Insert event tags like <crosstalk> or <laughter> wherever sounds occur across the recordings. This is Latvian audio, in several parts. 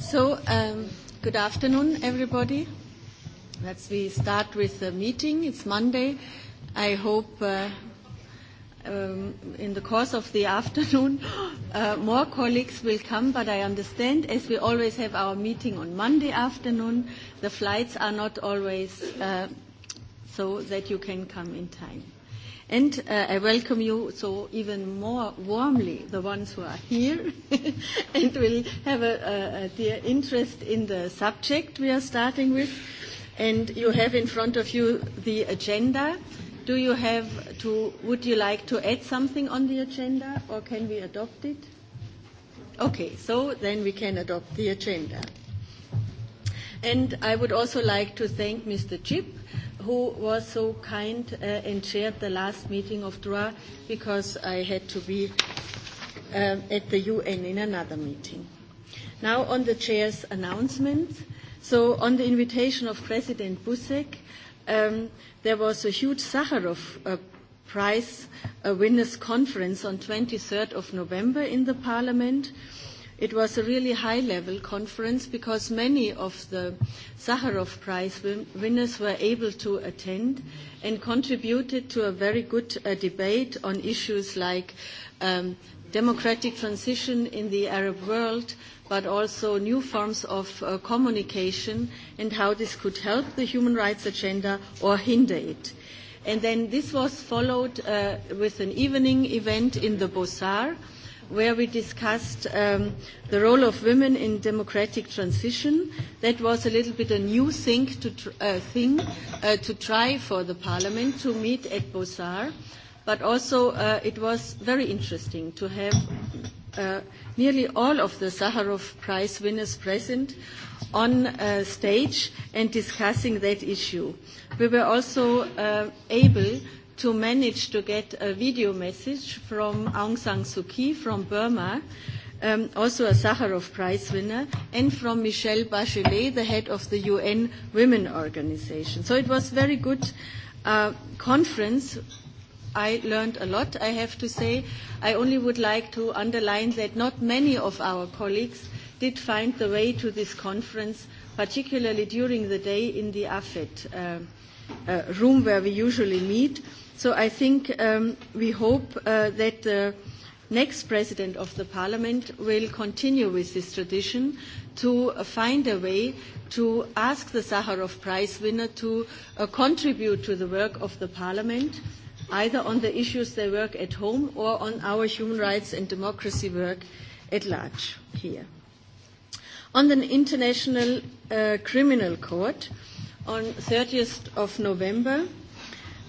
So, um, good afternoon, everybody. Let's we start with the meeting. It's Monday. I hope uh, um, in the course of the <laughs> afternoon uh, more colleagues will come, but I understand, as we always have our meeting on Monday afternoon, the flights are not always uh, so that you can come in time. And uh, I welcome you so even more warmly, the ones who are here <laughs> and will have a, a, a dear interest in the subject we are starting with. And you have in front of you the agenda. Do you have to, would you like to add something on the agenda or can we adopt it? Okay, so then we can adopt the agenda. And I would also like to thank Mr. Chip who was so kind uh, and shared the last meeting of DRA because I had to be uh, at the UN in another meeting. Now on the chair's announcements. So on the invitation of President Busek, um, there was a huge Sakharov uh, Prize uh, Winners Conference on 23rd of November in the Parliament. Uh, It was a really high level conference because many of the Sakharov Prize win- winners were able to attend and contributed to a very good uh, debate on issues like um, democratic transition in the Arab world, but also new forms of uh, communication and how this could help the human rights agenda or hinder it. And then this was followed uh, with an evening event in the Bosar, uh, where we discussed um, the role of women in democratic transition. That was a little bit a new thing to, tr- uh, thing, uh, to try for the parliament to meet at Bosar, but also uh, it was very interesting to have uh, nearly all of the Sakharov Prize winners present on uh, stage and discussing that issue. We were also uh, able to manage to get a video message from Aung San Suu Kyi from Burma, um, also a Sakharov Prize winner, and from Michelle Bachelet, the head of the UN Women Organization. So it was very good uh, conference I learned a lot, I have to say. I only would like to underline that not many of our colleagues did find the way to this conference, particularly during the day in the AFET uh, uh, room where we usually meet. So I think um, we hope uh, that the next president of the parliament will continue with this tradition to find a way to ask the Sakharov Prize winner to uh, contribute to the work of the parliament either on the issues they work at home or on our human rights and democracy work at large here. On the International uh, Criminal Court, on 30th of November,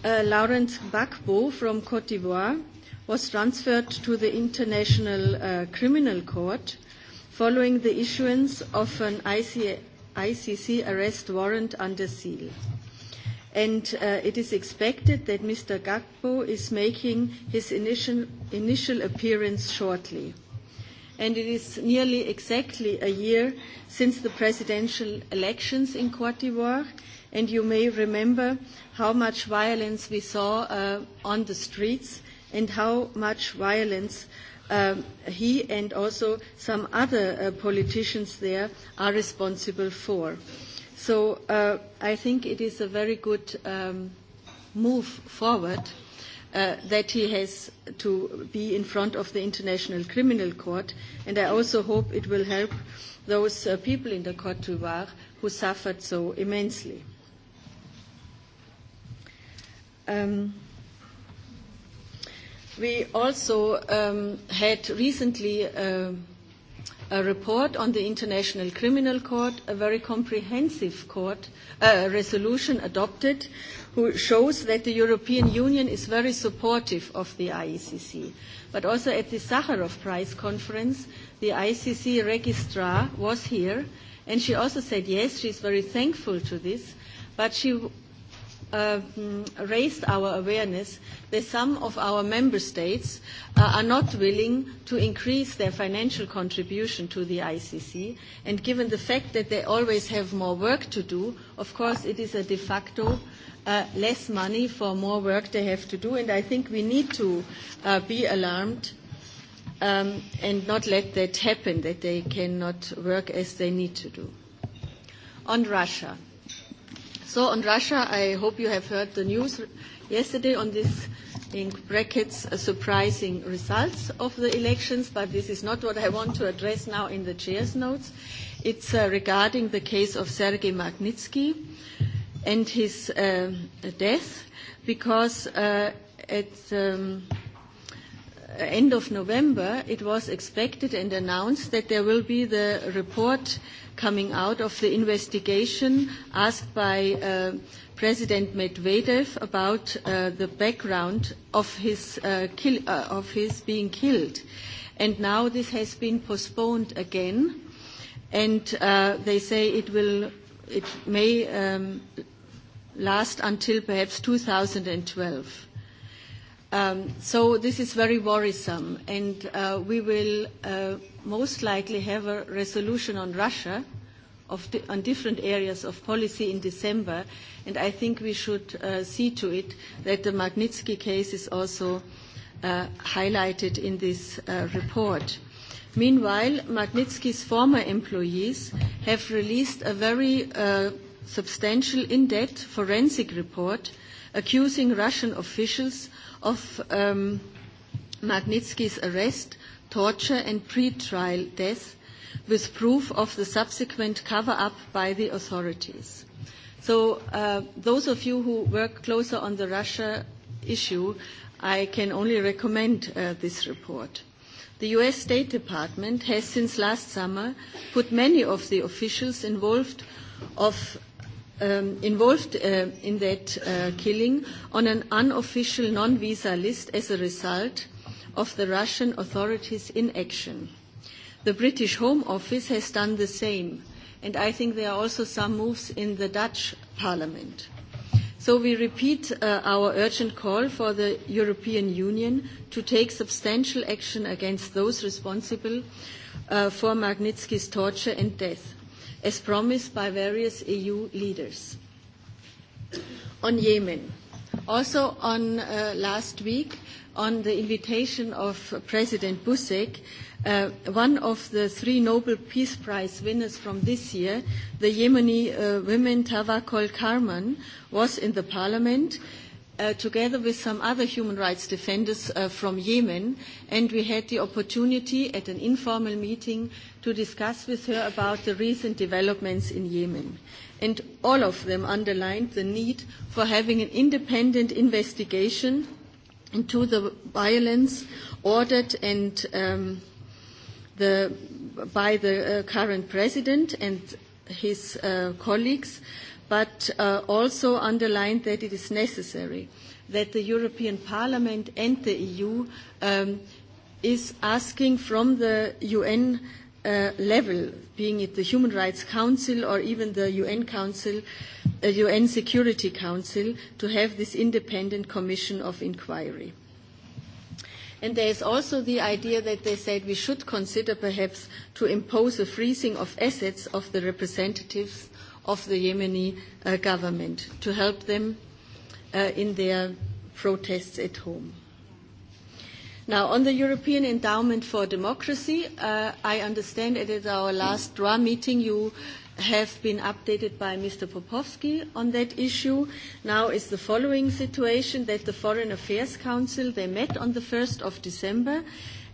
uh, Laurent Gbagbo from Cote d'Ivoire was transferred to the International uh, Criminal Court following the issuance of an IC- ICC arrest warrant under seal. And uh, it is expected that Mr. Gbagbo is making his initial, initial appearance shortly. And it is nearly exactly a year since the presidential elections in Cote d'Ivoire, and you may remember how much violence we saw uh, on the streets and how much violence um, he and also some other uh, politicians there are responsible for. So uh, I think it is a very good um, move forward uh, that he has to be in front of the International Criminal Court. And I also hope it will help those uh, people in the Cote d'Ivoire who suffered so immensely. Um, we also um, had recently uh, a report on the International Criminal Court, a very comprehensive court uh, resolution adopted, who shows that the European Union is very supportive of the IECC. But also at the Sakharov Prize conference, the ICC registrar was here, and she also said yes, she's very thankful to this, but she uh, raised our awareness that some of our member states uh, are not willing to increase their financial contribution to the ICC. And given the fact that they always have more work to do, of course it is a de facto uh, less money for more work they have to do. And I think we need to uh, be alarmed um, and not let that happen, that they cannot work as they need to do. On Russia. So on Russia, I hope you have heard the news yesterday on this, in brackets, surprising results of the elections, but this is not what I want to address now in the chair's notes. It's uh, regarding the case of Sergei Magnitsky and his uh, death, because uh, at um, Uh, end of November, it was expected and announced that there will be the report coming out of the investigation asked by uh, President Medvedev about uh, the background of his, uh, kill, uh, of his being killed. And now this has been postponed again, and uh, they say it will, it may um, last until perhaps 2012. Um, so this is very worrisome, and uh, we will uh, most likely have a resolution on Russia of di- on different areas of policy in December, and I think we should uh, see to it that the Magnitsky case is also uh, highlighted in this uh, report. Meanwhile, Magnitsky's former employees have released a very uh, substantial in-depth forensic report accusing Russian officials – of um, Magnitsky's arrest, torture and pre-trial death with proof of the subsequent cover-up by the authorities. So uh, those of you who work closer on the Russia issue, I can only recommend uh, this report. The US State Department has since last summer put many of the officials involved of um, involved uh, in that uh, killing on an unofficial non-visa list as a result of the Russian authorities' inaction. The British Home Office has done the same, and I think there are also some moves in the Dutch Parliament. So we repeat uh, our urgent call for the European Union to take substantial action against those responsible uh, for Magnitsky's torture and death as promised by various EU leaders. On Yemen, also on uh, last week, on the invitation of President Busek, uh, one of the three Nobel Peace Prize winners from this year, the Yemeni uh, woman Tawakkol Karman, was in the parliament. Uh, uh, together with some other human rights defenders uh, from Yemen, and we had the opportunity at an informal meeting to discuss with her about the recent developments in Yemen. And all of them underlined the need for having an independent investigation into the violence ordered and um, the, by the uh, current president and his uh, colleagues, uh, but uh, also underlined that it is necessary that the European Parliament and the EU um, is asking from the UN uh, level, being it the Human Rights Council or even the UN Council, uh, UN Security Council, to have this independent commission of inquiry. And there is also the idea that they said we should consider perhaps to impose a freezing of assets of the representatives of the Yemeni uh, government to help them uh, in their protests at home. Now, on the European Endowment for Democracy, uh, I understand that at our last DRA meeting you have been updated by Mr. Popovsky on that issue. Now is the following situation that the Foreign Affairs Council, they met on the 1st of December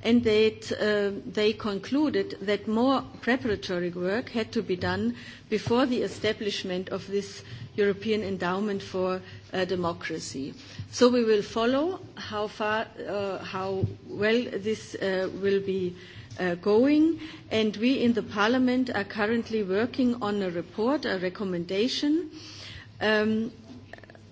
and that uh, they concluded that more preparatory work had to be done before the establishment of this European Endowment for uh, Democracy. So we will follow how far, uh, how well this uh, will be uh, going, and we in the Parliament are currently working on a report, a recommendation. Um,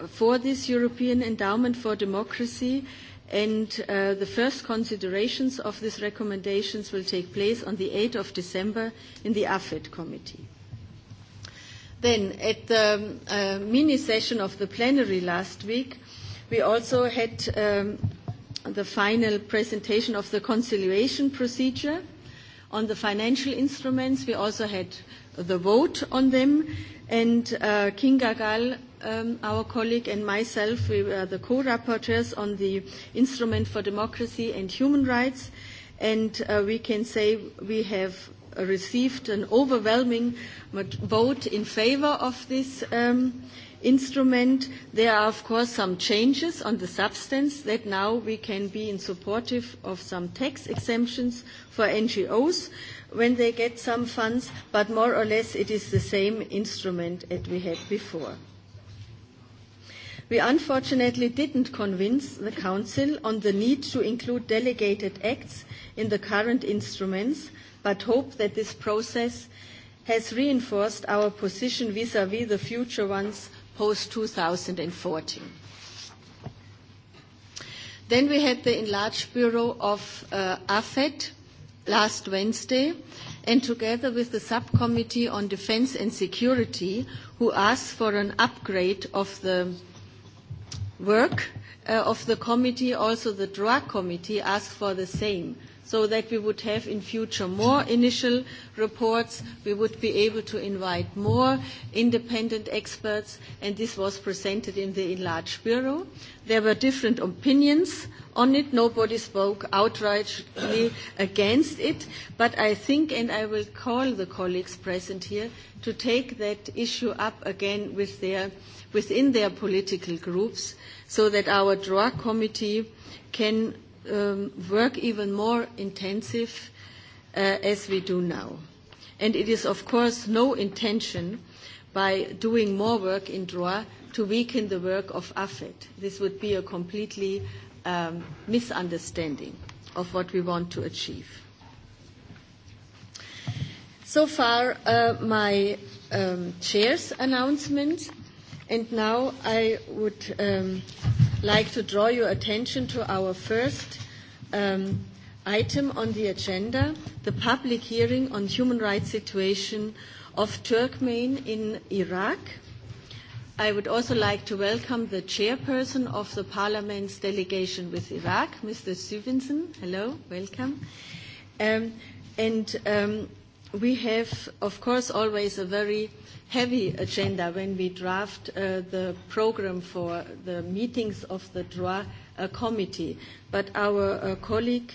for this European Endowment for Democracy, uh, and uh, the first considerations of these recommendations will take place on the 8th of December in the AFED committee. Then, at the um, uh, mini session of the plenary last week, we also had um, the final presentation of the conciliation procedure on the financial instruments. We also had the vote on them, and uh, Kinga Gall um, our colleague and myself, we were the co-rapporteurs on the Instrument for Democracy and Human Rights, and uh, we can say we have received an overwhelming vote in favor of this um, instrument. There are, of course, some changes on the substance that now we can be in supportive of some tax exemptions for NGOs when they get some funds, but more or less it is the same instrument that we had before. We unfortunately didn't convince the Council on the need to include delegated acts in the current instruments, but hope that this process has reinforced our position vis-à-vis -vis the future ones post-2014. Then we had the enlarged Bureau of uh, AFET last Wednesday, and together with the Subcommittee on Defense and Security, who asked for an upgrade of the work uh, of the committee, also the drug committee, asked for the same. Uh, so that we would have in future more initial reports. We would be able to invite more independent experts, and this was presented in the enlarged bureau. There were different opinions on it. Nobody spoke outrightly against it. But I think, and I will call the colleagues present here to take that issue up again with their, within their political groups so that our DROA committee can um, work even more intensive uh, as we do now. And it is, of course, no intention by doing more work in DROA to weaken the work of AFED. This would be a completely um, misunderstanding of what we want to achieve. So far, uh, my um, chair's announcement, and now I would um, like to draw your attention to our first um, item on the agenda, the public hearing on human rights situation of Turkmen in Iraq. I would also like to welcome the chairperson of the parliament's delegation with Iraq, Mr. Stevenson. Hello, welcome. Um, and um, we have, of course, always a very heavy agenda when we draft uh, the program for the meetings of the DROA uh, committee. But our uh, colleague,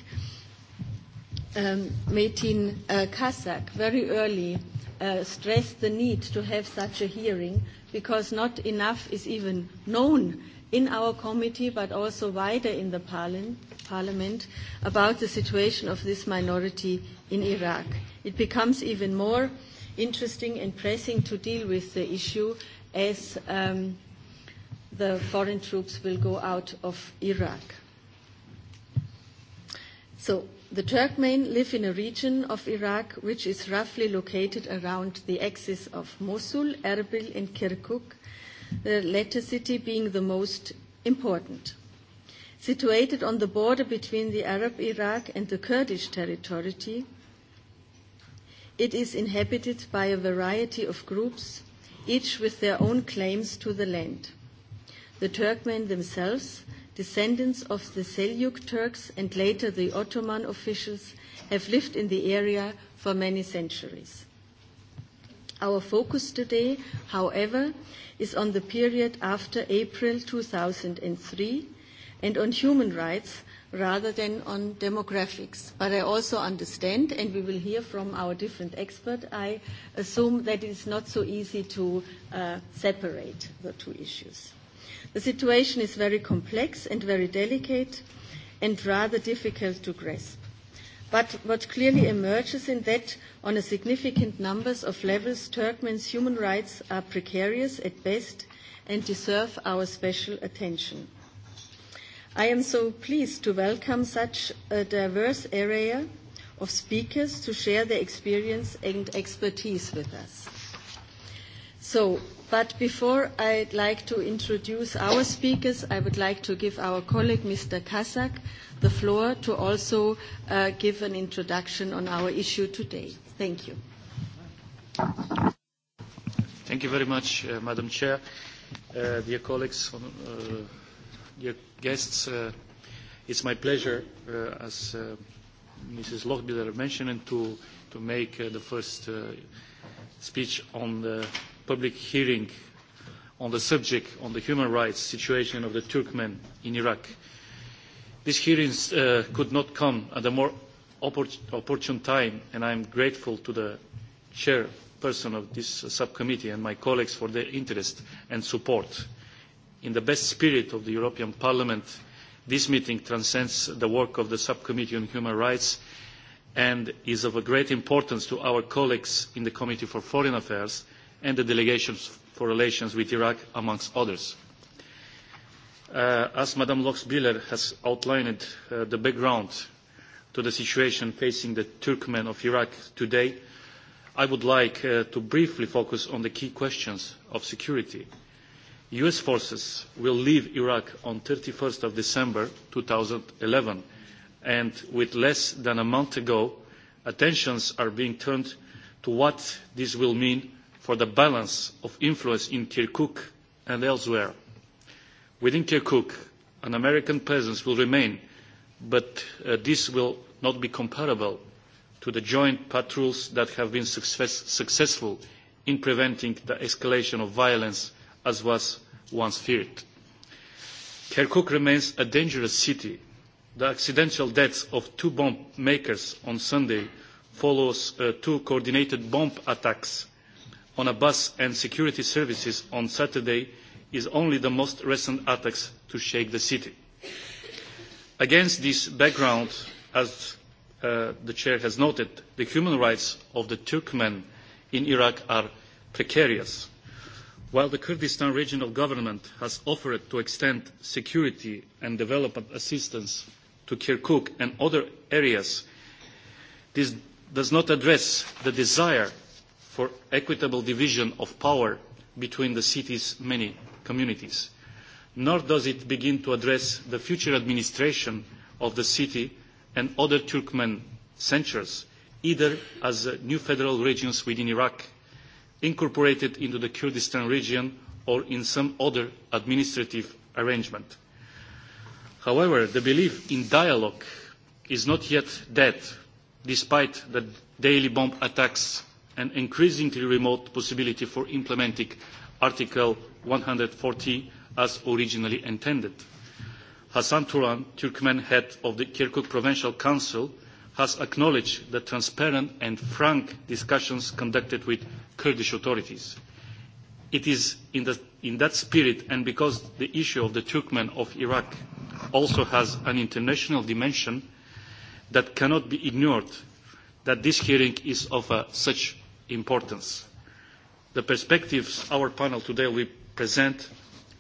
um, Metin uh, Kasak, very early uh, stressed the need to have such a hearing because not enough is even known in our committee, but also wider in the parliament, about the situation of this minority in Iraq. It becomes even more interesting and pressing to deal with the issue as um, the foreign troops will go out of Iraq. So the Turkmen live in a region of Iraq which is roughly located around the axis of Mosul, Erbil and Kirkuk Uh, the latter city being the most important. Situated on the border between the Arab Iraq and the Kurdish territory, it is inhabited by a variety of groups, each with their own claims to the land. The Turkmen themselves, descendants of the Seljuk Turks and later the Ottoman officials, have lived in the area for many centuries. Our focus today, however, is on the period after April 2003 and on human rights rather than on demographics. But I also understand, and we will hear from our different experts, I assume that it is not so easy to uh, separate the two issues. The situation is very complex and very delicate and rather difficult to grasp. But what clearly emerges in that on a significant numbers of levels, Turkmen's human rights are precarious at best and deserve our special attention. I am so pleased to welcome such a diverse area of speakers to share their experience and expertise with us. So, but before I'd like to introduce our speakers, I would like to give our colleague, Mr. Kazak, the floor to also uh, give an introduction on our issue today. Thank you. Thank you very much, uh, Madam Chair, uh, dear colleagues, uh, dear guests. Uh, it's my pleasure, uh, as uh, Mrs. Lochbiller mentioned, to, to make uh, the first uh, speech on the public hearing on the subject on the human rights situation of the Turkmen in Iraq. Uh, These hearings uh, could not come at a more oppor opportune time, and I am grateful to the chairperson of this uh, subcommittee and my colleagues for their interest and support. In the best spirit of the European Parliament, this meeting transcends the work of the Subcommittee on Human Rights and is of great importance to our colleagues in the Committee for Foreign Affairs and the Delegations for Relations with Iraq, amongst others Uh, as Madame Lochbihler has outlined uh, the background to the situation facing the Turkmen of Iraq today, I would like uh, to briefly focus on the key questions of security. U.S. forces will leave Iraq on 31st of December 2011, and with less than a month ago, attentions are being turned to what this will mean for the balance of influence in Kirkuk and elsewhere Within Kirkuk, an American presence will remain, but uh, this will not be comparable to the joint patrols that have been success successful in preventing the escalation of violence as was once feared. Kirkuk remains a dangerous city. The accidental deaths of two bomb makers on Sunday follows uh, two coordinated bomb attacks on a bus and security services on Saturday is only the most recent attacks to shake the city. Against this background, as uh, the chair has noted, the human rights of the Turkmen in Iraq are precarious. While the Kurdistan regional government has offered to extend security and development assistance to Kirkuk and other areas, this does not address the desire for equitable division of power between the city's many communities, nor does it begin to address the future administration of the city and other Turkmen centers, either as uh, new federal regions within Iraq, incorporated into the Kurdistan region, or in some other administrative arrangement. However, the belief in dialogue is not yet dead, despite the daily bomb attacks and increasingly remote possibility for implementing Article 140 as originally intended. Hasan Turan, Turkmen head of the Kirkuk Provincial Council, has acknowledged the transparent and frank discussions conducted with Kurdish authorities. It is in, the, in that spirit and because the issue of the Turkmen of Iraq also has an international dimension that cannot be ignored that this hearing is of uh, such importance. The perspectives our panel today will present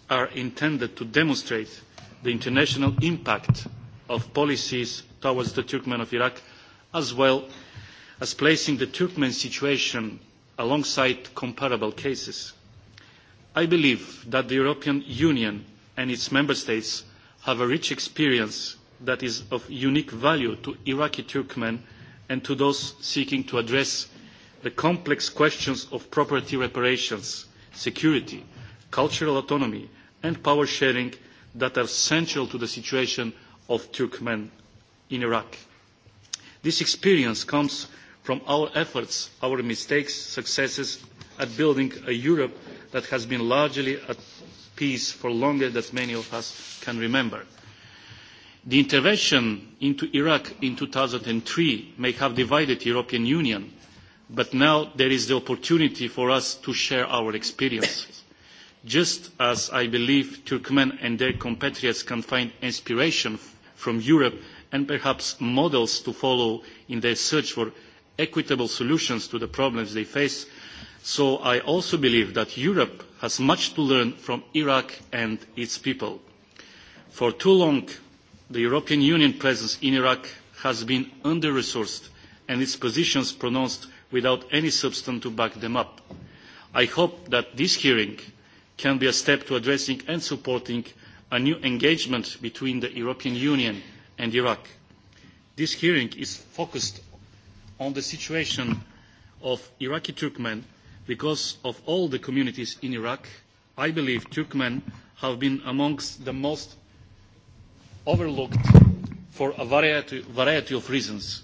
are intended to demonstrate the international impact of policies towards the Turkmen of Iraq, as well as placing the Turkmen situation alongside comparable cases. I believe that the European Union and its member states have a rich experience that is of unique value to Iraqi Turkmen and to those seeking to address the complex questions of property reparations, security, cultural autonomy and power sharing that are central to the situation of Turkmen in Iraq. This experience comes from our efforts, our mistakes, successes at building a Europe that has been largely at peace for longer than many of us can remember. The intervention into Iraq in 2003 may have divided the European Union, but now there is the opportunity for us to share our experiences just as I believe Turkmen and their compatriots can find inspiration from Europe and perhaps models to follow in their search for equitable solutions to the problems they face, so I also believe that Europe has much to learn from Iraq and its people. For too long, the European Union presence in Iraq has been under-resourced and its positions pronounced without any substance to back them up. I hope that this hearing can be a step to addressing and supporting a new engagement between the European Union and Iraq. This hearing is focused on the situation of Iraqi Turkmen because of all the communities in Iraq, I believe Turkmen have been amongst the most overlooked for a variety, variety of reasons.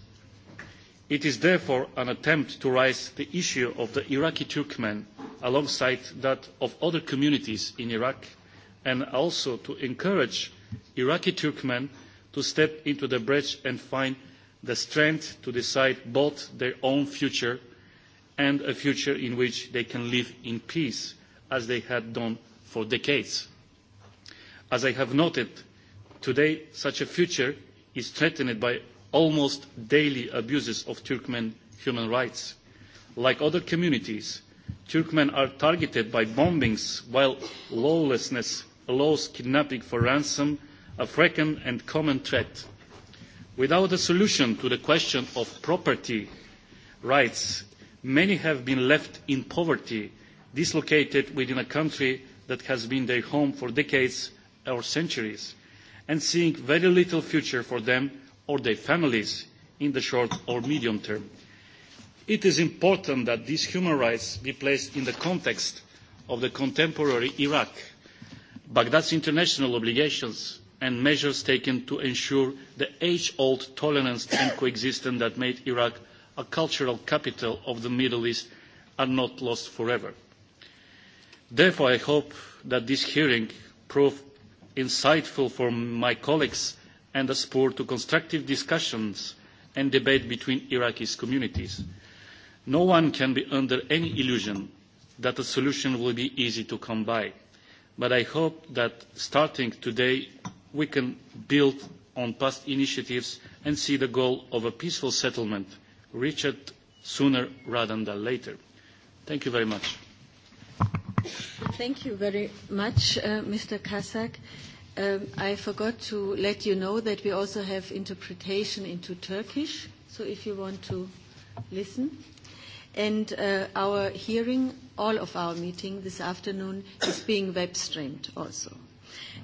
It is therefore an attempt to raise the issue of the Iraqi Turkmen alongside that of other communities in Iraq, and also to encourage Iraqi Turkmen to step into the breach and find the strength to decide both their own future and a future in which they can live in peace, as they had done for decades. As I have noted, today such a future is threatened by almost daily abuses of Turkmen human rights. Like other communities, Turkmen are targeted by bombings, while lawlessness allows kidnapping for ransom, a frequent and common threat. Without a solution to the question of property rights, many have been left in poverty, dislocated within a country that has been their home for decades or centuries, and seeing very little future for them or their families in the short or medium term. It is important that these human rights be placed in the context of the contemporary Iraq, Baghdad's international obligations and measures taken to ensure the age-old tolerance and coexistence that made Iraq a cultural capital of the Middle East are not lost forever. Therefore, I hope that this hearing proved insightful for my colleagues and a spur to constructive discussions and debate between Iraqi communities. No one can be under any illusion that a solution will be easy to come by, but I hope that starting today we can build on past initiatives and see the goal of a peaceful settlement reached sooner rather than later. Thank you very much. Thank you very much, uh, Mr. Kasak. Um, I forgot to let you know that we also have interpretation into Turkish, so if you want to listen. And uh, our hearing, all of our meeting this afternoon, is being web streamed also.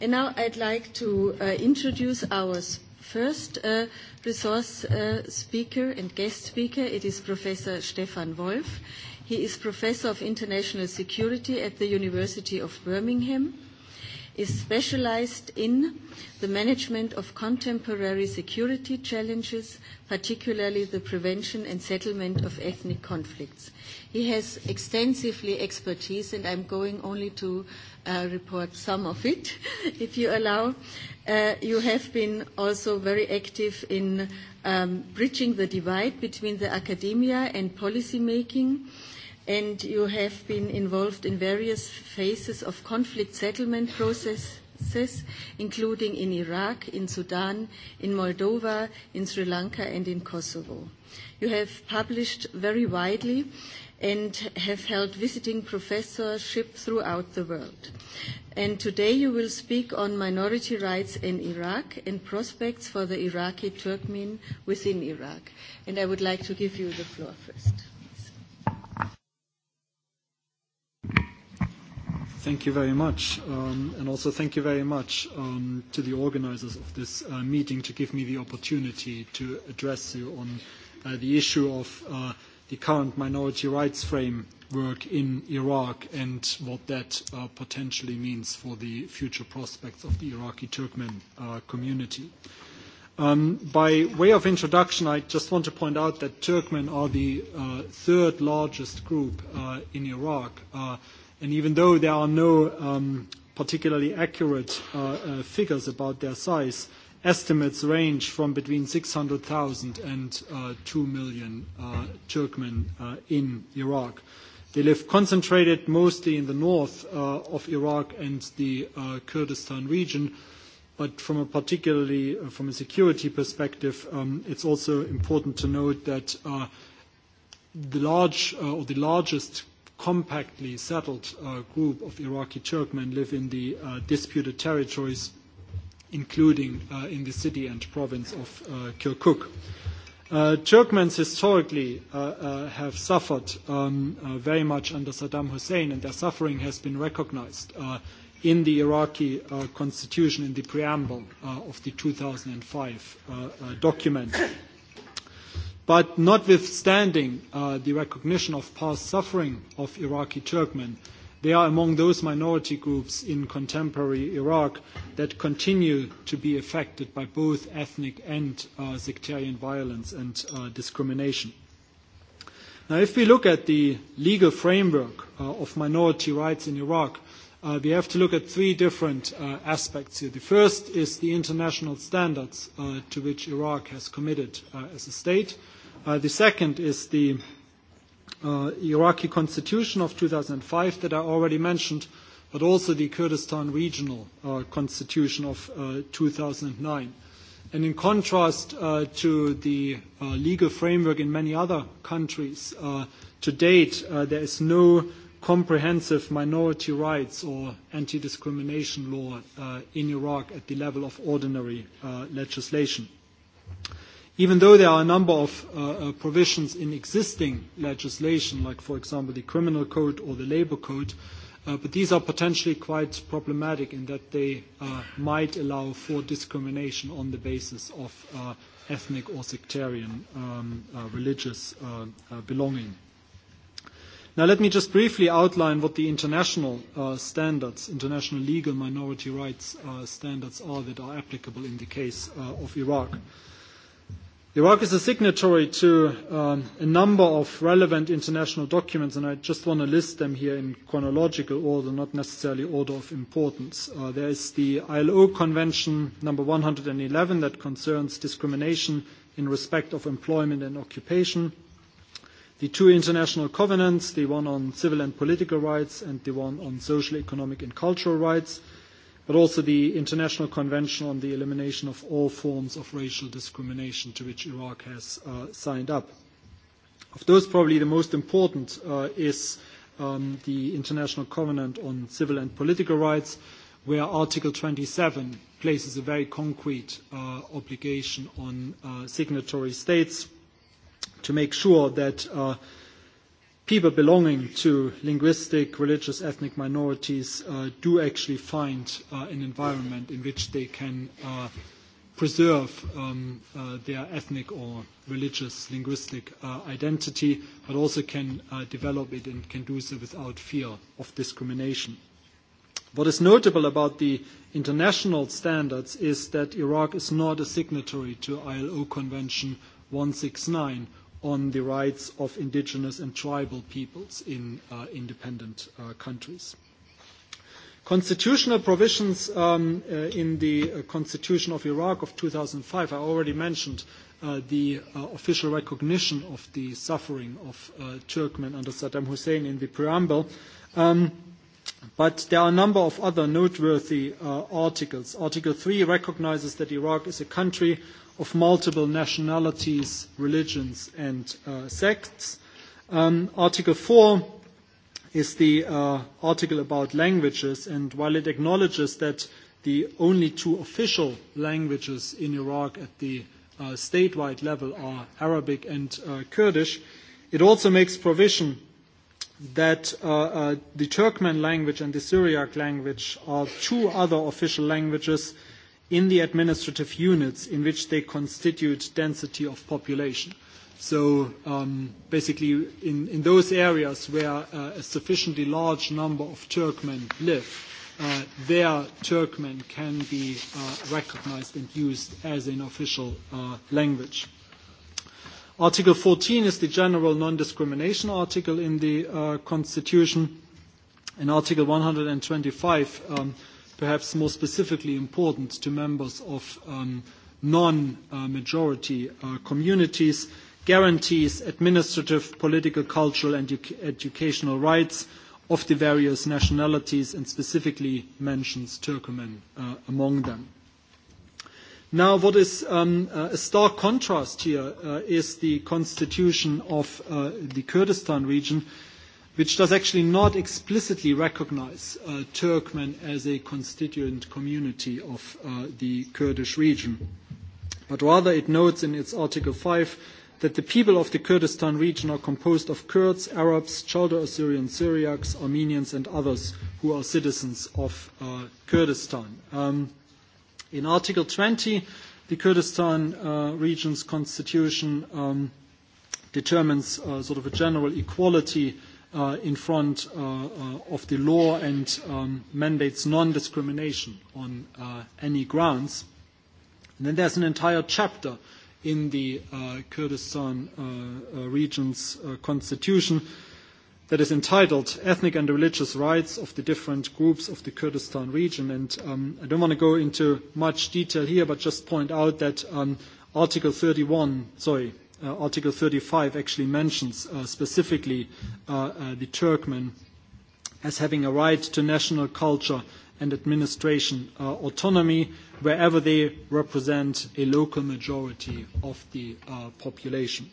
And now I'd like to uh, introduce our first uh, resource uh, speaker and guest speaker. It is Professor Stefan Wolf. He is Professor of International Security at the University of Birmingham is specialized in the management of contemporary security challenges, particularly the prevention and settlement of ethnic conflicts. He has extensively expertise, and I'm going only to uh, report some of it, <laughs> if you allow. Uh, you have been also very active in um, bridging the divide between the academia and policy making. Uh, and you have been involved in various phases of conflict settlement processes, including in Iraq, in Sudan, in Moldova, in Sri Lanka, and in Kosovo. You have published very widely and have held visiting professorship throughout the world. And today you will speak on minority rights in Iraq and prospects for the Iraqi Turkmen within Iraq. And I would like to give you the floor first. Thank you very much. Um, and also thank you very much um, to the organizers of this uh, meeting to give me the opportunity to address you on uh, the issue of uh, the current minority rights framework in Iraq and what that uh, potentially means for the future prospects of the Iraqi Turkmen uh, community. Um, by way of introduction, I just want to point out that Turkmen are the uh, third largest group uh, in Iraq. Uh, And even though there are no um, particularly accurate uh, uh, figures about their size, estimates range from between 600,000 and uh, 2 million uh, Turkmen uh, in Iraq. They live concentrated mostly in the north uh, of Iraq and the Kurdistan region, but from a particularly from a security perspective, um, it's also important to note that the large or the largest compactly settled uh, group of Iraqi Turkmen live in the uh, disputed territories, including uh, in the city and province of uh, Kirkuk. Uh, Turkmens historically uh, uh, have suffered um, uh, very much under Saddam Hussein, and their suffering has been recognized uh, in the Iraqi uh, constitution, in the preamble uh, of the 2005 uh, uh, document. But notwithstanding uh, the recognition of past suffering of Iraqi Turkmen, they are among those minority groups in contemporary Iraq that continue to be affected by both ethnic and uh, sectarian violence and uh, discrimination. Now, if we look at the legal framework uh, of minority rights in Iraq, uh, we have to look at three different uh, aspects here. The first is the international standards uh, to which Iraq has committed uh, as a state. Uh, Uh, the second is the uh, Iraqi constitution of 2005 that I already mentioned, but also the Kurdistan regional uh, constitution of uh, 2009. And in contrast uh, to the uh, legal framework in many other countries, uh, to date uh, there is no comprehensive minority rights or anti-discrimination law uh, in Iraq at the level of ordinary uh, legislation even though there are a number of uh, uh, provisions in existing legislation, like, for example, the criminal code or the labor code, uh, but these are potentially quite problematic in that they uh, might allow for discrimination on the basis of uh, ethnic or sectarian um, uh, religious uh, uh, belonging. Now, let me just briefly outline what the international uh, standards, international legal minority rights uh, standards are that are applicable in the case uh, of Iraq. Mm-hmm. Iraq is a signatory to um, a number of relevant international documents, and I just want to list them here in chronological order, not necessarily order of importance. Uh, there is the ILO Convention number 111 that concerns discrimination in respect of employment and occupation. The two international covenants, the one on civil and political rights and the one on social, economic, and cultural rights but also the International Convention on the Elimination of All Forms of Racial Discrimination, to which Iraq has uh, signed up. Of those, probably the most important uh, is um, the International Covenant on Civil and Political Rights, where Article 27 places a very concrete uh, obligation on uh, signatory states to make sure that uh, people belonging to linguistic, religious, ethnic minorities uh, do actually find uh, an environment in which they can uh, preserve um, uh, their ethnic or religious, linguistic uh, identity, but also can uh, develop it and can do so without fear of discrimination. What is notable about the international standards is that Iraq is not a signatory to ILO Convention 169 on the rights of indigenous and tribal peoples in uh, independent uh, countries. Constitutional provisions um, uh, in the uh, Constitution of Iraq of 2005, I already mentioned uh, the uh, official recognition of the suffering of uh, Turkmen under Saddam Hussein in the preamble. Um, But there are a number of other noteworthy uh, articles. Article 3 recognizes that Iraq is a country of multiple nationalities, religions, and uh, sects. Um, Article 4 is the uh, article about languages, and while it acknowledges that the only two official languages in Iraq at the uh, statewide level are Arabic and uh, Kurdish, it also makes provision that uh, uh, the Turkmen language and the Syriac language are two other official languages uh, in the administrative units in which they constitute density of population. So um, basically, in, in those areas where uh, a sufficiently large number of Turkmen live, uh, their Turkmen can be uh, recognized and used as an official uh, language. Article 14 is the general non-discrimination article in the uh, Constitution, and Article 125 um, uh, perhaps more specifically important to members of um, non-majority uh, uh, communities, guarantees administrative, political, cultural and edu- educational rights of the various nationalities and specifically mentions Turkmen uh, among them. Now, what is um, uh, a stark contrast here uh, is the constitution of uh, the Kurdistan region, uh, which does actually not explicitly recognize uh, Turkmen as a constituent community of uh, the Kurdish region. But rather, it notes in its Article 5 that the people of the Kurdistan region are composed of Kurds, Arabs, Chaldo-Assyrian Syriacs, Armenians, and others who are citizens of uh, Kurdistan. Um, in Article 20, the Kurdistan uh, region's constitution um, determines uh, sort of a general equality uh, in front uh, uh, of the law and um, mandates non-discrimination on uh, any grounds. And then there's an entire chapter in the uh, Kurdistan uh, uh, region's uh, constitution that is entitled Ethnic and Religious Rights of the Different Groups of the Kurdistan Region. And um, I don't want to go into much detail here, but just point out that um, Article 31, sorry, uh, Article 35 actually mentions uh, specifically uh, uh, the Turkmen as having a right to national culture and administration uh, autonomy wherever they represent a local majority of the uh, population.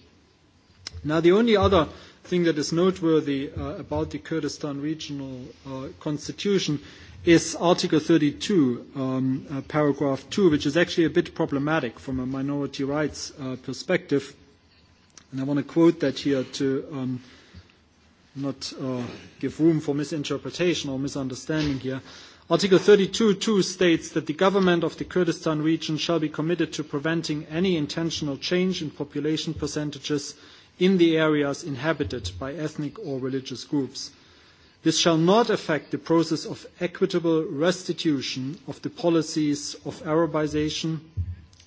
Now, the only other thing that is noteworthy uh, about the Kurdistan Regional uh, Constitution is Article 32, um, uh, paragraph 2, which is actually a bit problematic from a minority rights uh, perspective And I want to quote that here to um, not uh, give room for misinterpretation or misunderstanding here. Article 32.2 states that the government of the Kurdistan region shall be committed to preventing any intentional change in population percentages in the areas inhabited by ethnic or religious groups. This shall not affect the process of equitable restitution of the policies of Arabization,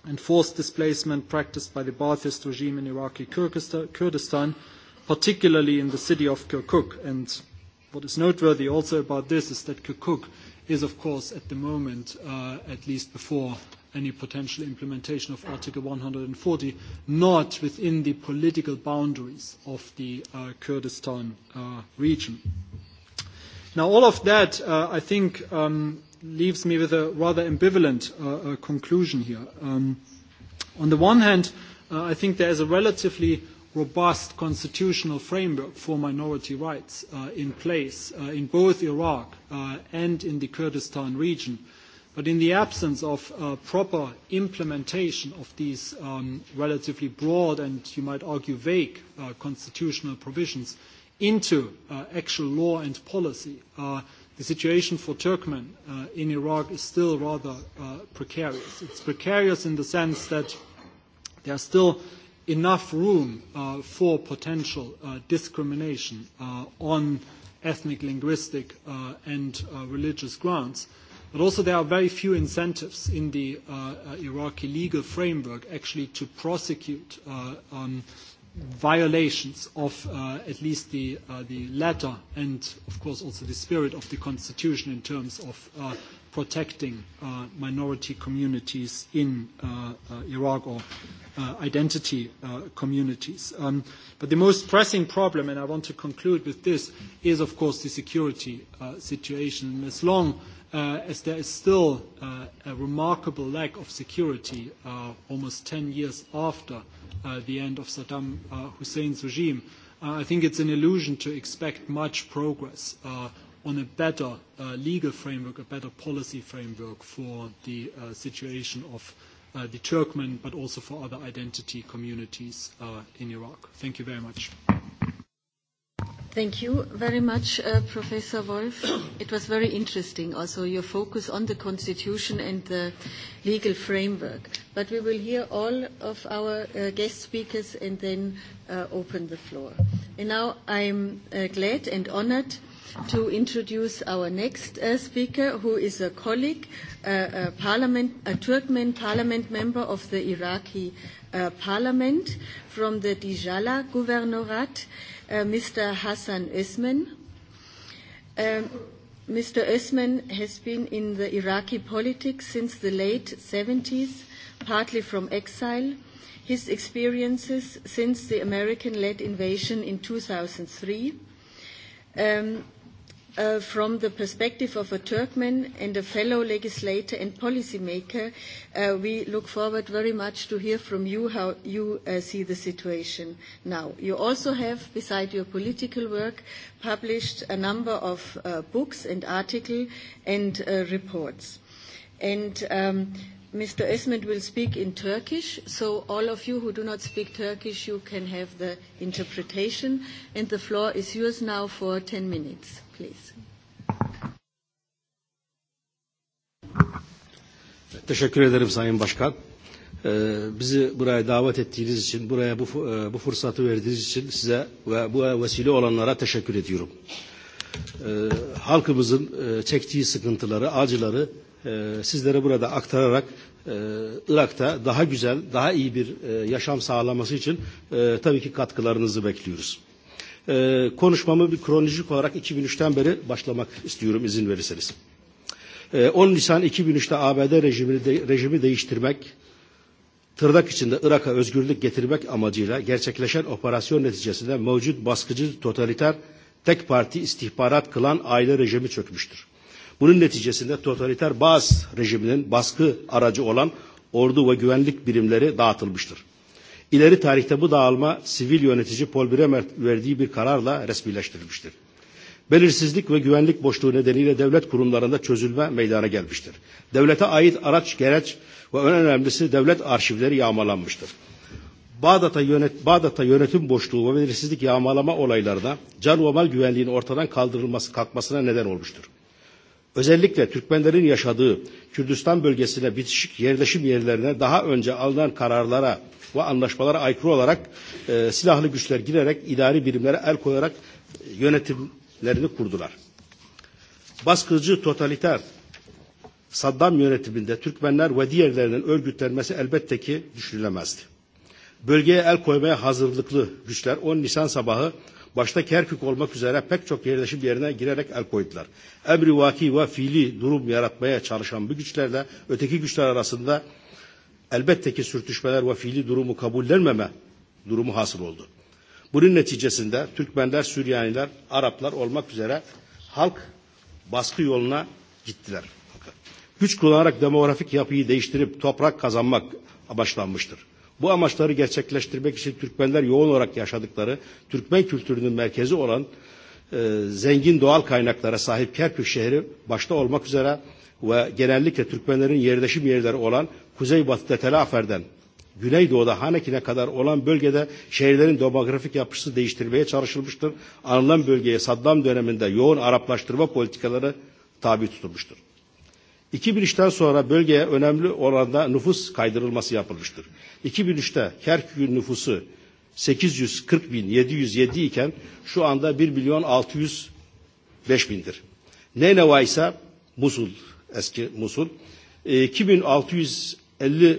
and forced displacement practiced by the Ba'athist regime in Iraqi Kurdistan, particularly in the city of Kirkuk. And what is noteworthy also about this is that Kirkuk is, of course, at the moment, uh, at least before any potential implementation of Article 140, not within the political boundaries of the uh, Kurdistan uh, region. Now, all of that, uh, I think, um, leaves me with a rather ambivalent uh, uh, conclusion here. Um, on the one hand, uh, I think there is a relatively robust constitutional framework for minority rights uh, in place uh, in both Iraq uh, and in the Kurdistan region. But in the absence of uh, proper implementation of these um, relatively broad and, you might argue, vague uh, constitutional provisions into uh, actual law and policy, uh, The situation for Turkmen uh, in Iraq is still rather uh, precarious. It's precarious in the sense that there's still enough room uh, for potential uh, discrimination uh, on ethnic, linguistic, uh, and uh, religious grounds. But also there are very few incentives in the uh, uh, Iraqi legal framework actually to prosecute uh, um, uh, violations of uh, at least the, uh, the letter and, of course, also the spirit of the Constitution in terms of uh, protecting uh, minority communities in uh, uh, Iraq or uh, identity uh, communities. Um, but the most pressing problem, and I want to conclude with this, is, of course, the security uh, situation. And as long uh, uh, as there is still uh, a remarkable lack of security uh, almost 10 years after uh, the end of Saddam uh, Hussein's regime, uh, I think it's an illusion to expect much progress uh, on a better uh, legal framework, a better policy framework for the uh, situation of uh, the Turkmen, but also for other identity communities uh, in Iraq. Thank you very much. Thank you very much, uh, Professor Wolf. It was very interesting, also your focus on the Constitution and the legal framework. But we will hear all of our uh, guest speakers and then uh, open the floor. And now I'm uh, glad and honored to introduce our next uh, speaker, who is a colleague, uh, a, parliament, a Turkmen parliament member of the Iraqi uh, parliament from the Dijala Governorate. Uh, uh, Mr. Hassan Usman. Um, Mr. Usman has been in the Iraqi politics since the late 70s, partly from exile. His experiences since the American-led invasion in 2003. Um, uh, from the perspective of a Turkmen and a fellow legislator and policymaker, uh, we look forward very much to hear from you how you uh, see the situation now. You also have, beside your political work, published a number of uh, books and articles and uh, reports. And um, Mr. Esmet will speak in Turkish, so all of you who do not speak Turkish, you can have the interpretation. And the floor is yours now for 10 minutes please. Teşekkür ederim Sayın Başkan. Ee, bizi buraya davet ettiğiniz için, buraya bu, e, bu fırsatı verdiğiniz için size ve bu vesile olanlara teşekkür ediyorum. Ee, halkımızın e, çektiği sıkıntıları, acıları e, sizlere burada aktararak e, Irak'ta daha güzel, daha iyi bir e, yaşam sağlaması için e, tabii ki katkılarınızı bekliyoruz e, konuşmamı bir kronolojik olarak 2003'ten beri başlamak istiyorum izin verirseniz. E, 10 Nisan 2003'te ABD rejimini de, rejimi değiştirmek, tırnak içinde Irak'a özgürlük getirmek amacıyla gerçekleşen operasyon neticesinde mevcut baskıcı totaliter tek parti istihbarat kılan aile rejimi çökmüştür. Bunun neticesinde totaliter Baas rejiminin baskı aracı olan ordu ve güvenlik birimleri dağıtılmıştır. İleri tarihte bu dağılma sivil yönetici Paul Bremer verdiği bir kararla resmileştirilmiştir. Belirsizlik ve güvenlik boşluğu nedeniyle devlet kurumlarında çözülme meydana gelmiştir. Devlete ait araç, gereç ve en önemlisi devlet arşivleri yağmalanmıştır. Bağdat'a yönet, Bağdat'a yönetim boşluğu ve belirsizlik yağmalama olaylarına can ve mal güvenliğinin ortadan kaldırılması kalkmasına neden olmuştur. Özellikle Türkmenlerin yaşadığı Kürdistan bölgesine bitişik yerleşim yerlerine daha önce alınan kararlara ve anlaşmalara aykırı olarak e, silahlı güçler girerek idari birimlere el koyarak e, yönetimlerini kurdular. Baskıcı totaliter Saddam yönetiminde Türkmenler ve diğerlerinin örgütlenmesi elbette ki düşünülemezdi. Bölgeye el koymaya hazırlıklı güçler 10 Nisan sabahı başta Kerkük olmak üzere pek çok yerleşim yerine girerek el koydular. Emrivaki ve fiili durum yaratmaya çalışan bu güçlerle öteki güçler arasında elbette ki sürtüşmeler ve fiili durumu kabullenmeme durumu hasıl oldu. Bunun neticesinde Türkmenler, Süryaniler, Araplar olmak üzere halk baskı yoluna gittiler. Güç kullanarak demografik yapıyı değiştirip toprak kazanmak amaçlanmıştır. Bu amaçları gerçekleştirmek için Türkmenler yoğun olarak yaşadıkları Türkmen kültürünün merkezi olan e, zengin doğal kaynaklara sahip Kerkük şehri başta olmak üzere ve genellikle Türkmenlerin yerleşim yerleri olan Kuzeybatı'da Telafer'den Güneydoğu'da Haneki'ne kadar olan bölgede şehirlerin demografik yapısı değiştirmeye çalışılmıştır. Anılan bölgeye Saddam döneminde yoğun Araplaştırma politikaları tabi tutulmuştur. 2003'ten sonra bölgeye önemli oranda nüfus kaydırılması yapılmıştır. 2003'te Kerkük'ün nüfusu 840 bin 707 iken şu anda 1 milyon 605 bindir. Neneva ise Musul, eski Musul 2650 e,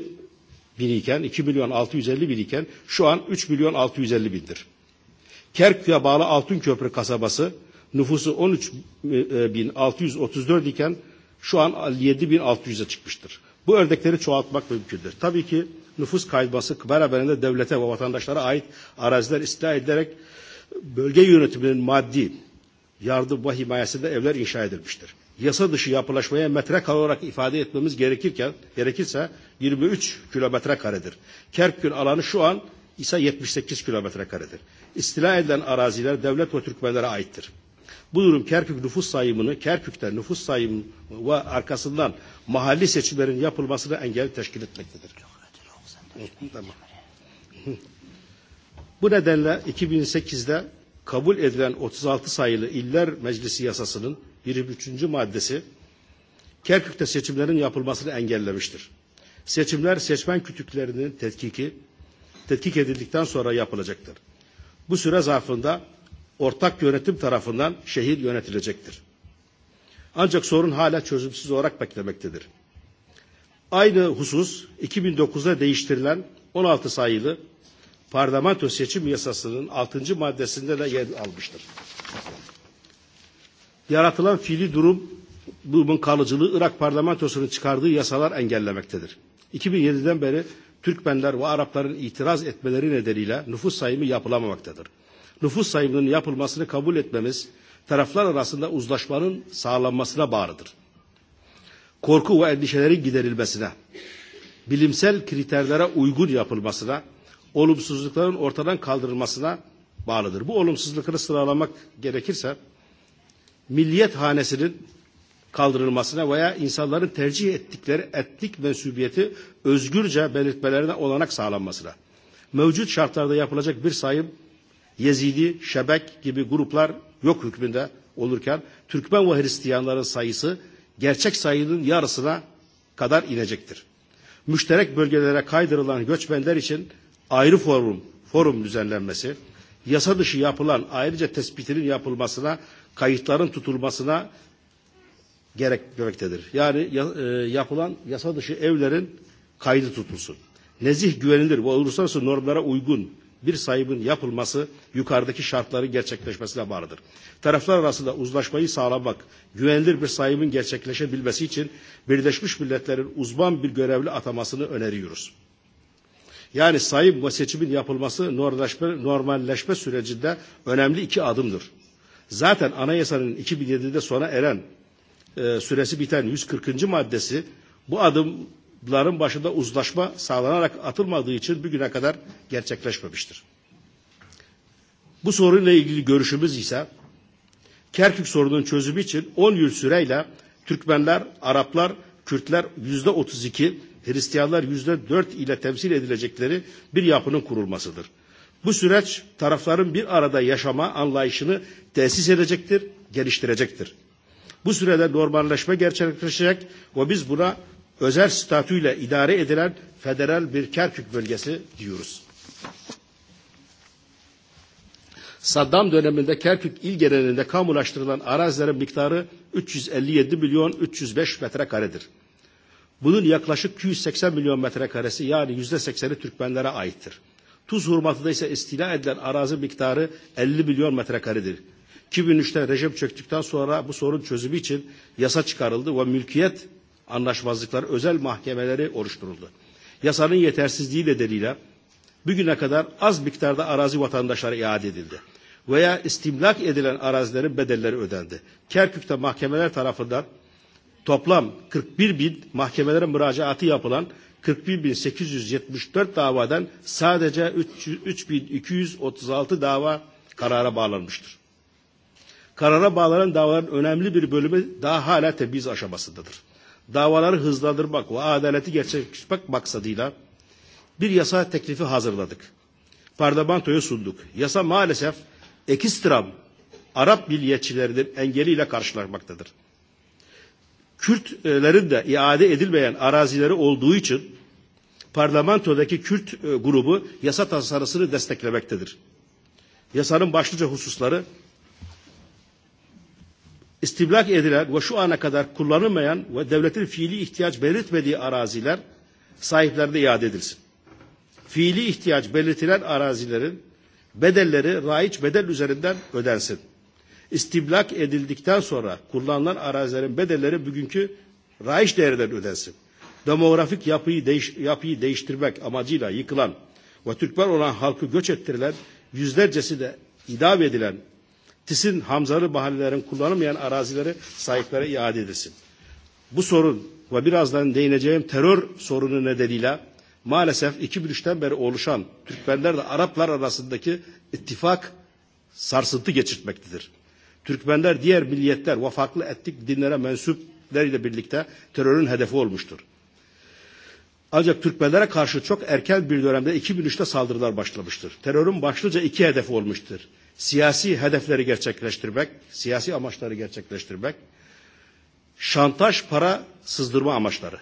bin iken 2 milyon 650 bin iken şu an 3 milyon 650 bindir. Kerkük'e bağlı Altınköprü kasabası nüfusu 13.634 e, e, iken şu an 7.600'e çıkmıştır. Bu örnekleri çoğaltmak mümkündür. Tabii ki nüfus kaybası beraberinde devlete ve vatandaşlara ait araziler istila edilerek bölge yönetiminin maddi yardım ve himayesinde evler inşa edilmiştir. Yasa dışı yapılaşmaya metrekare olarak ifade etmemiz gerekirken gerekirse 23 kilometre karedir. Kerkül alanı şu an ise 78 kilometre karedir. İstila edilen araziler devlet ve Türkmenlere aittir. Bu durum Kerkük nüfus sayımını, Kerkük'te nüfus sayımı ve arkasından mahalli seçimlerin yapılmasına engel teşkil etmektedir. Tamam. Bu nedenle 2008'de kabul edilen 36 sayılı İller Meclisi Yasası'nın 23. maddesi Kerkük'te seçimlerin yapılmasını engellemiştir. Seçimler seçmen kütüklerinin tetkiki, tetkik edildikten sonra yapılacaktır. Bu süre zarfında ortak yönetim tarafından şehir yönetilecektir. Ancak sorun hala çözümsüz olarak beklemektedir. Aynı husus 2009'da değiştirilen 16 sayılı parlamento seçim yasasının 6. maddesinde de yer almıştır. Yaratılan fiili durum durumun kalıcılığı Irak parlamentosunun çıkardığı yasalar engellemektedir. 2007'den beri Türkmenler ve Arapların itiraz etmeleri nedeniyle nüfus sayımı yapılamamaktadır. Nüfus sayımının yapılmasını kabul etmemiz taraflar arasında uzlaşmanın sağlanmasına bağlıdır korku ve endişelerin giderilmesine, bilimsel kriterlere uygun yapılmasına, olumsuzlukların ortadan kaldırılmasına bağlıdır. Bu olumsuzlukları sıralamak gerekirse milliyet hanesinin kaldırılmasına veya insanların tercih ettikleri etnik mensubiyeti özgürce belirtmelerine olanak sağlanmasına, mevcut şartlarda yapılacak bir sayım Yezidi, Şebek gibi gruplar yok hükmünde olurken Türkmen ve Hristiyanların sayısı gerçek sayının yarısına kadar inecektir. Müşterek bölgelere kaydırılan göçmenler için ayrı forum, forum düzenlenmesi, yasa dışı yapılan ayrıca tespitinin yapılmasına, kayıtların tutulmasına gerek görmektedir. Yani e, yapılan yasa dışı evlerin kaydı tutulsun. Nezih güvenilir ve uluslararası normlara uygun bir sayımın yapılması yukarıdaki şartların gerçekleşmesine bağlıdır. Taraflar arasında uzlaşmayı sağlamak, güvenilir bir sayımın gerçekleşebilmesi için Birleşmiş Milletler'in uzman bir görevli atamasını öneriyoruz. Yani sayım ve seçimin yapılması normalleşme, normalleşme sürecinde önemli iki adımdır. Zaten anayasanın 2007'de sona eren e, süresi biten 140. maddesi bu adım bunların başında uzlaşma sağlanarak atılmadığı için bugüne kadar gerçekleşmemiştir. Bu sorunla ilgili görüşümüz ise Kerkük sorunun çözümü için 10 yıl süreyle Türkmenler, Araplar, Kürtler yüzde 32, Hristiyanlar yüzde 4 ile temsil edilecekleri bir yapının kurulmasıdır. Bu süreç tarafların bir arada yaşama anlayışını tesis edecektir, geliştirecektir. Bu sürede normalleşme gerçekleşecek ve biz buna özel statüyle idare edilen federal bir Kerkük bölgesi diyoruz. Saddam döneminde Kerkük il genelinde kamulaştırılan arazilerin miktarı 357 milyon 305 metrekaredir. Bunun yaklaşık 280 milyon metrekaresi yani %80'i Türkmenlere aittir. Tuz hurmatıda ise istila edilen arazi miktarı 50 milyon metrekaredir. 2003'te rejim çöktükten sonra bu sorun çözümü için yasa çıkarıldı ve mülkiyet anlaşmazlıklar özel mahkemeleri oluşturuldu. Yasanın yetersizliği nedeniyle bugüne kadar az miktarda arazi vatandaşlara iade edildi veya istimlak edilen arazilerin bedelleri ödendi. Kerkük'te mahkemeler tarafından toplam 41 bin mahkemelere müracaatı yapılan 41.874 davadan sadece 3.236 dava karara bağlanmıştır. Karara bağlanan davaların önemli bir bölümü daha hala tebliğ aşamasındadır davaları hızlandırmak ve adaleti gerçekleştirmek maksadıyla bir yasa teklifi hazırladık. Parlamentoya sunduk. Yasa maalesef ekstrem Arap milliyetçilerinin engeliyle karşılanmaktadır. Kürtlerin de iade edilmeyen arazileri olduğu için parlamentodaki Kürt e, grubu yasa tasarısını desteklemektedir. Yasanın başlıca hususları istimlak edilen ve şu ana kadar kullanılmayan ve devletin fiili ihtiyaç belirtmediği araziler sahiplerine iade edilsin. Fiili ihtiyaç belirtilen arazilerin bedelleri raiç bedel üzerinden ödensin. İstimlak edildikten sonra kullanılan arazilerin bedelleri bugünkü raiç değerinden ödensin. Demografik yapıyı, değiş, yapıyı değiştirmek amacıyla yıkılan ve Türkmen olan halkı göç ettirilen yüzlercesi de idam edilen TİS'in Hamzalı mahallelerin kullanılmayan arazilere sahiplere iade edilsin. Bu sorun ve birazdan değineceğim terör sorunu nedeniyle maalesef 2003'ten beri oluşan Türkmenlerle Araplar arasındaki ittifak sarsıntı geçirtmektedir. Türkmenler diğer milliyetler ve farklı etnik dinlere mensupleriyle birlikte terörün hedefi olmuştur. Ancak Türkmenlere karşı çok erken bir dönemde 2003'te saldırılar başlamıştır. Terörün başlıca iki hedefi olmuştur siyasi hedefleri gerçekleştirmek, siyasi amaçları gerçekleştirmek, şantaj para sızdırma amaçları.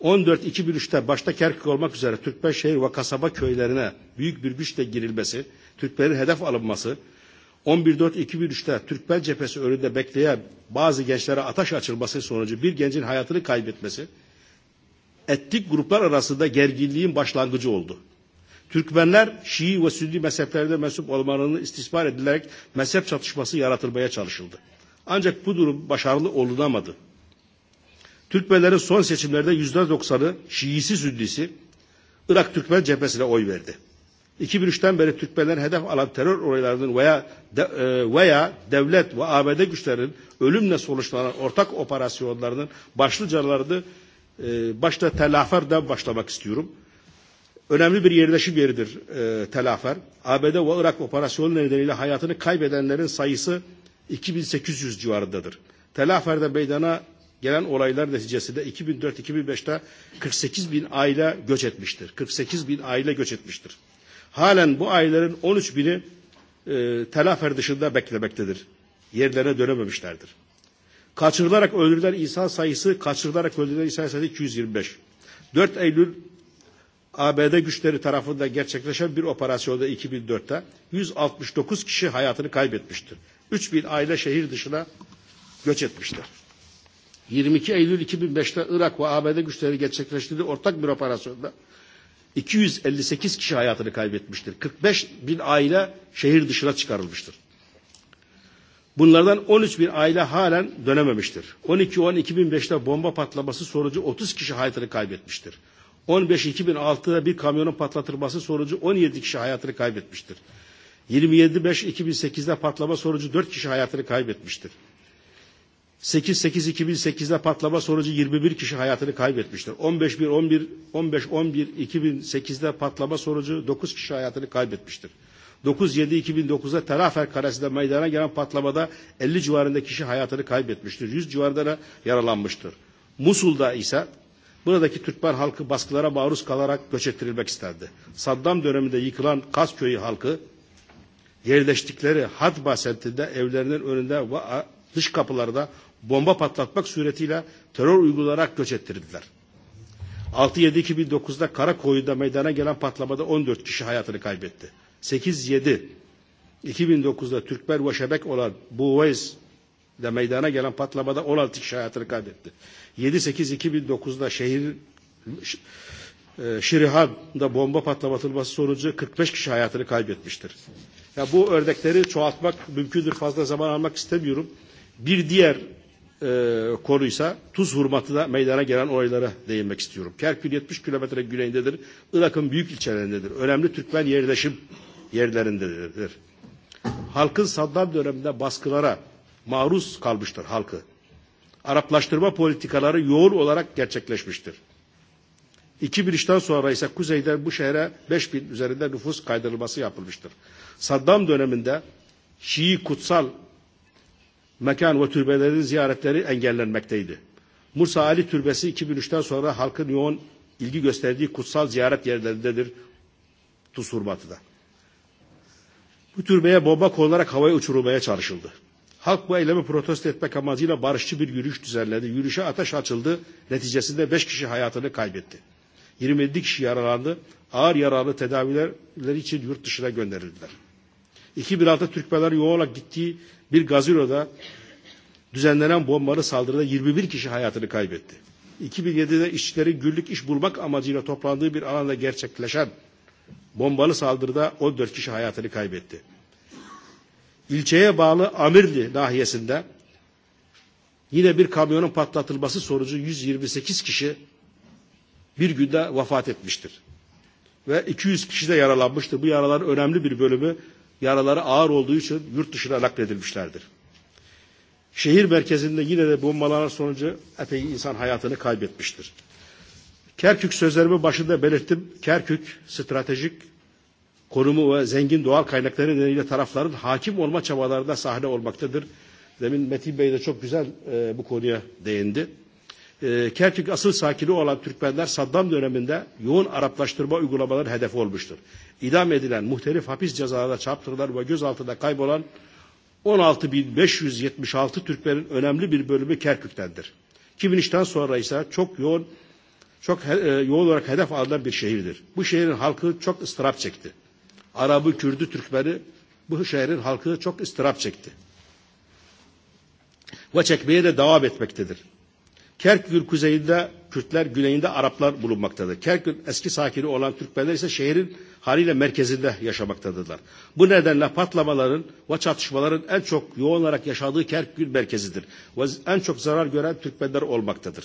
14-2003'te başta Kerkük olmak üzere Türkmen şehir ve kasaba köylerine büyük bir güçle girilmesi, Türklerin hedef alınması, 11.4.2003'te Türkmen cephesi önünde bekleyen bazı gençlere ataş açılması sonucu bir gencin hayatını kaybetmesi, etnik gruplar arasında gerginliğin başlangıcı oldu. Türkmenler Şii ve Sünni mezheplerine mensup olmalarını istismar edilerek mezhep çatışması yaratılmaya çalışıldı. Ancak bu durum başarılı olunamadı. Türkmenlerin son seçimlerde yüzde doksanı Şiisi Sünnisi Irak Türkmen cephesine oy verdi. 2003'ten beri Türkmenler hedef alan terör olaylarının veya de, e, veya devlet ve ABD güçlerinin ölümle sonuçlanan ortak operasyonlarının başlıcalarını e, başta Tel Afar'dan başlamak istiyorum önemli bir yerleşim yeridir e, Tel Afer. ABD ve Irak operasyonu nedeniyle hayatını kaybedenlerin sayısı 2800 civarındadır. Tel Afer'de meydana gelen olaylar neticesinde 2004-2005'te 48 bin aile göç etmiştir. 48 bin aile göç etmiştir. Halen bu ailelerin 13 bini e, Tel Afer dışında beklemektedir. Yerlerine dönememişlerdir. Kaçırılarak öldürülen insan sayısı, kaçırılarak öldürülen insan sayısı 225. 4 Eylül ABD güçleri tarafından gerçekleşen bir operasyonda 2004'te 169 kişi hayatını kaybetmiştir. 3000 aile şehir dışına göç etmiştir. 22 Eylül 2005'te Irak ve ABD güçleri gerçekleştirdiği ortak bir operasyonda 258 kişi hayatını kaybetmiştir. 45 bin aile şehir dışına çıkarılmıştır. Bunlardan 13 bin aile halen dönememiştir. 12 10 2005'te bomba patlaması sonucu 30 kişi hayatını kaybetmiştir. 15 2006'da bir kamyonun patlatılması sonucu 17 kişi hayatını kaybetmiştir. 27 5 2008'de patlama sonucu 4 kişi hayatını kaybetmiştir. 8-8-2008'de patlama sonucu 21 kişi hayatını kaybetmiştir. 15-1-11-15-11-2008'de patlama sonucu 9 kişi hayatını kaybetmiştir. 9-7-2009'da Terafer Karesi'nde meydana gelen patlamada 50 civarında kişi hayatını kaybetmiştir. 100 civarında yaralanmıştır. Musul'da ise buradaki Türkmen halkı baskılara maruz kalarak göç ettirilmek istendi. Saddam döneminde yıkılan Kas köyü halkı yerleştikleri Hatba semtinde evlerinin önünde ve dış kapılarda bomba patlatmak suretiyle terör uygularak göç ettirildiler. 6-7-2009'da Karakoyu'da meydana gelen patlamada 14 kişi hayatını kaybetti. 8-7-2009'da Türkmen ve Şebek olan Buveyz'de meydana gelen patlamada 16 kişi hayatını kaybetti. 7-8-2009'da şehir e, Şirihan'da bomba patlaması sonucu 45 kişi hayatını kaybetmiştir. Ya bu örnekleri çoğaltmak mümkündür. Fazla zaman almak istemiyorum. Bir diğer e, konuysa tuz hurmatına meydana gelen olaylara değinmek istiyorum. Kerkül 70 kilometre güneyindedir. Irak'ın büyük ilçelerindedir. Önemli Türkmen yerleşim yerlerindedir. Halkın Saddam döneminde baskılara maruz kalmıştır halkı. Araplaştırma politikaları yoğun olarak gerçekleşmiştir. 2003'ten sonra ise kuzeyden bu şehre 5000 üzerinde nüfus kaydırılması yapılmıştır. Saddam döneminde Şii kutsal mekan ve türbelerin ziyaretleri engellenmekteydi. Musa Ali Türbesi 2003'ten sonra halkın yoğun ilgi gösterdiği kutsal ziyaret yerlerindedir Tusurbatı'da. Bu türbeye bomba konularak havaya uçurulmaya çalışıldı. Halk bu eylemi protesto etmek amacıyla barışçı bir yürüyüş düzenledi. Yürüyüşe ateş açıldı. Neticesinde 5 kişi hayatını kaybetti. 27 kişi yaralandı. Ağır yaralı tedaviler için yurt dışına gönderildiler. 2006 Türkmenler yoğun olarak gittiği bir gazinoda düzenlenen bombalı saldırıda 21 kişi hayatını kaybetti. 2007'de işçilerin günlük iş bulmak amacıyla toplandığı bir alanda gerçekleşen bombalı saldırıda 14 kişi hayatını kaybetti ilçeye bağlı Amirli nahiyesinde yine bir kamyonun patlatılması sonucu 128 kişi bir günde vefat etmiştir. Ve 200 kişi de yaralanmıştır. Bu yaraların önemli bir bölümü yaraları ağır olduğu için yurt dışına nakledilmişlerdir. Şehir merkezinde yine de bombalanan sonucu epey insan hayatını kaybetmiştir. Kerkük sözlerimin başında belirttim. Kerkük stratejik konumu ve zengin doğal kaynakları nedeniyle tarafların hakim olma çabalarına sahne olmaktadır. Demin Metin Bey de çok güzel e, bu konuya değindi. E, Kerkük asıl sakini olan Türkmenler Saddam döneminde yoğun Araplaştırma uygulamaları hedefi olmuştur. İdam edilen, muhtelif hapis cezalarına çarptırılan ve gözaltında kaybolan 16.576 Türklerin önemli bir bölümü Kerkük'tendir. 2003'ten sonra ise çok yoğun çok he, e, yoğun olarak hedef alınan bir şehirdir. Bu şehrin halkı çok ıstırap çekti. Arabı, Kürdü, Türkmeni bu şehrin halkı çok ıstırap çekti. Ve çekmeye de devam etmektedir. Kerkük kuzeyinde Kürtler, güneyinde Araplar bulunmaktadır. Kerkük eski sakini olan Türkmenler ise şehrin haliyle merkezinde yaşamaktadırlar. Bu nedenle patlamaların ve çatışmaların en çok yoğun olarak yaşadığı Kerkük merkezidir. Ve en çok zarar gören Türkmenler olmaktadır.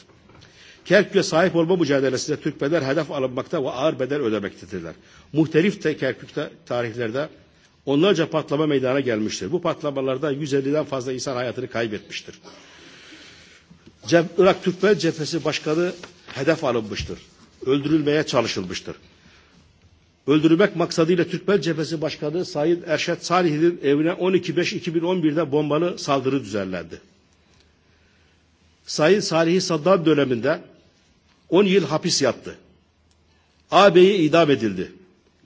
Kerkük'e sahip olma mücadelesinde Türkmenler hedef alınmakta ve ağır bedel ödemektedirler. Muhtelif de Kerkük'te tarihlerde onlarca patlama meydana gelmiştir. Bu patlamalarda 150'den fazla insan hayatını kaybetmiştir. Cem, Irak Türkmen Cephesi Başkanı hedef alınmıştır. Öldürülmeye çalışılmıştır. Öldürmek maksadıyla Türkmen Cephesi Başkanı Sayın Erşet Salih'in evine 12.5.2011'de bombalı saldırı düzenlendi. Sayın Salih Saddam döneminde 10 yıl hapis yattı. Ağabeyi idam edildi.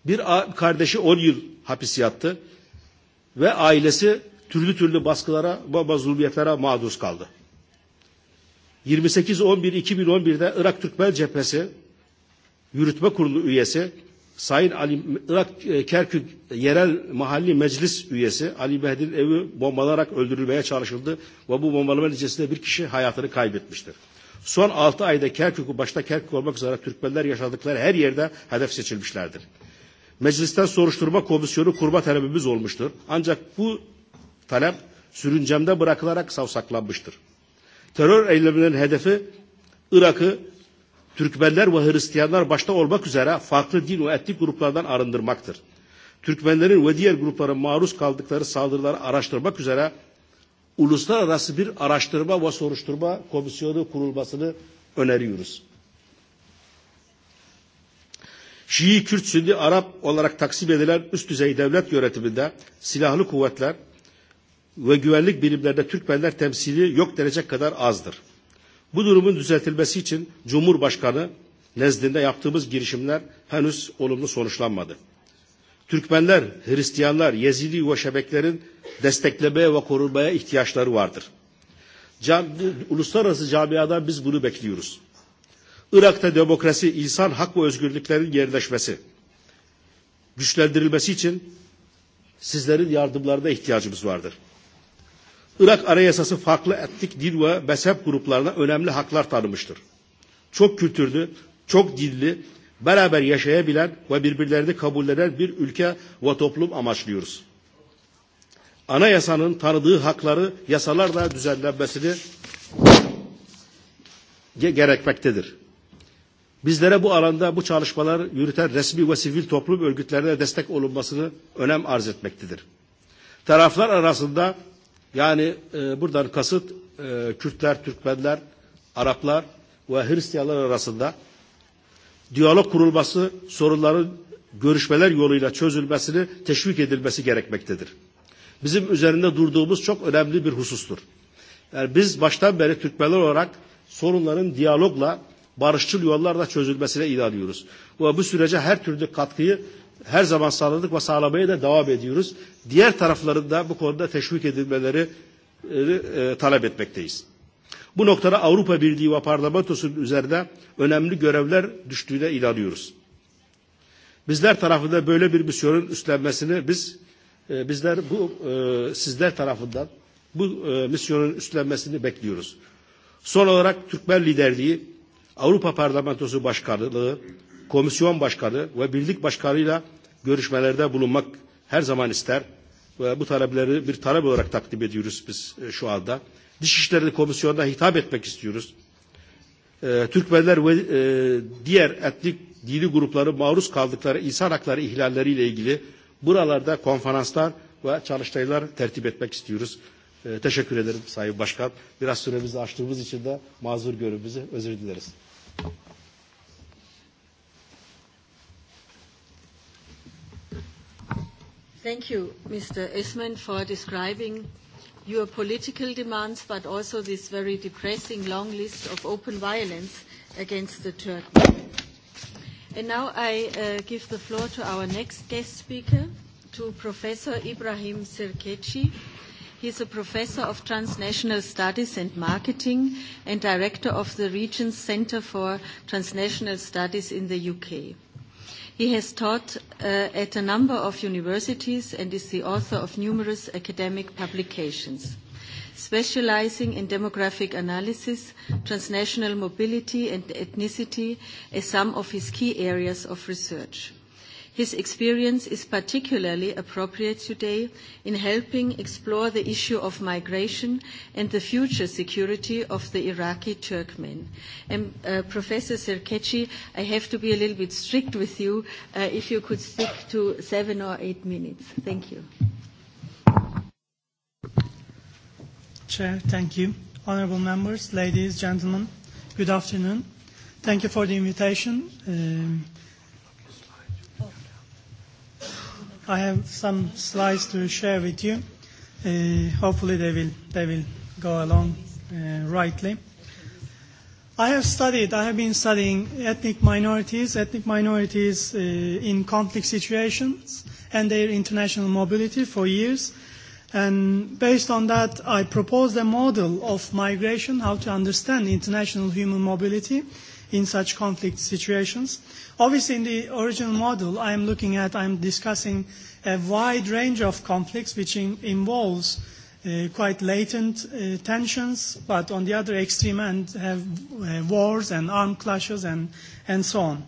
Bir kardeşi 10 yıl hapis yattı ve ailesi türlü türlü baskılara, baba zulmiyetlere maruz kaldı. 28-11-2011'de Irak Türkmen Cephesi Yürütme Kurulu üyesi Sayın Ali Irak e, Kerkük Yerel Mahalli Meclis üyesi Ali Mehdi'nin evi bombalarak öldürülmeye çalışıldı ve bu bombalama neticesinde bir kişi hayatını kaybetmiştir. Son 6 ayda Kerkük'ü başta Kerkük olmak üzere Türkmenler yaşadıkları her yerde hedef seçilmişlerdir. Meclisten soruşturma komisyonu kurma talebimiz olmuştur. Ancak bu talep sürüncemde bırakılarak savsaklanmıştır. Terör eylemlerinin hedefi Irak'ı Türkmenler ve Hristiyanlar başta olmak üzere farklı din ve etnik gruplardan arındırmaktır. Türkmenlerin ve diğer grupların maruz kaldıkları saldırıları araştırmak üzere uluslararası bir araştırma ve soruşturma komisyonu kurulmasını öneriyoruz. Şii, Kürt, Sünni, Arap olarak taksim edilen üst düzey devlet yönetiminde silahlı kuvvetler ve güvenlik birimlerinde Türkmenler temsili yok derece kadar azdır. Bu durumun düzeltilmesi için Cumhurbaşkanı nezdinde yaptığımız girişimler henüz olumlu sonuçlanmadı. Türkmenler, Hristiyanlar, Yezidi Yuva şebeklerin desteklemeye ve korunmaya ihtiyaçları vardır. Cam, uluslararası camiadan biz bunu bekliyoruz. Irak'ta demokrasi, insan hak ve özgürlüklerin yerleşmesi, güçlendirilmesi için sizlerin yardımlarına ihtiyacımız vardır. Irak Anayasası farklı etnik din ve mezhep gruplarına önemli haklar tanımıştır. Çok kültürlü, çok dilli, beraber yaşayabilen ve birbirlerini kabullenen bir ülke ve toplum amaçlıyoruz. Anayasanın tanıdığı hakları yasalarla düzenlenmesini gerekmektedir. Bizlere bu alanda bu çalışmalar yürüten resmi ve sivil toplum örgütlerine destek olunmasını önem arz etmektedir. Taraflar arasında yani e, buradan kasıt e, Kürtler, Türkmenler, Araplar ve Hristiyanlar arasında diyalog kurulması, sorunların görüşmeler yoluyla çözülmesini teşvik edilmesi gerekmektedir. Bizim üzerinde durduğumuz çok önemli bir husustur. Yani biz baştan beri Türkmenler olarak sorunların diyalogla, barışçıl yollarla çözülmesine inanıyoruz. Ve bu sürece her türlü katkıyı her zaman sağladık ve sağlamaya da devam ediyoruz. Diğer tarafların da bu konuda teşvik edilmeleri e, talep etmekteyiz. Bu noktada Avrupa Birliği ve parlamentosunun üzerinde önemli görevler düştüğüne inanıyoruz. Bizler tarafında böyle bir misyonun üstlenmesini biz e, bizler bu e, sizler tarafından bu e, misyonun üstlenmesini bekliyoruz. Son olarak Türkmen liderliği, Avrupa Parlamentosu Başkanlığı, Komisyon Başkanı ve Birlik Başkanı'yla görüşmelerde bulunmak her zaman ister. Ve bu talepleri bir talep olarak takdim ediyoruz biz e, şu anda. Dışişleri Komisyonu'na hitap etmek istiyoruz. E, Türkmenler ve e, diğer etnik dini grupların maruz kaldıkları insan hakları ihlalleriyle ilgili buralarda konferanslar ve çalıştaylar tertip etmek istiyoruz. E, teşekkür ederim Sayın Başkan. Biraz süremizi açtığımız için de mazur görün bizi. Özür dileriz. Thank you, Mr. Esmond, for describing your political demands, but also this very depressing long list of open violence against the Turks. And now I uh, give the floor to our next guest speaker, to Professor Ibrahim Sirkechi. He's a professor of transnational studies and marketing and director of the Region's Center for Transnational Studies in the UK. He has taught uh, at a number of universities and is the author of numerous academic publications. Specializing in demographic analysis, transnational mobility and ethnicity as some of his key areas of research. His experience is particularly appropriate today in helping explore the issue of migration and the future security of the Iraqi Turkmen. And, uh, Professor Serkechi, I have to be a little bit strict with you uh, if you could stick to seven or eight minutes. Thank you. Chair, thank you. Honorable members, ladies, gentlemen, good afternoon. Thank you for the invitation. Um, uh, I have some slides to share with you. Uh, hopefully they will, they will go along uh, rightly. I have studied, I have been studying ethnic minorities, ethnic minorities uh, in conflict situations and their international mobility for years. And based on that, I proposed a model of migration, how to understand international human mobility in such conflict situations. Obviously, in the original model I'm looking at, I'm discussing a wide range of conflicts which in, involves uh, quite latent uh, tensions, but on the other extreme end have uh, wars and armed clashes and, and so on.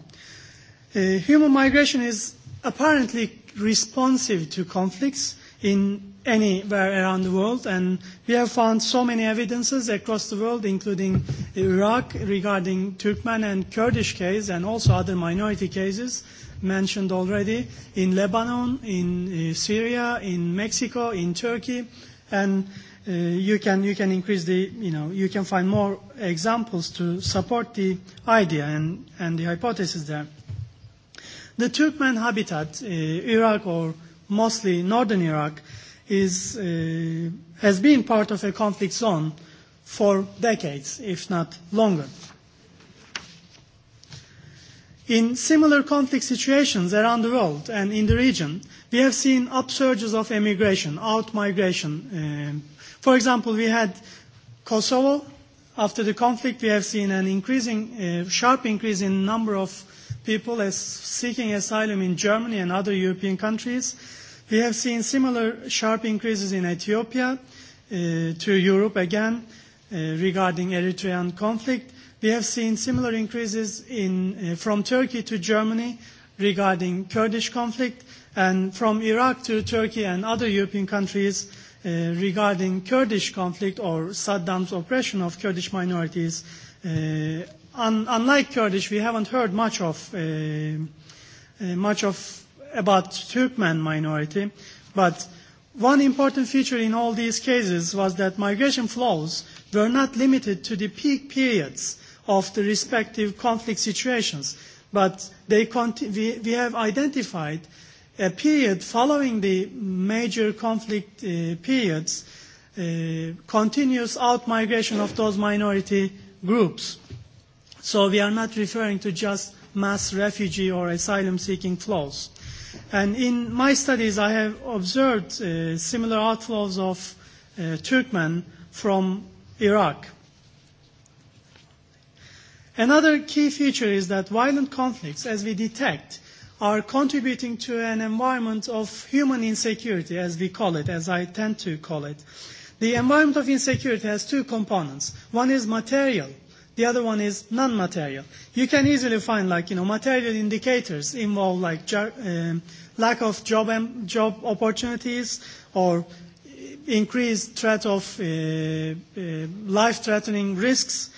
Uh, human migration is apparently responsive to conflicts in anywhere around the world. And we have found so many evidences across the world, including Iraq, regarding Turkmen and Kurdish case, and also other minority cases mentioned already, in Lebanon, in uh, Syria, in Mexico, in Turkey, and uh, you can you can increase the you know you can find more examples to support the idea and and the hypothesis there. The Turkmen habitat, uh, Iraq or mostly northern Iraq, uh, is, uh, has been part of a conflict zone for decades, if not longer. In similar conflict situations around the world and in the region, we have seen upsurges of emigration, out-migration. Um, for example, we had Kosovo. After the conflict, we have seen an increasing, uh, sharp increase in number of people as seeking asylum in Germany and other European countries. Uh, We have seen similar sharp increases in Ethiopia, uh, to Europe again, uh, regarding Eritrean conflict. We have seen similar increases in, uh, from Turkey to Germany regarding Kurdish conflict, and from Iraq to Turkey and other European countries uh, regarding Kurdish conflict or Saddam's oppression of Kurdish minorities. Uh, un- unlike Kurdish, we haven't heard much of, uh, uh, much of about Turkmen minority, but one important feature in all these cases was that migration flows were not limited to the peak periods of the respective conflict situations, but they conti- we, we have identified a period following the major conflict uh, periods, uh, continuous out-migration of those minority groups. So we are not referring to just mass refugee or asylum-seeking flows. Uh, And in my studies, I have observed uh, similar outflows of uh, Turkmen from Iraq. Another key feature is that violent conflicts, as we detect, are contributing to an environment of human insecurity, as we call it, as I tend to call it. The environment of insecurity has two components. One is material, The other one is non-material. You can easily find like, you know, material indicators involve like jo- um, lack of job, em- job opportunities or increased threat of uh, uh, life-threatening risks,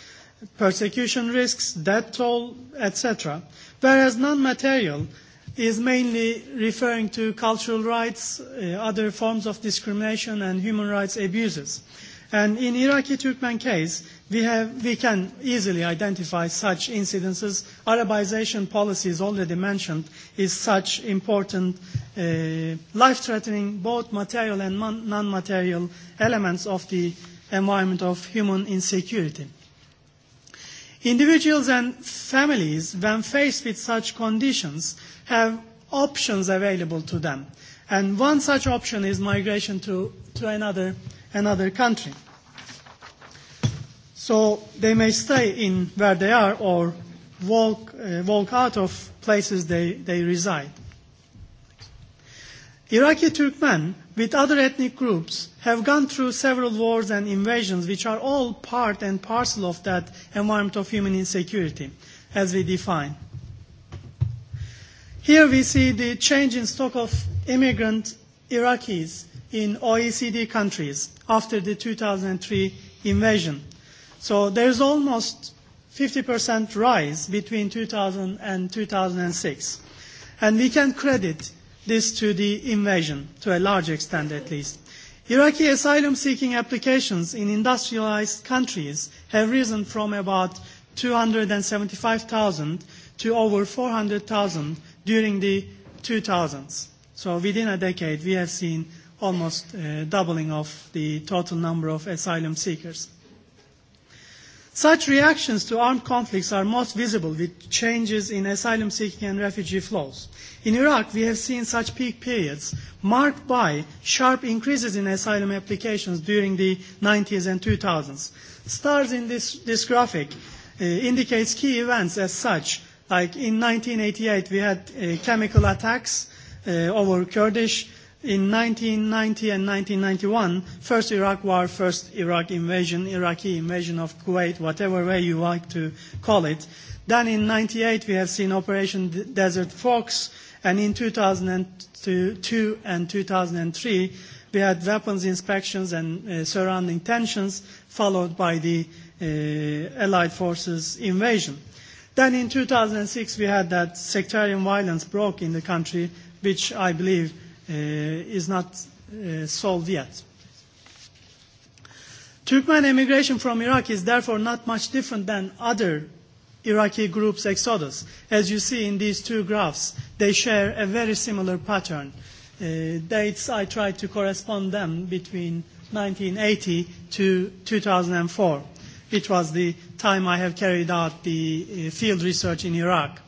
persecution risks, death toll, etc. Whereas non-material is mainly referring to cultural rights, uh, other forms of discrimination and human rights abuses. And in Iraqi Turkmen case, We, have, we can easily identify such incidences. Arabization policy is already mentioned, is such important, uh, life-threatening, both material and non-material elements of the environment of human insecurity. Individuals and families, when faced with such conditions, have options available to them. And one such option is migration to, to another, another country. So they may stay in where they are or walk, uh, walk out of places they, they reside. Iraqi Turkmen, with other ethnic groups, have gone through several wars and invasions, which are all part and parcel of that environment of human insecurity, as we define. Here we see the change in stock of immigrant Iraqis in OECD countries after the 2003 invasion. So there's almost 50% rise between 2000 and 2006. And we can credit this to the invasion, to a large extent at least. Iraqi asylum seeking applications in industrialized countries have risen from about 275,000 to over 400,000 during the 2000s. So within a decade, we have seen almost uh, doubling of the total number of asylum seekers. Such reactions to armed conflicts are most visible with changes in asylum seeking and refugee flows. In Iraq, we have seen such peak periods marked by sharp increases in asylum applications during the 90s and 2000s. Stars in this, this graphic uh, indicates key events as such. Like in 1988, we had uh, chemical attacks uh, over Kurdish In 1990 and 1991, first Iraq war, first Iraq invasion, Iraqi invasion of Kuwait, whatever way you like to call it. Then in 98, we have seen Operation Desert Fox, and in 2002 and 2003, we had weapons inspections and uh, surrounding tensions, followed by the uh, Allied forces invasion. Then in 2006, we had that sectarian violence broke in the country, which I believe Uh, is not uh, solved yet. Turkmen immigration from Iraq is therefore not much different than other Iraqi groups' exodus. As you see in these two graphs, they share a very similar pattern. Uh, dates I tried to correspond them between 1980 to 2004, which was the time I have carried out the uh, field research in Iraq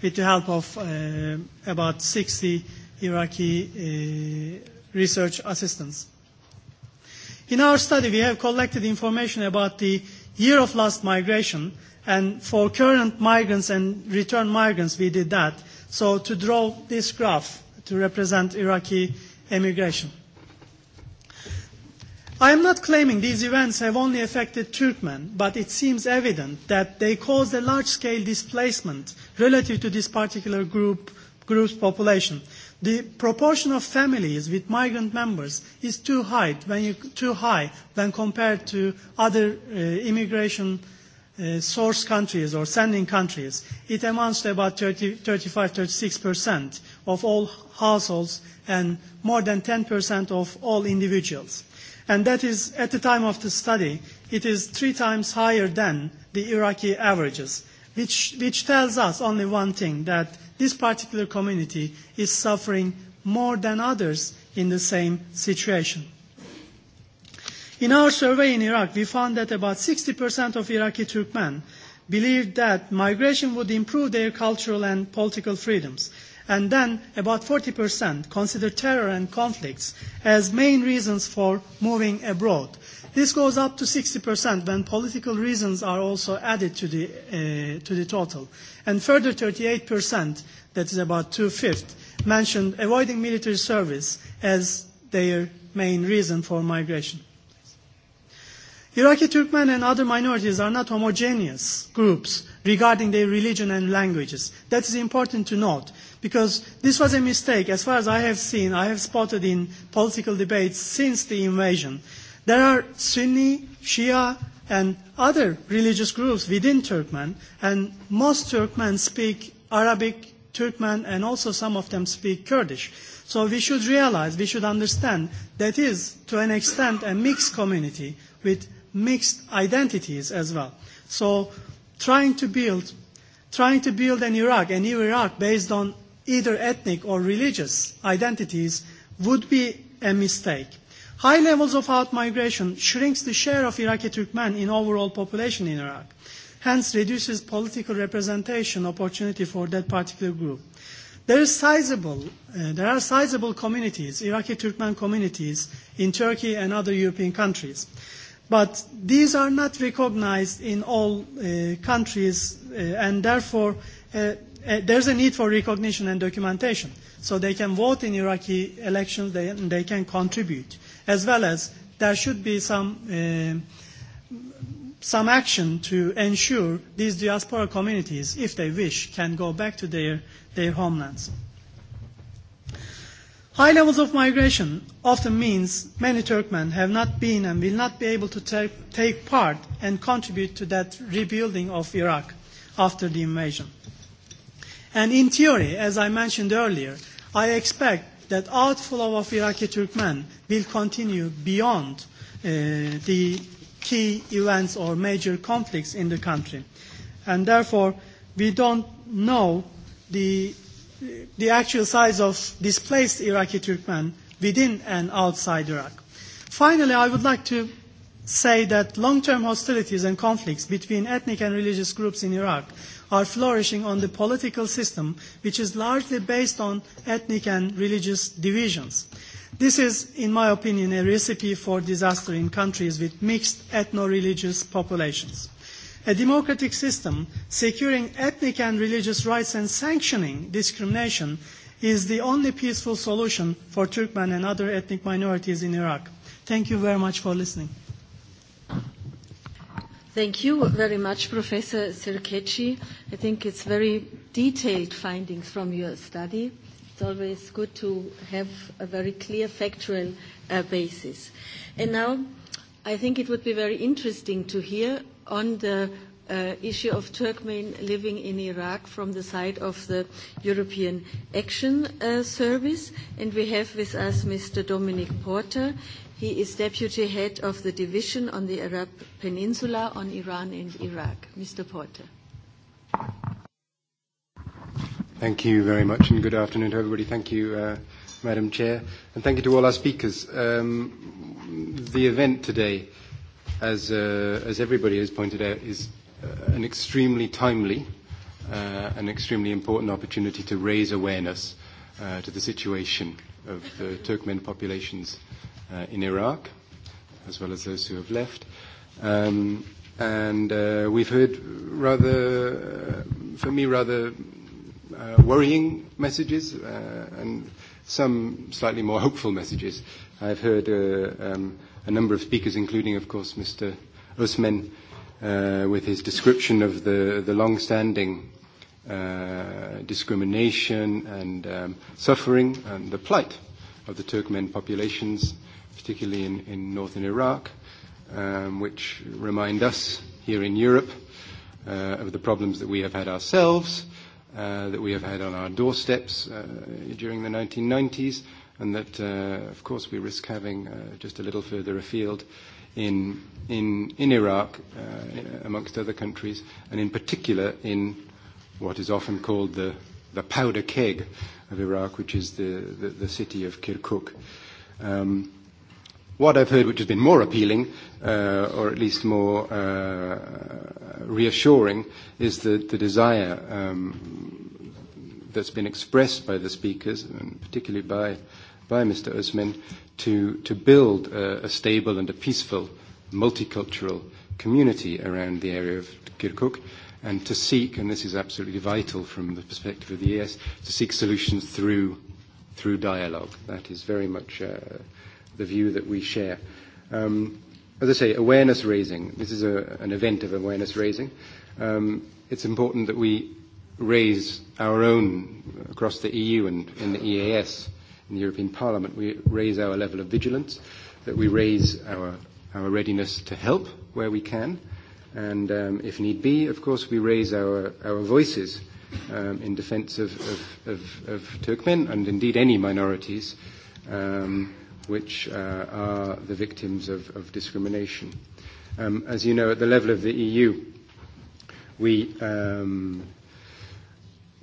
with the help of uh, about 60 Iraqi uh, research assistance. In our study, we have collected information about the year of last migration, and for current migrants and return migrants, we did that. So to draw this graph to represent Iraqi emigration. I am not claiming these events have only affected Turkmen, but it seems evident that they caused a large-scale displacement relative to this particular group, group's population. The proportion of families with migrant members is too high when, you, too high when compared to other uh, immigration uh, source countries or sending countries. It amounts to about 30, 35-36% of all households and more than 10% of all individuals. And that is, at the time of the study, it is three times higher than the Iraqi averages which, which tells us only one thing, that this particular community is suffering more than others in the same situation. In our survey in Iraq, we found that about 60% of Iraqi Turkmen believed that migration would improve their cultural and political freedoms. And then about 40% consider terror and conflicts as main reasons for moving abroad. This goes up to 60% when political reasons are also added to the, uh, to the total. And further 38%, that is about two-fifths, mentioned avoiding military service as their main reason for migration. Iraqi Turkmen and other minorities are not homogeneous groups regarding their religion and languages. That is important to note because this was a mistake as far as I have seen, I have spotted in political debates since the invasion There are Sunni, Shia, and other religious groups within Turkmen, and most Turkmen speak Arabic, Turkmen, and also some of them speak Kurdish. So we should realize, we should understand that is, to an extent, a mixed community with mixed identities as well. So trying to build, trying to build an Iraq, a new Iraq based on either ethnic or religious identities would be a mistake. High levels of out-migration shrinks the share of Iraqi Turkmen in overall population in Iraq, hence reduces political representation opportunity for that particular group. There, is sizable, uh, there are sizable communities, Iraqi Turkmen communities, in Turkey and other European countries. But these are not recognized in all uh, countries, uh, and therefore uh, uh, there's a need for recognition and documentation. So they can vote in Iraqi elections, they, and they can contribute. Uh, as well as there should be some, uh, some action to ensure these diaspora communities, if they wish, can go back to their, their homelands. High levels of migration often means many Turkmen have not been and will not be able to take, take part and contribute to that rebuilding of Iraq after the invasion. And in theory, as I mentioned earlier, I expect that outflow of Iraqi Turkmen will continue beyond uh, the key events or major conflicts in the country. And therefore, we don't know the, the actual size of displaced Iraqi Turkmen within and outside Iraq. Finally, I would like to say that long-term hostilities and conflicts between ethnic and religious groups in Iraq are flourishing on the political system, which is largely based on ethnic and religious divisions. This is, in my opinion, a recipe for disaster in countries with mixed ethno-religious populations. A democratic system securing ethnic and religious rights and sanctioning discrimination is the only peaceful solution for Turkmen and other ethnic minorities in Iraq. Thank you very much for listening. Thank you very much, Professor Sirkechi. I think it's very detailed findings from your study. It's always good to have a very clear factual uh, basis. And now, I think it would be very interesting to hear on the uh, issue of Turkmen living in Iraq from the side of the European Action uh, Service. And we have with us Mr. Dominic Porter. He is deputy head of the division on the Arab Peninsula on Iran and Iraq. Mr. Porter. Thank you very much, and good afternoon to everybody. Thank you, uh, Madam Chair, and thank you to all our speakers. Um, the event today, as, uh, as everybody has pointed out, is uh, an extremely timely uh, an extremely important opportunity to raise awareness uh, to the situation of the Turkmen populations uh, in Iraq, as well as those who have left. Um, and uh, we've heard rather, uh, for me, rather uh, worrying messages uh, and some slightly more hopeful messages. I've heard uh, um, a number of speakers, including, of course, Mr. Usman, uh, with his description of the, the long-standing uh, discrimination and um, suffering and the plight of the Turkmen populations particularly in, in northern Iraq, um, which remind us here in Europe uh, of the problems that we have had ourselves, uh, that we have had on our doorsteps uh, during the 1990s, and that, uh, of course, we risk having uh, just a little further afield in, in, in Iraq, uh, amongst other countries, and in particular in what is often called the, the powder keg of Iraq, which is the, the, the city of Kirkuk. Um, What I've heard, which has been more appealing, uh, or at least more uh, reassuring, is the, the desire um, that's been expressed by the speakers, and particularly by, by Mr. Usman, to, to build a, a stable and a peaceful multicultural community around the area of Kirkuk and to seek, and this is absolutely vital from the perspective of the ES, to seek solutions through, through dialogue. That is very much uh, the view that we share. Um, as I say, awareness raising. This is a, an event of awareness raising. Um, it's important that we raise our own across the EU and in the EAS, in the European Parliament. We raise our level of vigilance, that we raise our, our readiness to help where we can, and um, if need be, of course, we raise our, our voices um, in defence of, of, of, of Turkmen and indeed any minorities. Um, which uh, are the victims of, of discrimination. Um, as you know, at the level of the EU, we, um,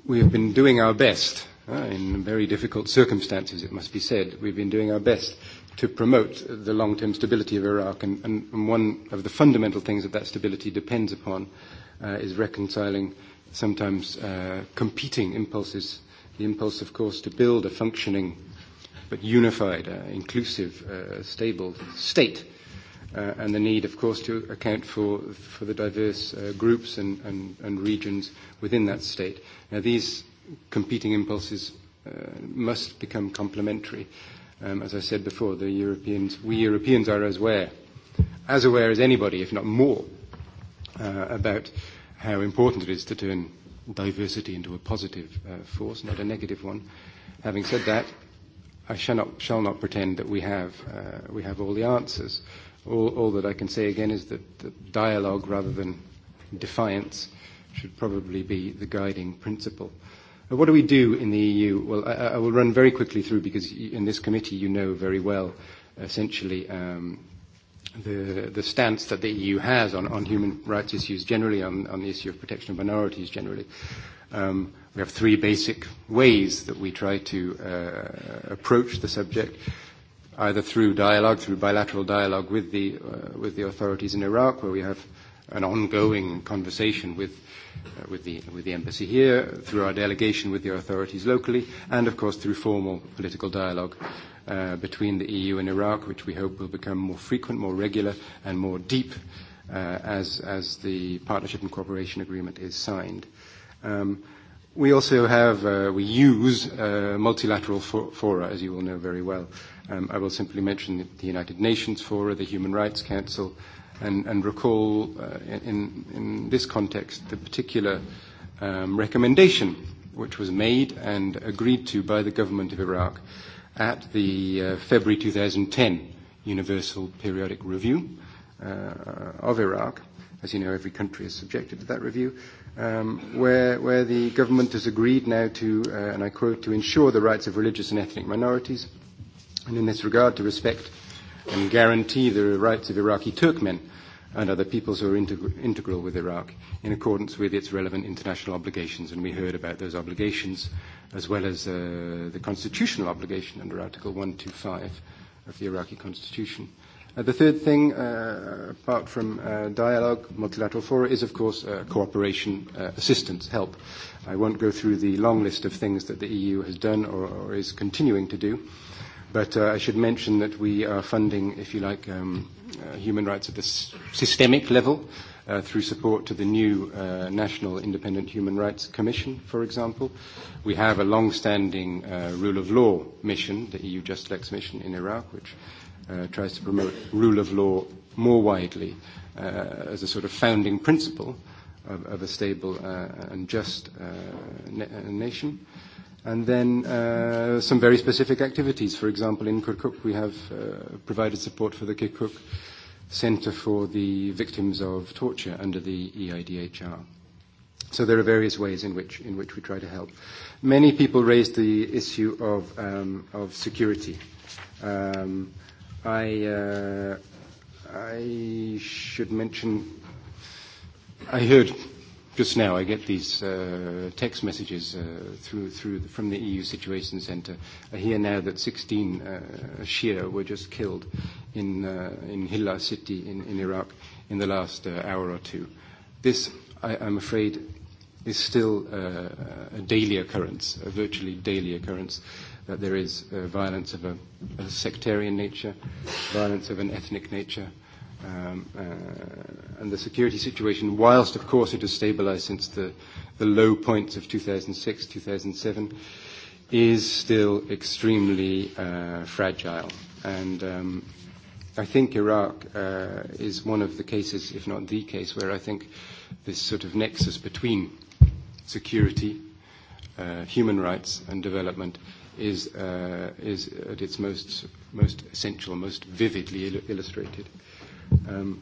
we have been doing our best, uh, in very difficult circumstances, it must be said, we've been doing our best to promote the long-term stability of Iraq, and, and, and one of the fundamental things that that stability depends upon uh, is reconciling sometimes uh, competing impulses, the impulse, of course, to build a functioning but unified, uh, inclusive, uh, stable state. Uh, and the need, of course, to account for, for the diverse uh, groups and, and, and regions within that state. Now, these competing impulses uh, must become complementary. Um, as I said before, the Europeans, we Europeans are as aware, as aware as anybody, if not more, uh, about how important it is to turn diversity into a positive uh, force, not a negative one. Having said that, I shall not, shall not pretend that we have, uh, we have all the answers. All, all that I can say again is that, that dialogue rather than defiance should probably be the guiding principle. Uh, what do we do in the EU? Well, I, I will run very quickly through because in this committee you know very well essentially um, the, the stance that the EU has on, on human rights issues generally, on, on the issue of protection of minorities generally. Um, we have three basic ways that we try to uh, approach the subject, either through dialogue, through bilateral dialogue with the, uh, with the authorities in Iraq, where we have an ongoing conversation with, uh, with, the, with the embassy here, through our delegation with the authorities locally, and of course through formal political dialogue uh, between the EU and Iraq, which we hope will become more frequent, more regular, and more deep uh, as, as the partnership and cooperation agreement is signed. Um, we also have, uh, we use uh, multilateral for, fora, as you all know very well. Um, I will simply mention the United Nations Fora, the Human Rights Council, and, and recall uh, in, in this context the particular um, recommendation which was made and agreed to by the government of Iraq at the uh, February 2010 Universal Periodic Review uh, of Iraq. As you know, every country is subjected to that review um, where, where the government has agreed now to, uh, and I quote, to ensure the rights of religious and ethnic minorities, and in this regard to respect and guarantee the rights of Iraqi Turkmen and other peoples who are integ- integral with Iraq in accordance with its relevant international obligations. And we heard about those obligations as well as uh, the constitutional obligation under Article 125 of the Iraqi Constitution. Uh, the third thing, uh, apart from uh, dialogue, multilateral fora, is of course uh, cooperation, uh, assistance, help. I won't go through the long list of things that the EU has done or, or is continuing to do, but uh, I should mention that we are funding, if you like, um, uh, human rights at the s- systemic level uh, through support to the new uh, National Independent Human Rights Commission, for example. We have a long-standing uh, rule of law mission, the EU Just Lex mission in Iraq, which uh, uh, tries to promote rule of law more widely uh, as a sort of founding principle of, of a stable uh, and just uh, na- uh, nation. And then uh, some very specific activities. For example, in Kirkuk, we have uh, provided support for the Kirkuk Center for the Victims of Torture under the EIDHR. So there are various ways in which, in which we try to help. Many people raised the issue of, um, of security. Um, uh, I, uh, I should mention, I heard just now, I get these uh, text messages uh, through, through the, from the EU Situation Center. I hear now that 16 uh, Shia were just killed in, uh, in Hilla city in, in Iraq in the last uh, hour or two. This, I, I'm afraid, is still uh, a daily occurrence, a virtually daily occurrence. Uh, that there is uh, violence of a, a sectarian nature, violence of an ethnic nature, um, uh, and the security situation, whilst of course it has stabilized since the, the low points of 2006, 2007, is still extremely uh, fragile. And um, I think Iraq uh, is one of the cases, if not the case, where I think this sort of nexus between security, uh, human rights, and development is, uh, is at its most, most essential, most vividly il- illustrated. Um,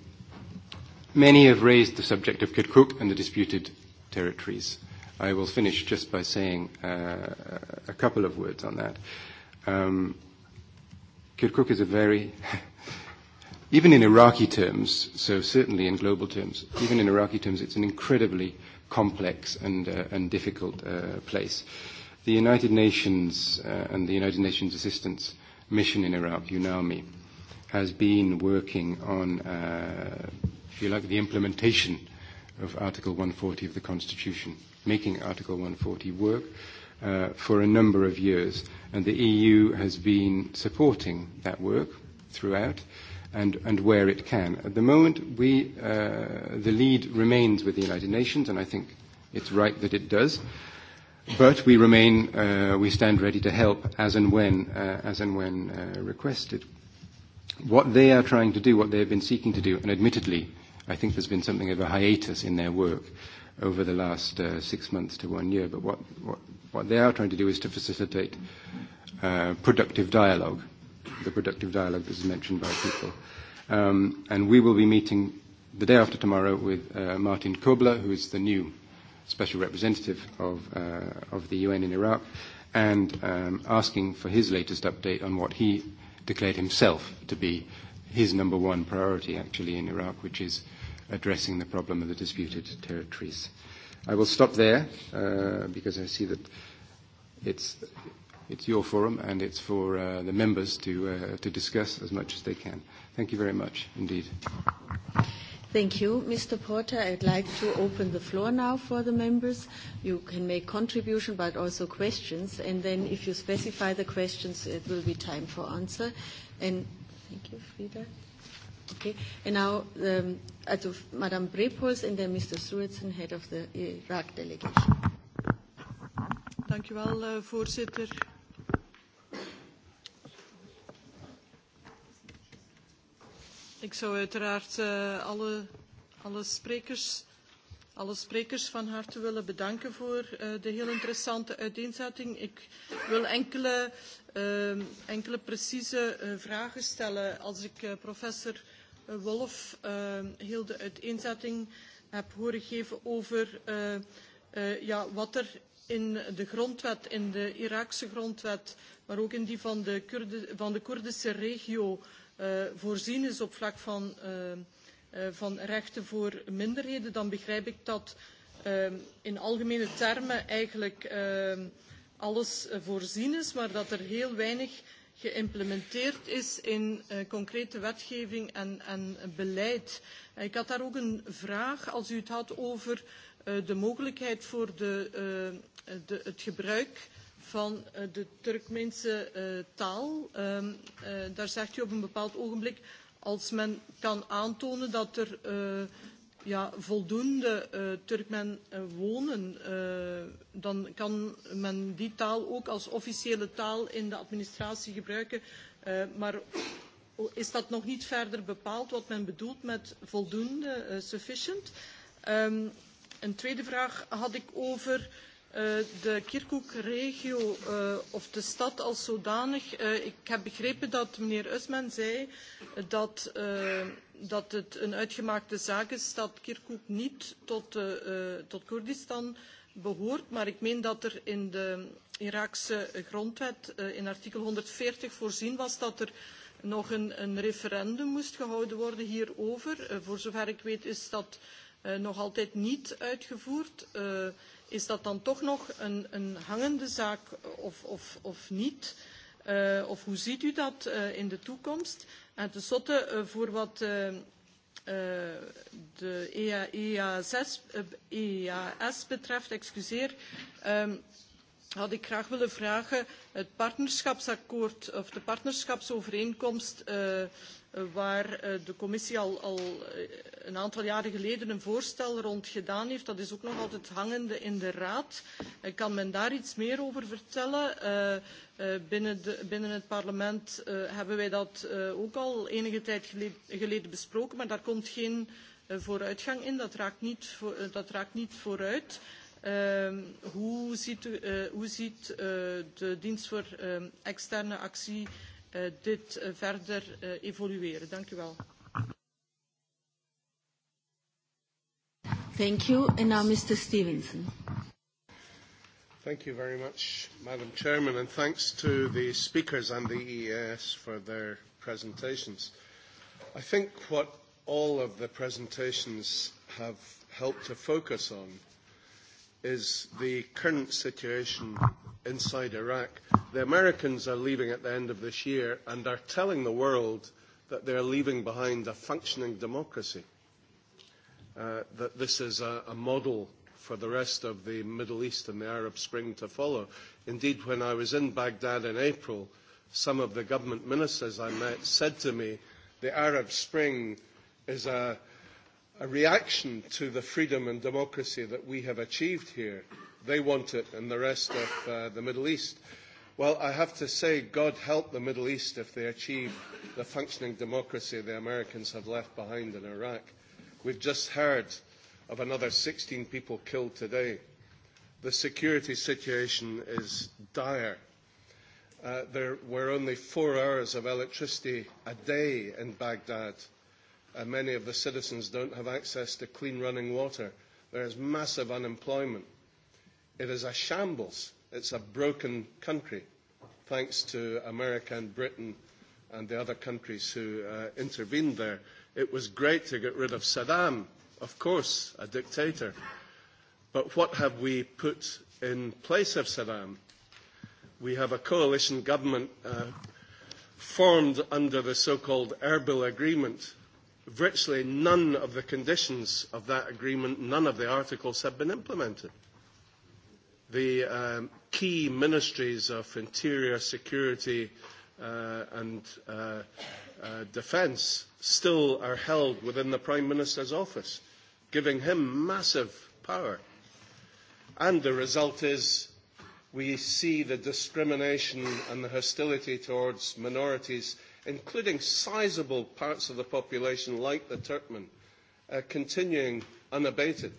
many have raised the subject of Kirkuk and the disputed territories. I will finish just by saying uh, a couple of words on that. Um, Kirkuk is a very, <laughs> even in Iraqi terms, so certainly in global terms, even in Iraqi terms, it's an incredibly complex and, uh, and difficult uh, place. Uh, the United Nations uh, and the United Nations Assistance Mission in Iraq, UNAMI, has been working on, uh, if you like, the implementation of Article 140 of the Constitution, making Article 140 work uh, for a number of years. And the EU has been supporting that work throughout and, and where it can. At the moment, we, uh, the lead remains with the United Nations, and I think it's right that it does. Uh, But we remain, uh, we stand ready to help as and when, uh, as and when uh, requested. What they are trying to do, what they have been seeking to do, and admittedly, I think there's been something of a hiatus in their work over the last uh, six months to one year. But what, what, what they are trying to do is to facilitate uh, productive dialogue, the productive dialogue that is mentioned by people. Um, and we will be meeting the day after tomorrow with uh, Martin Kobler, who is the new special representative of, uh, of the UN in Iraq, and um, asking for his latest update on what he declared himself to be his number one priority, actually, in Iraq, which is addressing the problem of the disputed territories. I will stop there uh, because I see that it's, it's your forum and it's for uh, the members to, uh, to discuss as much as they can. Thank you very much indeed. Thank you, Mr. Porter. I'd like to open the floor now for the members. You can make contribution, but also questions. And then if you specify the questions, it will be time for answer. And thank you, Frida. Okay. And now, um, also Madame Brepols and then Mr. Suretsen, head of the Iraq delegation. Dank u wel, uh, voorzitter. Ik zou uiteraard uh, alle, alle, sprekers, alle sprekers van harte willen bedanken voor uh, de heel interessante uiteenzetting. Ik wil enkele, uh, enkele precieze uh, vragen stellen. Als ik uh, professor Wolf uh, heel de uiteenzetting heb horen geven over uh, uh, ja, wat er in de grondwet, in de Iraakse grondwet, maar ook in die van de, Kurde, van de Koerdische regio, uh, uh, voorzien is op vlak van, uh, uh, van rechten voor minderheden, dan begrijp ik dat uh, in algemene termen eigenlijk uh, alles uh, voorzien is, maar dat er heel weinig geïmplementeerd is in uh, concrete wetgeving en, en beleid. Ik had daar ook een vraag als u het had over uh, de mogelijkheid voor de, uh, de, het gebruik van uh, de Turkmeense uh, eh, taal. Um, uh, daar zegt u op een bepaald ogenblik, als men kan aantonen dat er uh, ja, voldoende uh, Turkmen uh, wonen, uh, dan kan men die taal ook als officiële taal in de administratie gebruiken. Uh, maar is dat nog niet verder bepaald wat men bedoelt met voldoende, uh, sufficient? Um, een tweede vraag had ik over uh, Eh, de Kirkuk-regio uh, eh, of de stad als zodanig. Uh, ik heb begrepen dat meneer Usman zei dat, uh, dat het een uitgemaakte zaak is dat Kirkuk niet tot, uh, tot Koerdistan behoort. Maar ik meen dat er in de Iraakse grondwet uh, in artikel 140 voorzien was dat er nog een, een referendum moest gehouden worden hierover. Uh, voor zover ik weet is dat uh, nog altijd niet uitgevoerd. Uh, is dat dan toch nog een, een hangende zaak of, of, of niet? Uh, of hoe ziet u dat uh, in de toekomst? En tenslotte, uh, voor wat uh, uh, de EA, EASS, uh, EAS betreft, excuseer, um, had ik graag willen vragen het partnerschapsakkoord of de partnerschapsovereenkomst uh, Eh, waar eh, de commissie al, al eh, een aantal jaren geleden een voorstel rond gedaan heeft. Dat is ook nog altijd hangende in de Raad. Kan men daar iets meer over vertellen? Uh, binnen, de, binnen het parlement uh, hebben wij dat uh, ook al enige tijd geleden, geleden besproken, maar daar komt geen uh, vooruitgang in. Dat raakt niet, voor, uh, dat raakt niet vooruit. Uh, hoe ziet, uh, hoe ziet uh, de dienst voor uh, externe actie uh, uh, dit uh, verder uh, evolueren. Dank u wel. Thank you. And now Mr. Stevenson. Thank you very much, Madam Chairman, and thanks to the speakers and the EES for their presentations. I think what all of the presentations have helped to focus on is the current situation inside Iraq. The Americans are leaving at the end of this year and are telling the world that they're leaving behind a functioning democracy, uh, that this is a, a model for the rest of the Middle East and the Arab Spring to follow. Indeed, when I was in Baghdad in April, some of the government ministers I met said to me, the Arab Spring is a, a reaction to the freedom and democracy that we have achieved here They want it in the rest of uh, the Middle East. Well, I have to say, God help the Middle East if they achieve the functioning democracy the Americans have left behind in Iraq. We've just heard of another 16 people killed today. The security situation is dire. Uh, there were only four hours of electricity a day in Baghdad. Uh, many of the citizens don't have access to clean running water. There is massive unemployment. It is a shambles. It's a broken country, thanks to America and Britain and the other countries who uh, intervened there. It was great to get rid of Saddam, of course, a dictator. But what have we put in place of Saddam? We have a coalition government uh, formed under the so-called Erbil Agreement. Virtually none of the conditions of that agreement, none of the articles have been implemented the um, key ministries of interior, security, uh, and uh, uh, defence still are held within the Prime Minister's office, giving him massive power. And the result is we see the discrimination and the hostility towards minorities, including sizable parts of the population like the Turkmen, uh, continuing unabated.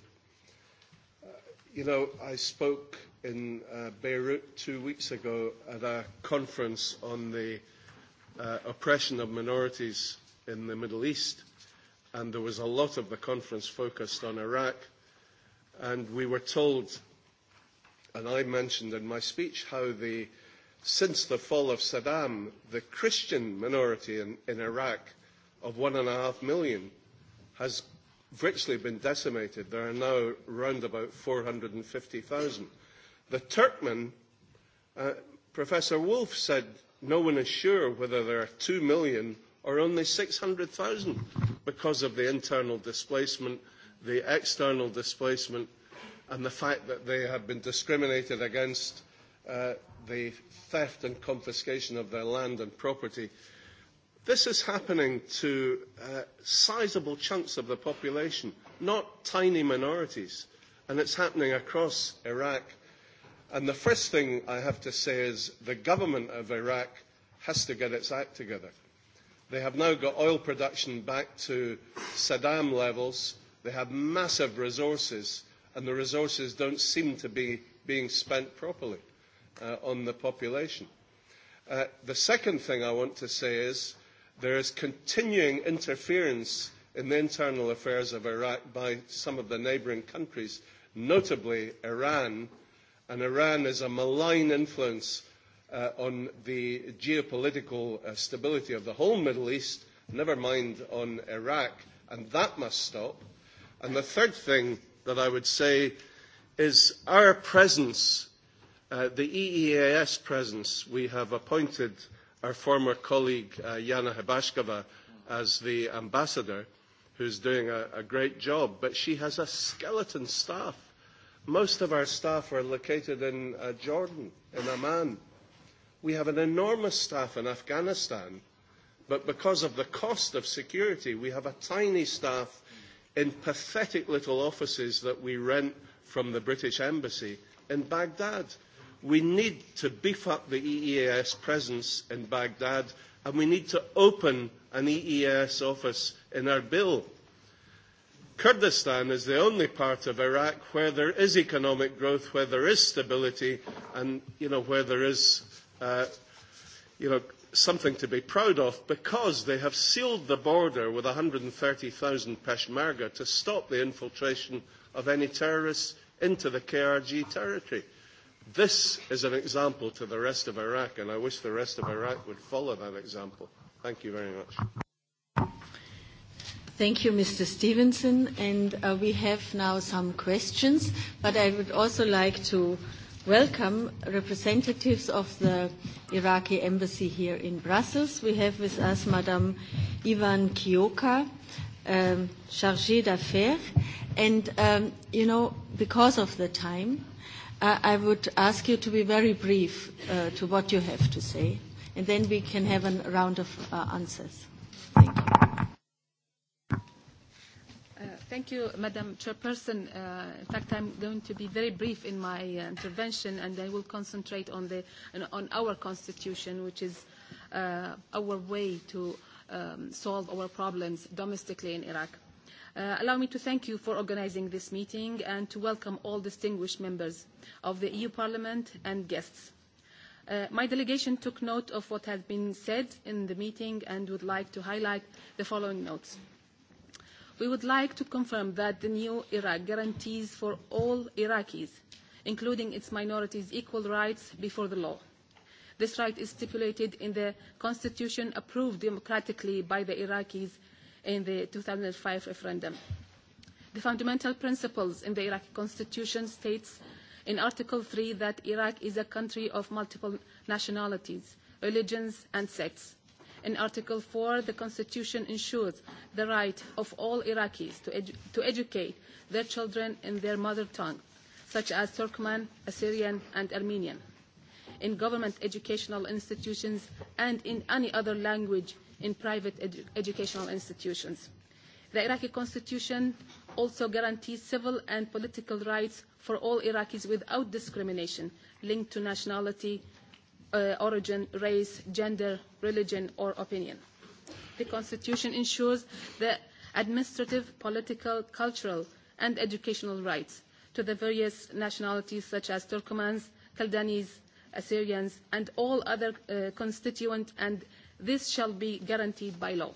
You know, I spoke in uh, Beirut two weeks ago at a conference on the uh, oppression of minorities in the Middle East, and there was a lot of the conference focused on Iraq. And we were told, and I mentioned in my speech, how the, since the fall of Saddam, the Christian minority in, in Iraq of one and a half million has virtually been decimated. There are now round about 450,000. The Turkmen, uh, Professor Wolf said no one is sure whether there are 2 million or only 600,000 because of the internal displacement, the external displacement, and the fact that they have been discriminated against, uh, the theft and confiscation of their land and property. Uh, This is happening to uh, sizable chunks of the population, not tiny minorities. And it's happening across Iraq. And the first thing I have to say is the government of Iraq has to get its act together. They have now got oil production back to Saddam levels. They have massive resources, and the resources don't seem to be being spent properly uh, on the population. Uh, the second thing I want to say is There is continuing interference in the internal affairs of Iraq by some of the neighbouring countries, notably Iran, and Iran is a malign influence uh, on the geopolitical uh, stability of the whole Middle East, never mind on Iraq, and that must stop. And the third thing that I would say is our presence, uh, the EEAS presence we have appointed our former colleague uh, Yana Habashkova as the ambassador, who's doing a, a great job, but she has a skeleton staff. Most of our staff are located in uh, Jordan, in Amman. We have an enormous staff in Afghanistan, but because of the cost of security, we have a tiny staff in pathetic little offices that we rent from the British Embassy in Baghdad. We need to beef up the EEAS presence in Baghdad, and we need to open an EEAS office in Erbil. Kurdistan is the only part of Iraq where there is economic growth, where there is stability, and you know, where there is uh, you know, something to be proud of because they have sealed the border with 130,000 Peshmerga to stop the infiltration of any terrorists into the KRG territory. This is an example to the rest of Iraq, and I wish the rest of Iraq would follow that example. Thank you very much. Thank you, Mr. Stevenson. And uh, we have now some questions, but I would also like to welcome representatives of the Iraqi embassy here in Brussels. We have with us Madame Ivan Kioka, um, chargée d'affaires. And, um, you know, because of the time, I, I would ask you to be very brief uh, to what you have to say, and then we can have a round of uh, answers. Thank you. Uh, thank you, Madam Chairperson. Uh, in fact, I'm going to be very brief in my uh, intervention, and I will concentrate on, the, on our constitution, which is uh, our way to um, solve our problems domestically in Iraq. Uh, Uh, allow me to thank you for organizing this meeting and to welcome all distinguished members of the EU Parliament and guests. Uh, my delegation took note of what has been said in the meeting and would like to highlight the following notes. We would like to confirm that the new Iraq guarantees for all Iraqis, including its minorities, equal rights before the law. This right is stipulated in the constitution approved democratically by the Iraqis in the 2005 referendum. The fundamental principles in the Iraqi constitution states in Article 3 that Iraq is a country of multiple nationalities, religions and sects. In Article 4, the Constitution ensures the right of all Iraqis to, edu to educate their children in their mother tongue, such as Turkmen, Assyrian and Armenian, in government educational institutions and in any other language in private edu educational institutions. The Iraqi constitution also guarantees civil and political rights for all Iraqis without discrimination linked to nationality, uh, origin, race, gender, religion, or opinion. The Constitution ensures the administrative, political, cultural, and educational rights to the various nationalities such as Turkomans, Kaldanis, Assyrians, and all other uh, constituent and This shall be guaranteed by law.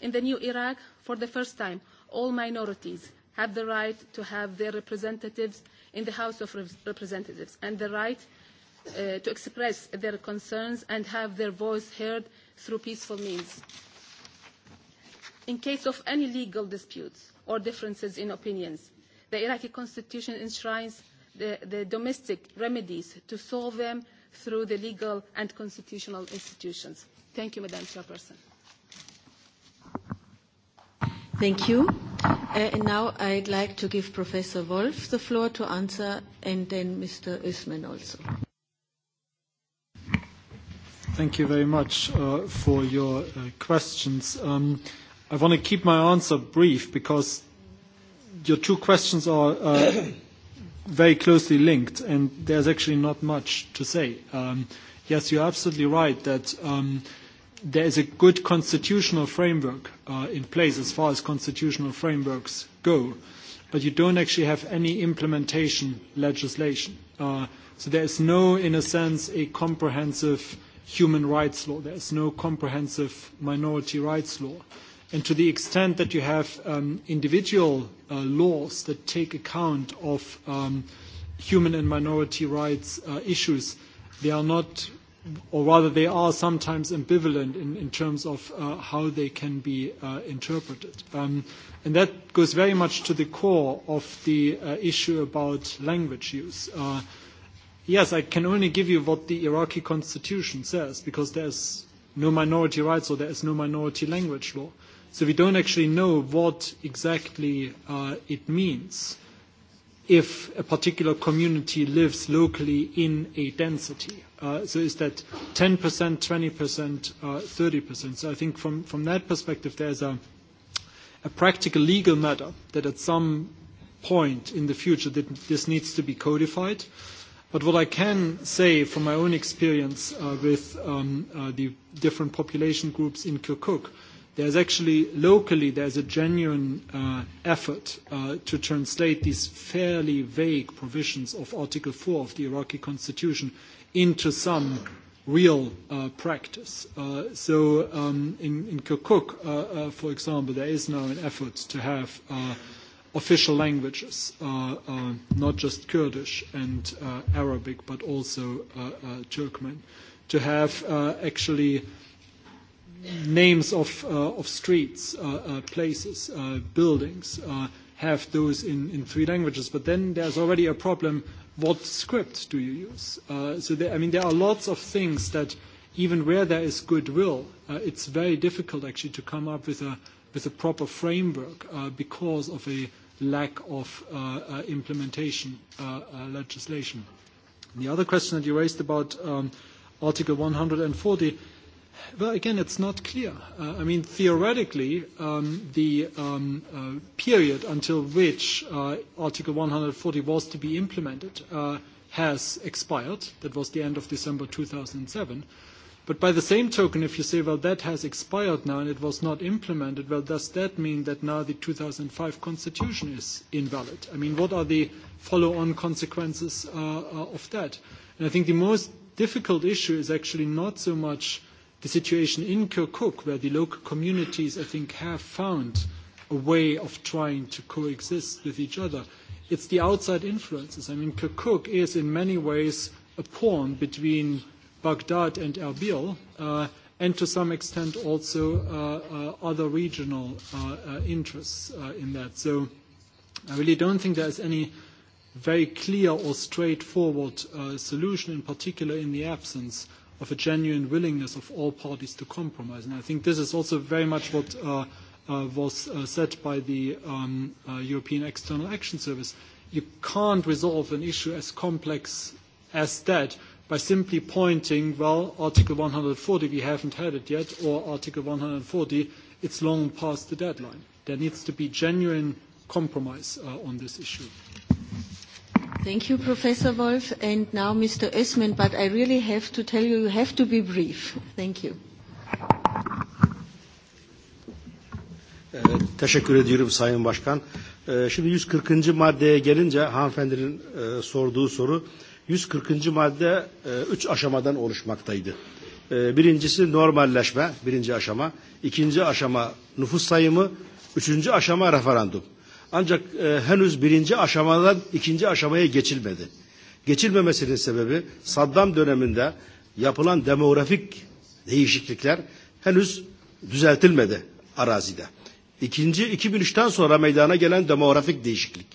In the new Iraq, for the first time, all minorities have the right to have their representatives in the House of Representatives and the right uh, to express their concerns and have their voice heard through peaceful means. In case of any legal disputes or differences in opinions, the Iraqi constitution enshrines the, the domestic remedies to solve them through the legal and constitutional institutions. Thank you, Madam Chairperson. Thank you. Uh, and now I'd like to give Professor Wolf the floor to answer and then Mr. Usman also. Thank you very much uh, for your uh, questions. Um, I want to keep my answer brief because your two questions are uh, very closely linked, and there's actually not much to say. Um, yes, you're absolutely right that um, there is a good constitutional framework uh, in place as far as constitutional frameworks go, but you don't actually have any implementation legislation. Uh, so there is no, in a sense, a comprehensive human rights law. There is no comprehensive minority rights law. Uh, And to the extent that you have um, individual uh, laws that take account of um, human and minority rights uh, issues, they are not, or rather they are sometimes ambivalent in, in terms of uh, how they can be uh, interpreted. Um, and that goes very much to the core of the uh, issue about language use. Uh, yes, I can only give you what the Iraqi constitution says, because there's no minority rights or there is no minority language law. Uh, So we don't actually know what exactly uh, it means if a particular community lives locally in a density. Uh, so is that 10%, 20%, uh, 30%? So I think from, from that perspective, there's a, a practical legal matter that at some point in the future that this needs to be codified. But what I can say from my own experience uh, with um, uh, the different population groups in Kirkuk there's actually locally there's a genuine uh, effort uh, to translate these fairly vague provisions of Article 4 of the Iraqi Constitution into some real uh, practice. Uh, so um, in, in Kirkuk, uh, uh, for example, there is now an effort to have uh, official languages, uh, uh, not just Kurdish and uh, Arabic, but also uh, uh, Turkmen, to have uh, actually names of, uh, of streets, uh, uh, places, uh, buildings, uh, have those in, in three languages. But then there's already a problem. What script do you use? Uh, so, there, I mean, there are lots of things that, even where there is goodwill, uh, it's very difficult actually to come up with a, with a proper framework uh, because of a lack of uh, uh, implementation uh, uh, legislation. The other question that you raised about um, Article 140 Well, again, it's not clear. Uh, I mean, theoretically, um, the um, uh, period until which uh, Article 140 was to be implemented uh, has expired. That was the end of December 2007. But by the same token, if you say, well, that has expired now and it was not implemented, well, does that mean that now the 2005 constitution is invalid? I mean, what are the follow-on consequences uh, uh, of that? And I think the most difficult issue is actually not so much the situation in Kirkuk, where the local communities, I think, have found a way of trying to coexist with each other, it's the outside influences. I mean, Kirkuk is in many ways a pawn between Baghdad and Erbil, uh, and to some extent also uh, uh, other regional uh, uh, interests uh, in that. So I really don't think there's any very clear or straightforward uh, solution, in particular in the absence uh, of a genuine willingness of all parties to compromise. And I think this is also very much what uh, uh, was uh, said by the um, uh, European External Action Service. You can't resolve an issue as complex as that by simply pointing, well, Article 140, we haven't had it yet, or Article 140, it's long past the deadline. There needs to be genuine compromise uh, on this issue. Thank you, Professor Wolf. And now Mr. Oesman, but I really have to tell you, you have to be brief. Thank you. Ee, teşekkür ediyorum Sayın Başkan. Ee, şimdi 140. maddeye gelince hanımefendinin e, sorduğu soru 140. madde 3 e, aşamadan oluşmaktaydı. E, birincisi normalleşme, birinci aşama. ikinci aşama nüfus sayımı, üçüncü aşama referandum. Ancak e, henüz birinci aşamadan ikinci aşamaya geçilmedi. Geçilmemesinin sebebi Saddam döneminde yapılan demografik değişiklikler henüz düzeltilmedi arazide. İkinci 2003'ten sonra meydana gelen demografik değişiklik.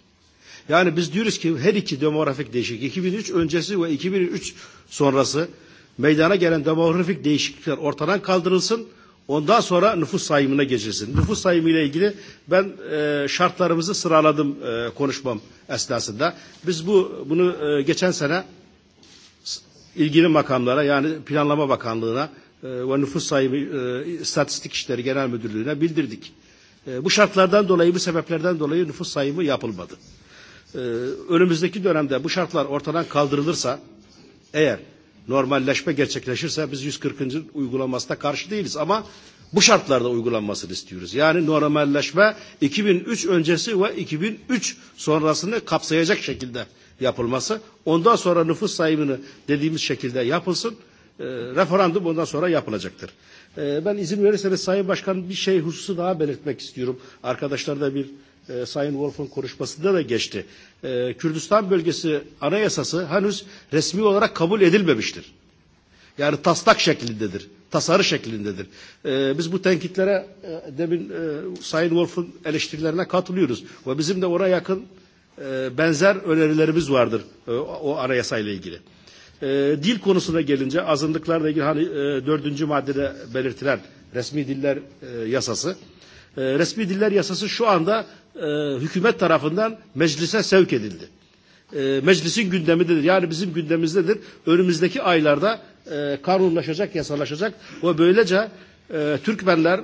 Yani biz diyoruz ki her iki demografik değişiklik 2003 öncesi ve 2003 sonrası meydana gelen demografik değişiklikler ortadan kaldırılsın Ondan sonra nüfus sayımına geçilsin. Nüfus sayımı ile ilgili ben e, şartlarımızı sıraladım e, konuşmam esnasında. Biz bu bunu e, geçen sene ilgili makamlara yani Planlama Bakanlığı'na e, ve Nüfus Sayımı e, İstatistik İşleri Genel Müdürlüğü'ne bildirdik. E, bu şartlardan dolayı, bu sebeplerden dolayı nüfus sayımı yapılmadı. E, önümüzdeki dönemde bu şartlar ortadan kaldırılırsa eğer normalleşme gerçekleşirse biz 140. uygulamasına karşı değiliz ama bu şartlarda uygulanmasını istiyoruz. Yani normalleşme 2003 öncesi ve 2003 sonrasını kapsayacak şekilde yapılması. Ondan sonra nüfus sayımını dediğimiz şekilde yapılsın. E, referandum ondan sonra yapılacaktır. E, ben izin verirseniz Sayın Başkan bir şey hususu daha belirtmek istiyorum. Arkadaşlar da bir e, Sayın Wolf'un konuşmasında da geçti. E, Kürdistan bölgesi anayasası henüz resmi olarak kabul edilmemiştir. Yani taslak şeklindedir, tasarı şeklindedir. E, biz bu tenkitlere e, demin e, Sayın Wolf'un eleştirilerine katılıyoruz ve bizim de ona yakın e, benzer önerilerimiz vardır e, o anayasayla ilgili. E, dil konusuna gelince azınlıklarla ilgili hani e, dördüncü maddede belirtilen resmi diller e, yasası. E, resmi diller yasası şu anda e, hükümet tarafından meclise sevk edildi. E, meclisin gündemindedir. Yani bizim gündemimizdedir. Önümüzdeki aylarda e, kanunlaşacak, yasalaşacak ve böylece e, Türkmenler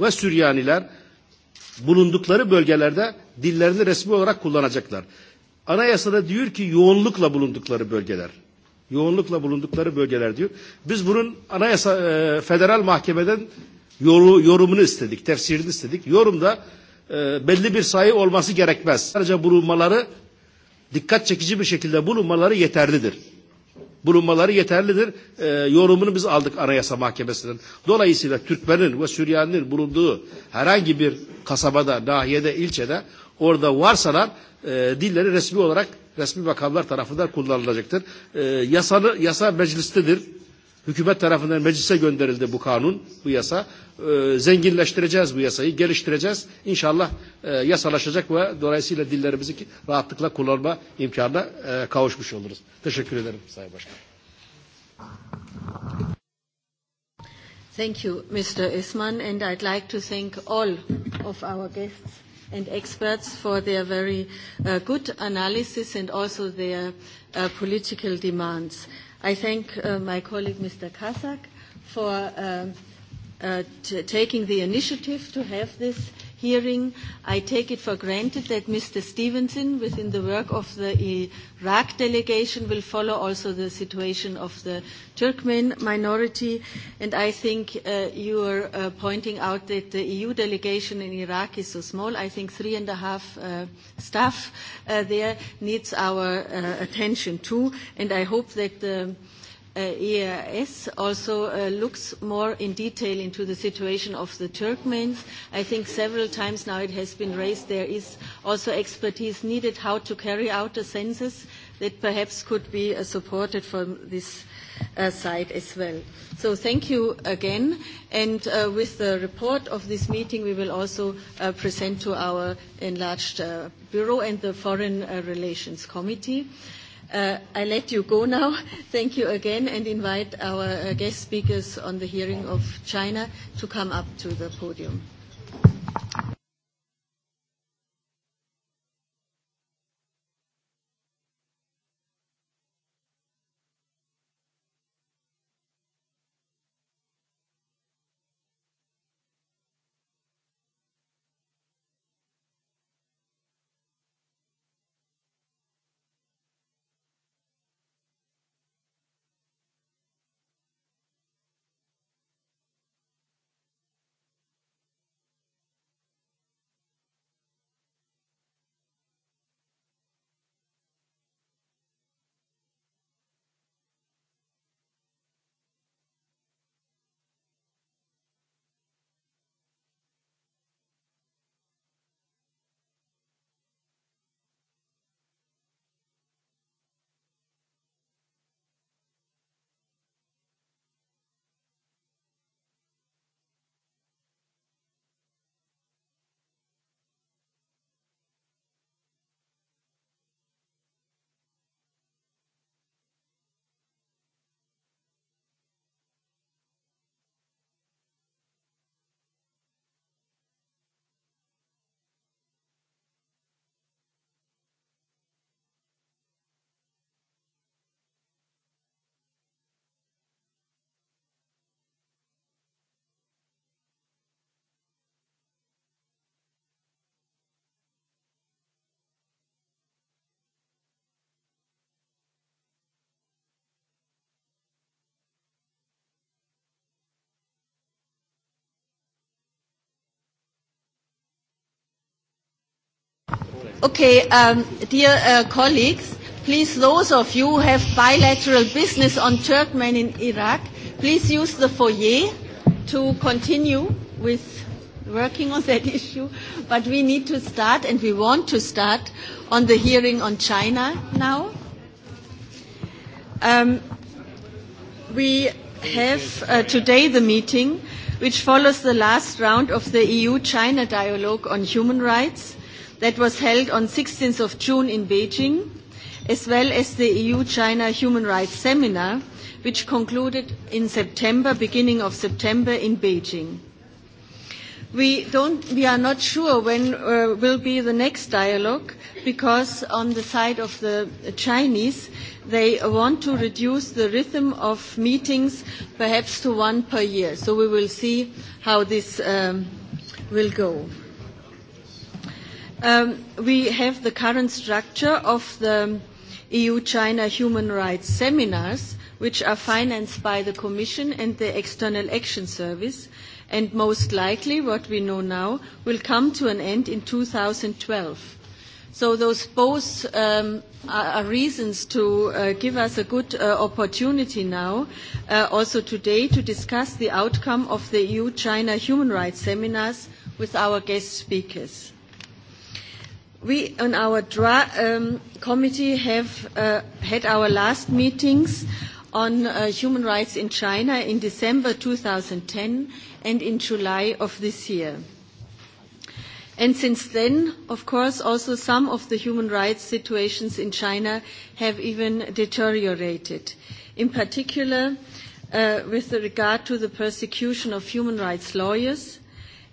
ve Süryaniler bulundukları bölgelerde dillerini resmi olarak kullanacaklar. Anayasada diyor ki yoğunlukla bulundukları bölgeler. Yoğunlukla bulundukları bölgeler diyor. Biz bunun anayasa e, federal mahkemeden yoru, yorumunu istedik, tefsirini istedik. Yorumda e, belli bir sayı olması gerekmez. Sadece bulunmaları dikkat çekici bir şekilde bulunmaları yeterlidir. Bulunmaları yeterlidir. E, yorumunu biz aldık Anayasa Mahkemesi'nin. Dolayısıyla Türkmenin ve Süryaninin bulunduğu herhangi bir kasabada, nahiyede, ilçede orada varsalar e, dilleri resmi olarak resmi makamlar tarafından kullanılacaktır. E, yasanı, yasa meclistedir Hükümet tarafından meclise gönderildi bu kanun, bu yasa. E, zenginleştireceğiz bu yasayı, geliştireceğiz. İnşallah e, yasalaşacak ve dolayısıyla dillerimizi rahatlıkla kullanma imkanına e, kavuşmuş oluruz. Teşekkür ederim Sayın Başkan. Thank you, Mr. Isman, and I'd like to thank all of our guests and experts for their very uh, good analysis and also their uh, political demands. I thank uh, my colleague, Mr. Kazak, for uh, uh, t- taking the initiative to have this hearing, I take it for granted that Mr. Stevenson, within the work of the Iraq delegation, will follow also the situation of the Turkmen minority. And I think uh, you are uh, pointing out that the EU delegation in Iraq is so small. I think three and a half uh, staff uh, there needs our uh, attention too. And I hope that the uh, uh, EAS also uh, looks more in detail into the situation of the Turkmens. I think several times now it has been raised there is also expertise needed how to carry out the census that perhaps could be uh, supported from this uh, side as well. So thank you again. And uh, with the report of this meeting, we will also uh, present to our enlarged uh, Bureau and the Foreign uh, Relations Committee. Uh, Uh, I let you go now. <laughs> Thank you again and invite our uh, guest speakers on the hearing of China to come up to the podium. Okay, um, dear uh, colleagues, please, those of you who have bilateral business on Turkmen in Iraq, please use the foyer to continue with working on that <laughs> issue. But we need to start, and we want to start, on the hearing on China now. Um, we have uh, today the meeting which follows the last round of the EU-China dialogue on human rights that was held on 16th of June in Beijing, as well as the EU-China Human Rights Seminar, which concluded in September, beginning of September in Beijing. We, don't, we are not sure when uh, will be the next dialogue because on the side of the Chinese, they want to reduce the rhythm of meetings perhaps to one per year. So we will see how this um, will go. Um, we have the current structure of the EU-China human rights seminars, which are financed by the Commission and the External Action Service, and most likely, what we know now, will come to an end in 2012. So those both um, are reasons to uh, give us a good uh, opportunity now, uh, also today, to discuss the outcome of the EU-China human rights seminars with our guest speakers. We on our dra- um, committee have uh, had our last meetings on uh, human rights in China in December 2010 and in July of this year. And since then, of course, also some of the human rights situations in China have even deteriorated. In particular, uh, with regard to the persecution of human rights lawyers,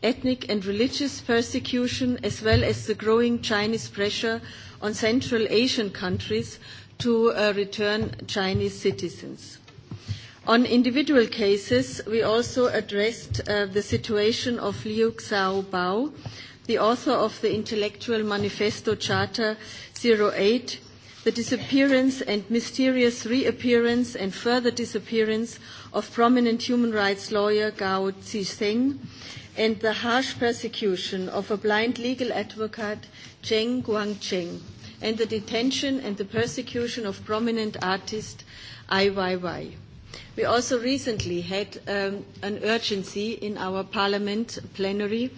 ethnic and religious persecution, as well as the growing Chinese pressure on Central Asian countries to uh, return Chinese citizens. On individual cases, we also addressed uh, the situation of Liu Xiaobao, the author of the Intellectual Manifesto Charter 08, the disappearance and mysterious reappearance and further disappearance of prominent human rights lawyer Gao Zisheng, and the harsh persecution of a blind legal advocate, Cheng Guangcheng, and the detention and the persecution of prominent artist IYY. We also recently had um, an urgency in our parliament plenary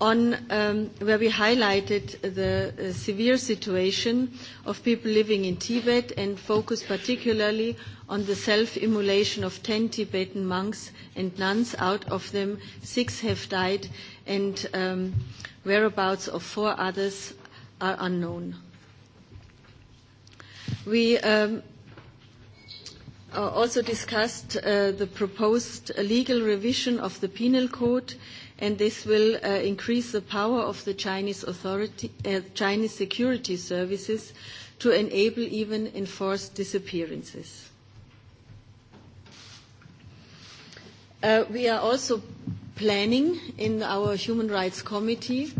on um, where we highlighted the uh, severe situation of people living in Tibet and focused particularly on the self-immolation of 10 Tibetan monks and nuns. Out of them, six have died and um, whereabouts of four others are unknown. We um, uh, also discussed uh, the proposed legal revision of the penal code and this will uh, increase the power of the Chinese, authority, uh, Chinese security services to enable even enforced disappearances. Uh, we are also planning in our Human Rights Committee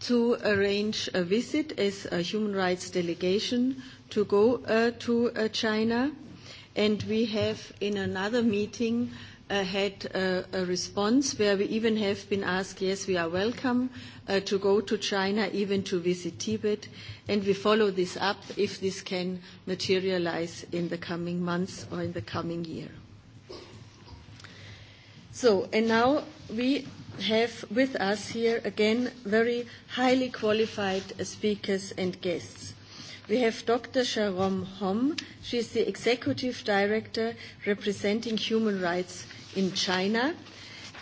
to arrange a visit as a human rights delegation to go uh, to uh, China. And we have in another meeting uh, uh, had uh, a response where we even have been asked, yes, we are welcome uh, to go to China, even to visit Tibet, and we follow this up if this can materialize in the coming months or in the coming year. So, and now we have with us here again very highly qualified speakers and guests. We have Dr. Sharon Hom. She is the Executive Director representing human rights in China.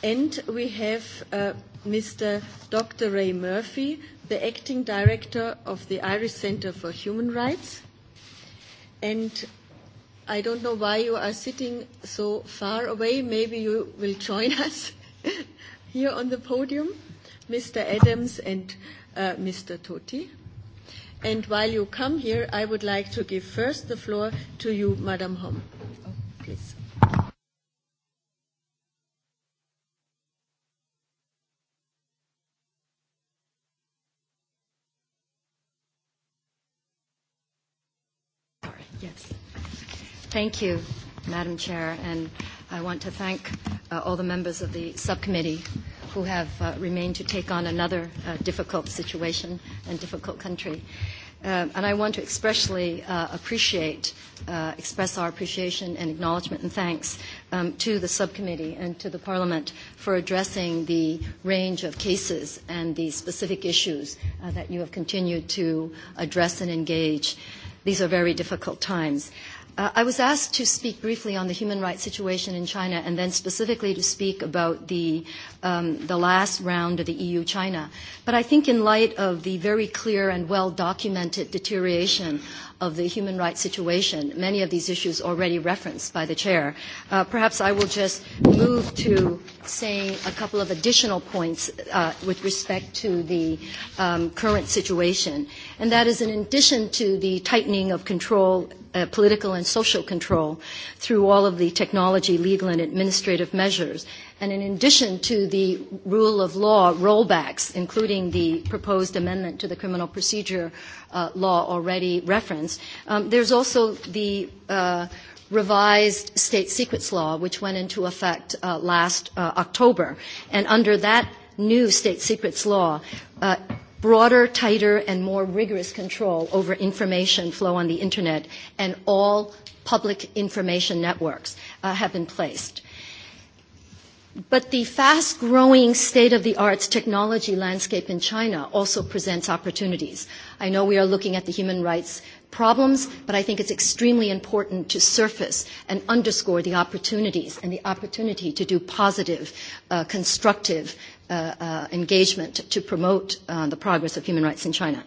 And we have uh, Mr. Dr. Ray Murphy, the Acting Director of the Irish Centre for Human Rights. And I don't know why you are sitting so far away. Maybe you will join <laughs> us here on the podium, Mr. Adams and uh, Mr. Totti. And while you come here, I would like to give first the floor to you, Madam Hom. Oh, please. Yes. Thank you, Madam Chair, and I want to thank uh, all the members of the subcommittee who have uh, remained to take on another uh, difficult situation and difficult country. Uh, and I want to expressly uh, appreciate, uh, express our appreciation and acknowledgement and thanks um, to the subcommittee and to the Parliament for addressing the range of cases and the specific issues uh, that you have continued to address and engage. These are very difficult times. Uh, Uh, I was asked to speak briefly on the human rights situation in China and then specifically to speak about the, um, the last round of the EU-China. But I think in light of the very clear and well-documented deterioration of the human rights situation, many of these issues already referenced by the chair, uh, perhaps I will just move to saying a couple of additional points uh, with respect to the um, current situation. Uh, and that is in addition to the tightening of control, uh, political and social control, through all of the technology, legal, and administrative measures, and in addition to the rule of law rollbacks, including the proposed amendment to the criminal procedure uh, law already referenced, um, there's also the uh, revised state secrets law, which went into effect uh, last uh, October. And under that new state secrets law, uh, broader, tighter, and more rigorous control over information flow on the Internet and all public information networks uh, have been placed. But the fast growing state of the arts technology landscape in China also presents opportunities. I know we are looking at the human rights problems, but I think it's extremely important to surface and underscore the opportunities and the opportunity to do positive, uh, constructive uh, uh, engagement to promote uh, the progress of human rights in China.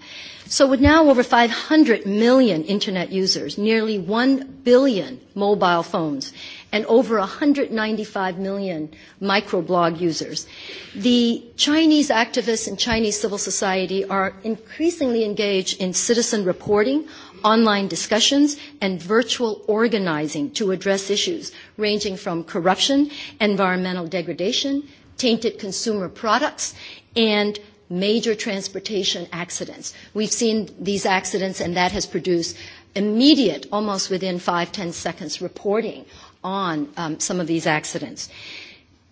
So with now over 500 million internet users, nearly 1 billion mobile phones, and over 195 million microblog users, the Chinese activists and Chinese civil society are increasingly engaged in citizen reporting, online discussions, and virtual organizing to address issues ranging from corruption, environmental degradation, tainted consumer products and major transportation accidents. We've seen these accidents, and that has produced immediate, almost within five, ten seconds, reporting on um, some of these accidents.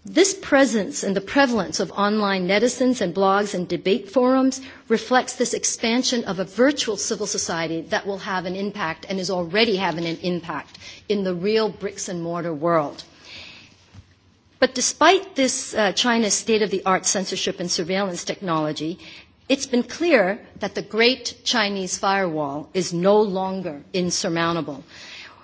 This presence and the prevalence of online netizens and blogs and debate forums reflects this expansion of a virtual civil society that will have an impact and is already having an impact in the real bricks and mortar world. But despite this uh, China's state-of-the-art censorship and surveillance technology, it's been clear that the great Chinese firewall is no longer insurmountable.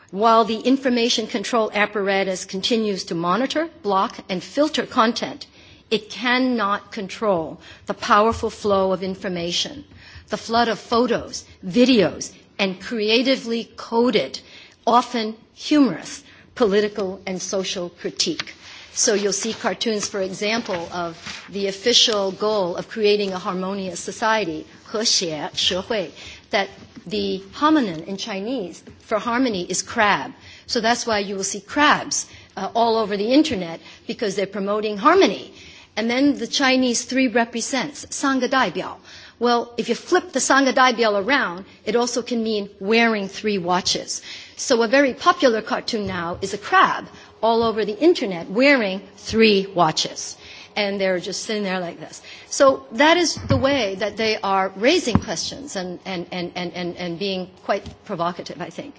While the information control apparatus continues to monitor, block, and filter content, it cannot control the powerful flow of information, the flood of photos, videos, and creatively coded, often humorous, political and social critique. So you'll see cartoons, for example, of the official goal of creating a harmonious society, 和谐社会, that the homonym in Chinese for harmony is crab. So that's why you will see crabs uh, all over the internet because they're promoting harmony. And then the Chinese three represents sangha daibiao. Well, if you flip the sangha daibiao around, it also can mean wearing three watches. So a very popular cartoon now is a crab all over the internet wearing three watches. And they're just sitting there like this. So that is the way that they are raising questions and, and, and, and, and, and being quite provocative, I think.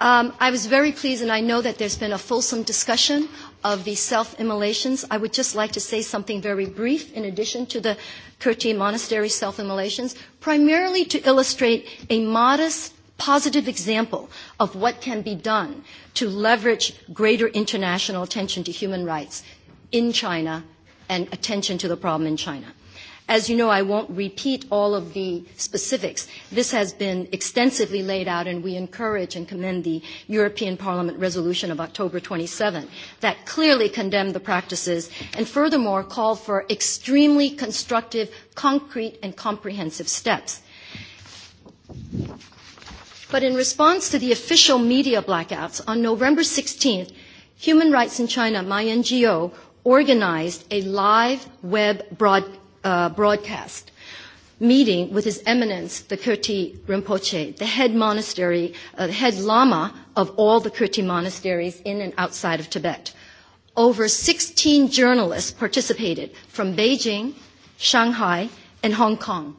Um, I was very pleased, and I know that there's been a fulsome discussion of the self-immolations. I would just like to say something very brief in addition to the Kirti Monastery self-immolations, primarily to illustrate a modest positive example of what can be done to leverage greater international attention to human rights in China and attention to the problem in China. As you know, I won't repeat all of the specifics. This has been extensively laid out, and we encourage and commend the European Parliament resolution of October 27 that clearly condemned the practices and furthermore called for extremely constructive, concrete, and comprehensive steps. But in response to the official media blackouts on November 16th, Human Rights in China, my NGO, organized a live web broad, uh, broadcast meeting with His Eminence, the Kirti Rinpoche, the head monastery, uh, the head lama of all the Kirti monasteries in and outside of Tibet. Over 16 journalists participated from Beijing, Shanghai, and Hong Kong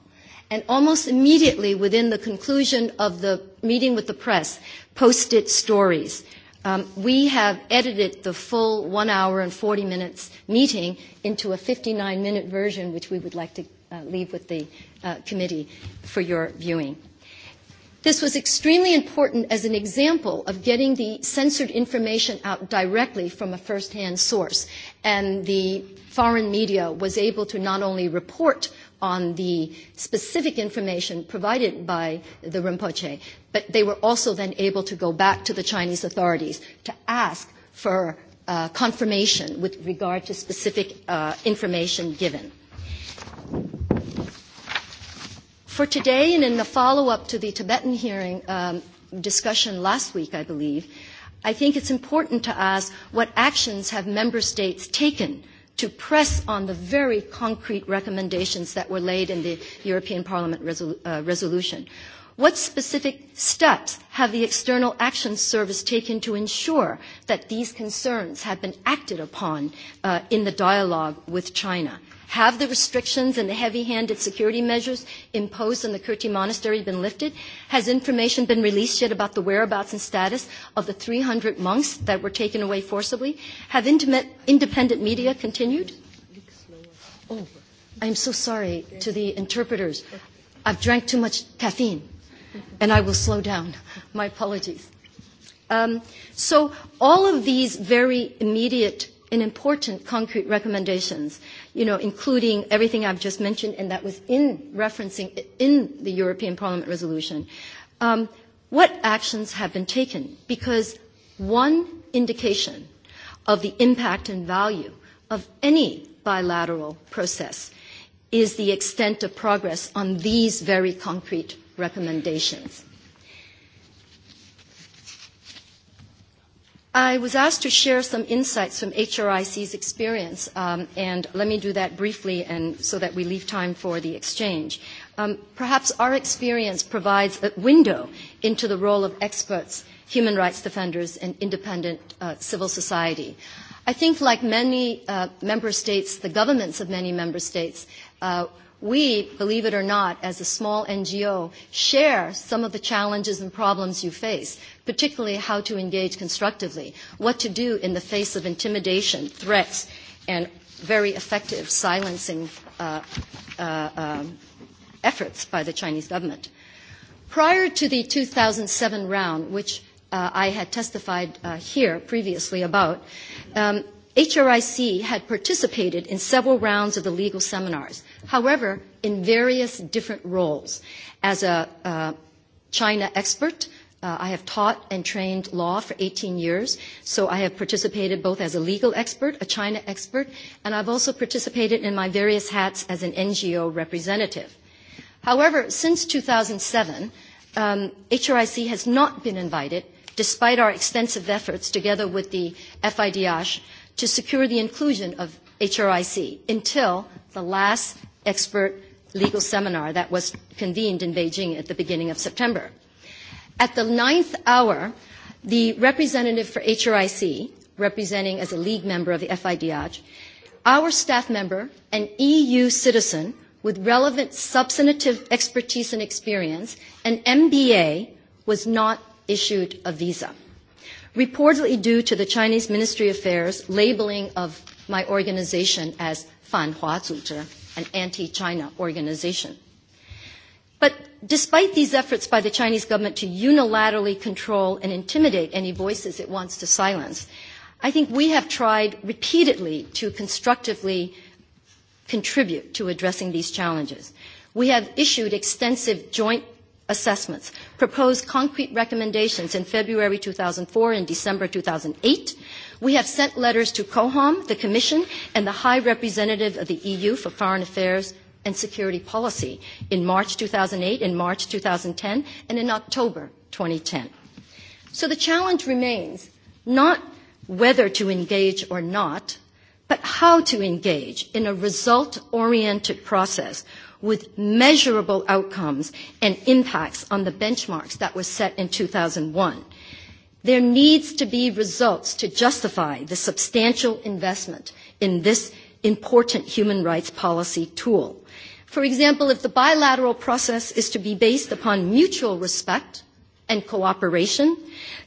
and almost immediately within the conclusion of the meeting with the press, posted stories. Um, we have edited the full one hour and 40 minutes meeting into a 59 minute version, which we would like to uh, leave with the uh, committee for your viewing. This was extremely important as an example of getting the censored information out directly from a first-hand source. And the foreign media was able to not only report on the specific information provided by the Rinpoche, but they were also then able to go back to the Chinese authorities to ask for uh, confirmation with regard to specific uh, information given. For today and in the follow-up to the Tibetan hearing um, discussion last week, I believe, I think it's important to ask what actions have member states taken uh, to press on the very concrete recommendations that were laid in the European Parliament resol- uh, resolution. What specific steps have the External Action Service taken to ensure that these concerns have been acted upon uh, in the dialogue with China? Have the restrictions and the heavy-handed security measures imposed on the Kirti monastery been lifted? Has information been released yet about the whereabouts and status of the 300 monks that were taken away forcibly? Have intimate, independent media continued? Oh, I'm so sorry to the interpreters. I've drank too much caffeine, and I will slow down. My apologies. Um, so all of these very immediate and important concrete recommendations you know, including everything I've just mentioned and that was in referencing in the European Parliament resolution, um, what actions have been taken? Because one indication of the impact and value of any bilateral process is the extent of progress on these very concrete recommendations. I was asked to share some insights from HRIC's experience, um, and let me do that briefly and so that we leave time for the exchange. Um, perhaps our experience provides a window into the role of experts, human rights defenders, and independent uh, civil society. I think like many uh, member states, the governments of many member states, uh, we, believe it or not, as a small NGO, share some of the challenges and problems you face, particularly how to engage constructively, what to do in the face of intimidation, threats, and very effective silencing uh, uh, um, efforts by the Chinese government. Prior to the 2007 round, which uh, I had testified uh, here previously about, um, HRIC had participated in several rounds of the legal seminars – However, in various different roles. As a uh, China expert, uh, I have taught and trained law for 18 years, so I have participated both as a legal expert, a China expert, and I've also participated in my various hats as an NGO representative. However, since 2007, um, HRIC has not been invited, despite our extensive efforts together with the FIDH, to secure the inclusion of HRIC until the last expert legal seminar that was convened in Beijing at the beginning of September. At the ninth hour, the representative for HRIC, representing as a league member of the FIDH, our staff member, an EU citizen with relevant substantive expertise and experience, an MBA, was not issued a visa. Reportedly due to the Chinese Ministry of Affairs labeling of my organization as Fan Hua 组织 an anti-China organization. But despite these efforts by the Chinese government to unilaterally control and intimidate any voices it wants to silence, I think we have tried repeatedly to constructively contribute to addressing these challenges. We have issued extensive joint assessments, proposed concrete recommendations in February 2004 and December 2008, We have sent letters to COHOM, the Commission, and the High Representative of the EU for Foreign Affairs and Security Policy in March 2008, in March 2010, and in October 2010. So the challenge remains not whether to engage or not, but how to engage in a result-oriented process with measurable outcomes and impacts on the benchmarks that were set in 2001. There needs to be results to justify the substantial investment in this important human rights policy tool. For example, if the bilateral process is to be based upon mutual respect and cooperation,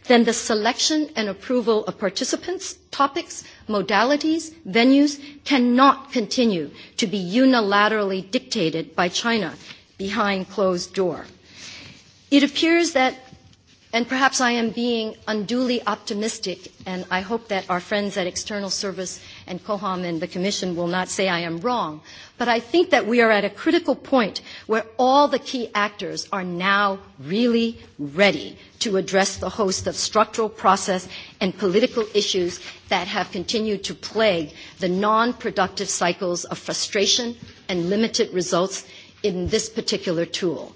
then the selection and approval of participants, topics, modalities, venues cannot continue to be unilaterally dictated by China behind closed door. It appears that And perhaps I am being unduly optimistic, and I hope that our friends at External Service and COHOM and the Commission will not say I am wrong. But I think that we are at a critical point where all the key actors are now really ready to address the host of structural process and political issues that have continued to plague the non-productive cycles of frustration and limited results in this particular tool.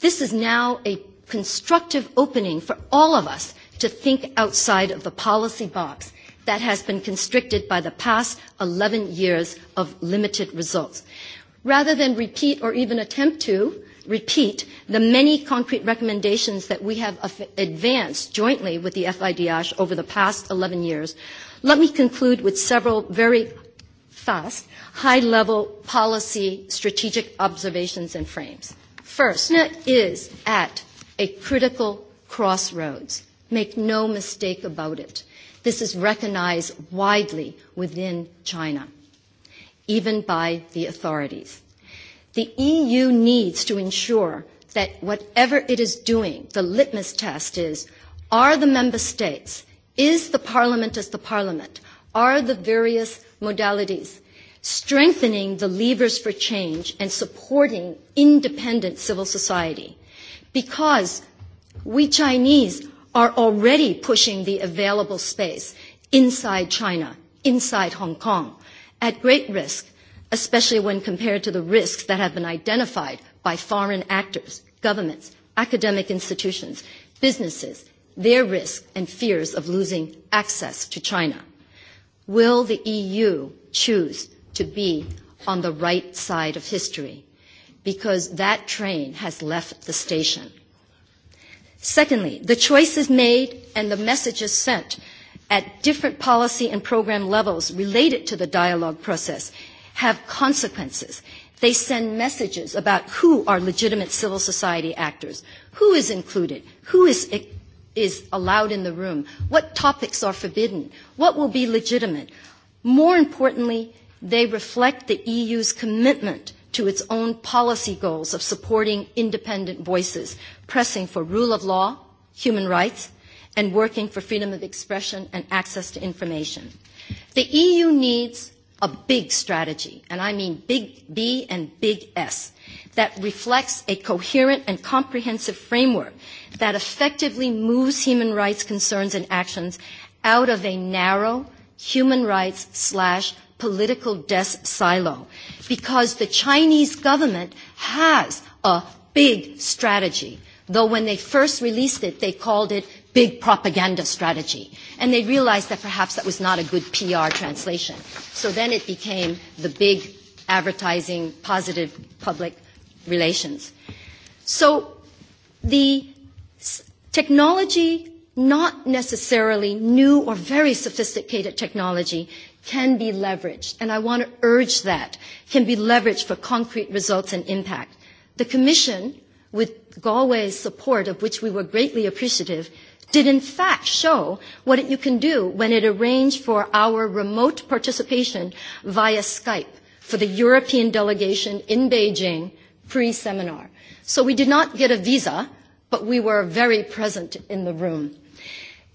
This is now a constructive opening for all of us to think outside of the policy box that has been constricted by the past 11 years of limited results. Rather than repeat or even attempt to repeat the many concrete recommendations that we have advanced jointly with the FIDH over the past 11 years, let me conclude with several very fast, high-level policy strategic observations and frames. First, is at a critical crossroads. Make no mistake about it. This is recognized widely within China, even by the authorities. The EU needs to ensure that whatever it is doing, the litmus test is, are the member states, is the parliament as the parliament, are the various modalities strengthening the levers for change and supporting independent civil society because we Chinese are already pushing the available space inside China, inside Hong Kong, at great risk, especially when compared to the risks that have been identified by foreign actors, governments, academic institutions, businesses, their risk and fears of losing access to China. Will the EU choose to be on the right side of history? because that train has left the station. Secondly, the choice is made and the message is sent at different policy and program levels related to the dialogue process have consequences. They send messages about who are legitimate civil society actors, who is included, who is, is allowed in the room, what topics are forbidden, what will be legitimate. More importantly, they reflect the EU's commitment to its own policy goals of supporting independent voices, pressing for rule of law, human rights, and working for freedom of expression and access to information. The EU needs a big strategy, and I mean big B and big S, that reflects a coherent and comprehensive framework that effectively moves human rights concerns and actions out of a narrow human rights slash political death silo because the Chinese government has a big strategy. Though when they first released it, they called it big propaganda strategy. And they realized that perhaps that was not a good PR translation. So then it became the big advertising positive public relations. So the technology, not necessarily new or very sophisticated technology, can be leveraged, and I want to urge that, can be leveraged for concrete results and impact. The Commission, with Galway's support, of which we were greatly appreciative, did in fact show what you can do when it arranged for our remote participation via Skype for the European delegation in Beijing pre-seminar. So we did not get a visa, but we were very present in the room.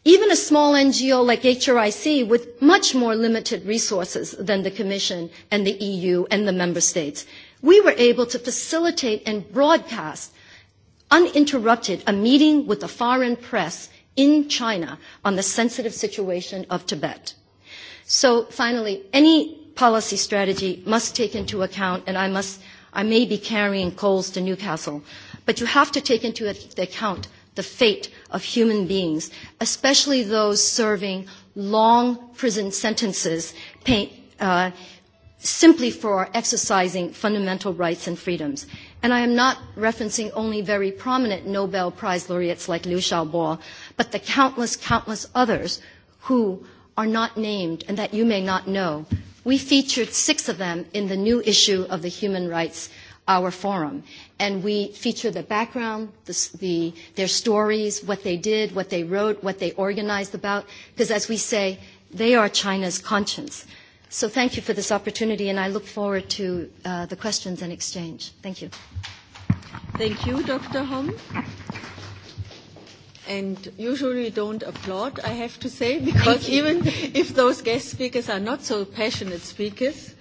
Even a small NGO like HRIC with much more limited resources than the Commission and the EU and the Member States, we were able to facilitate and broadcast uninterrupted a meeting with the foreign press in China on the sensitive situation of Tibet. So finally, any policy strategy must take into account, and I, must, I may be carrying coals to Newcastle, but you have to take into account the fate of human beings, especially those serving long prison sentences pay, uh, simply for exercising fundamental rights and freedoms. And I am not referencing only very prominent Nobel Prize laureates like Liu Xiaobo, but the countless, countless others who are not named and that you may not know. We featured six of them in the new issue of the Human Rights Our Forum and we feature the background, the, the, their stories, what they did, what they wrote, what they organized about, because as we say, they are China's conscience. So thank you for this opportunity, and I look forward to uh, the questions and exchange. Thank you. Thank you, Dr. Hom. And usually don't applaud, I have to say, <laughs> because even if those guest speakers are not so passionate speakers,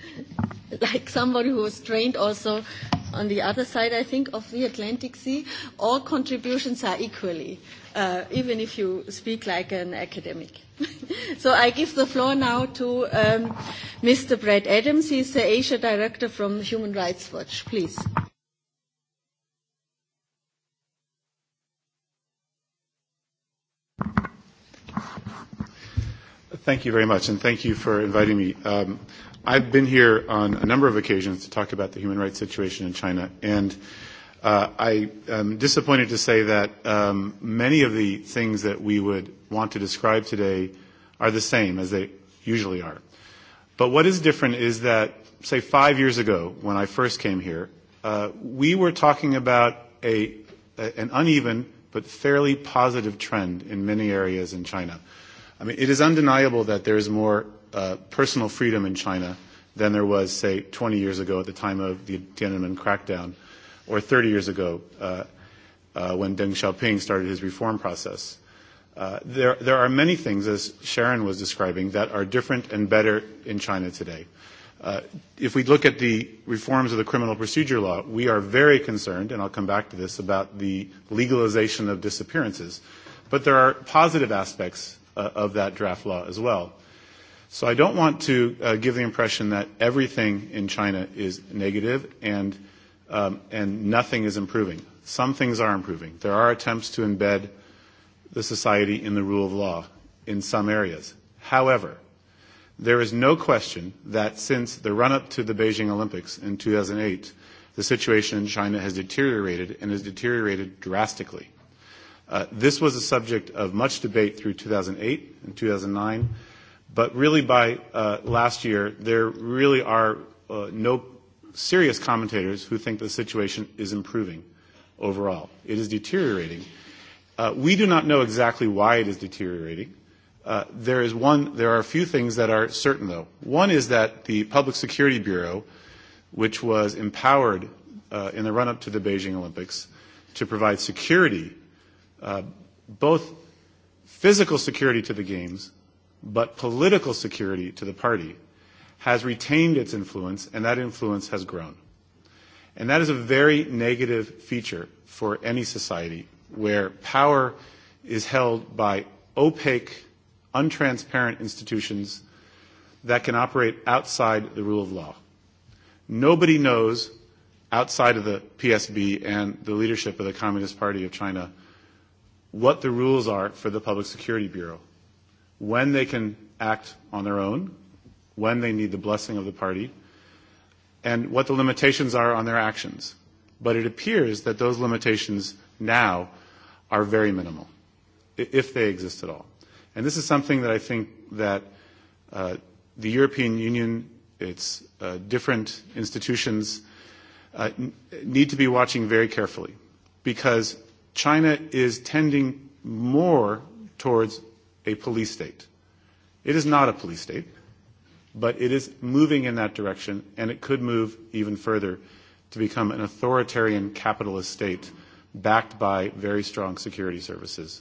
<laughs> like somebody who was trained also on the other side, I think, of the Atlantic Sea, all contributions are equally, uh, even if you speak like an academic. <laughs> so I give the floor now to um, Mr. Brad Adams. He's the Asia Director from Human Rights Watch. Please. Thank you very much, and thank you for inviting me. Um, I've been here on a number of occasions to talk about the human rights situation in China, and uh, I am disappointed to say that um, many of the things that we would want to describe today are the same as they usually are. But what is different is that, say, five years ago, when I first came here, uh, we were talking about a, a, an uneven but fairly positive trend in many areas in China. I mean, it is undeniable that there is more uh, personal freedom in China than there was, say, 20 years ago at the time of the Tiananmen crackdown, or 30 years ago uh, uh, when Deng Xiaoping started his reform process. Uh, there, there are many things, as Sharon was describing, that are different and better in China today. Uh, if we look at the reforms of the criminal procedure law, we are very concerned, and I'll come back to this, about the legalization of disappearances. But there are positive aspects uh, of that draft law as well. So I don't want to uh, give the impression that everything in China is negative and, um, and nothing is improving. Some things are improving. There are attempts to embed the society in the rule of law in some areas. However, there is no question that since the run-up to the Beijing Olympics in 2008, the situation in China has deteriorated and has deteriorated drastically. Uh, this was a subject of much debate through 2008 and 2009. But really, by uh, last year, there really are uh, no serious commentators who think the situation is improving overall. It is deteriorating. Uh, we do not know exactly why it is deteriorating. Uh, there is one. There are a few things that are certain, though. One is that the Public Security Bureau, which was empowered uh, in the run-up to the Beijing Olympics to provide security, uh, both physical security to the games but political security to the party, has retained its influence, and that influence has grown. And that is a very negative feature for any society where power is held by opaque, untransparent institutions that can operate outside the rule of law. Nobody knows outside of the PSB and the leadership of the Communist Party of China what the rules are for the Public Security Bureau when they can act on their own, when they need the blessing of the party, and what the limitations are on their actions. But it appears that those limitations now are very minimal, if they exist at all. And this is something that I think that uh, the European Union, its uh, different institutions, uh, n- need to be watching very carefully, because China is tending more towards a police state. It is not a police state, but it is moving in that direction, and it could move even further to become an authoritarian capitalist state backed by very strong security services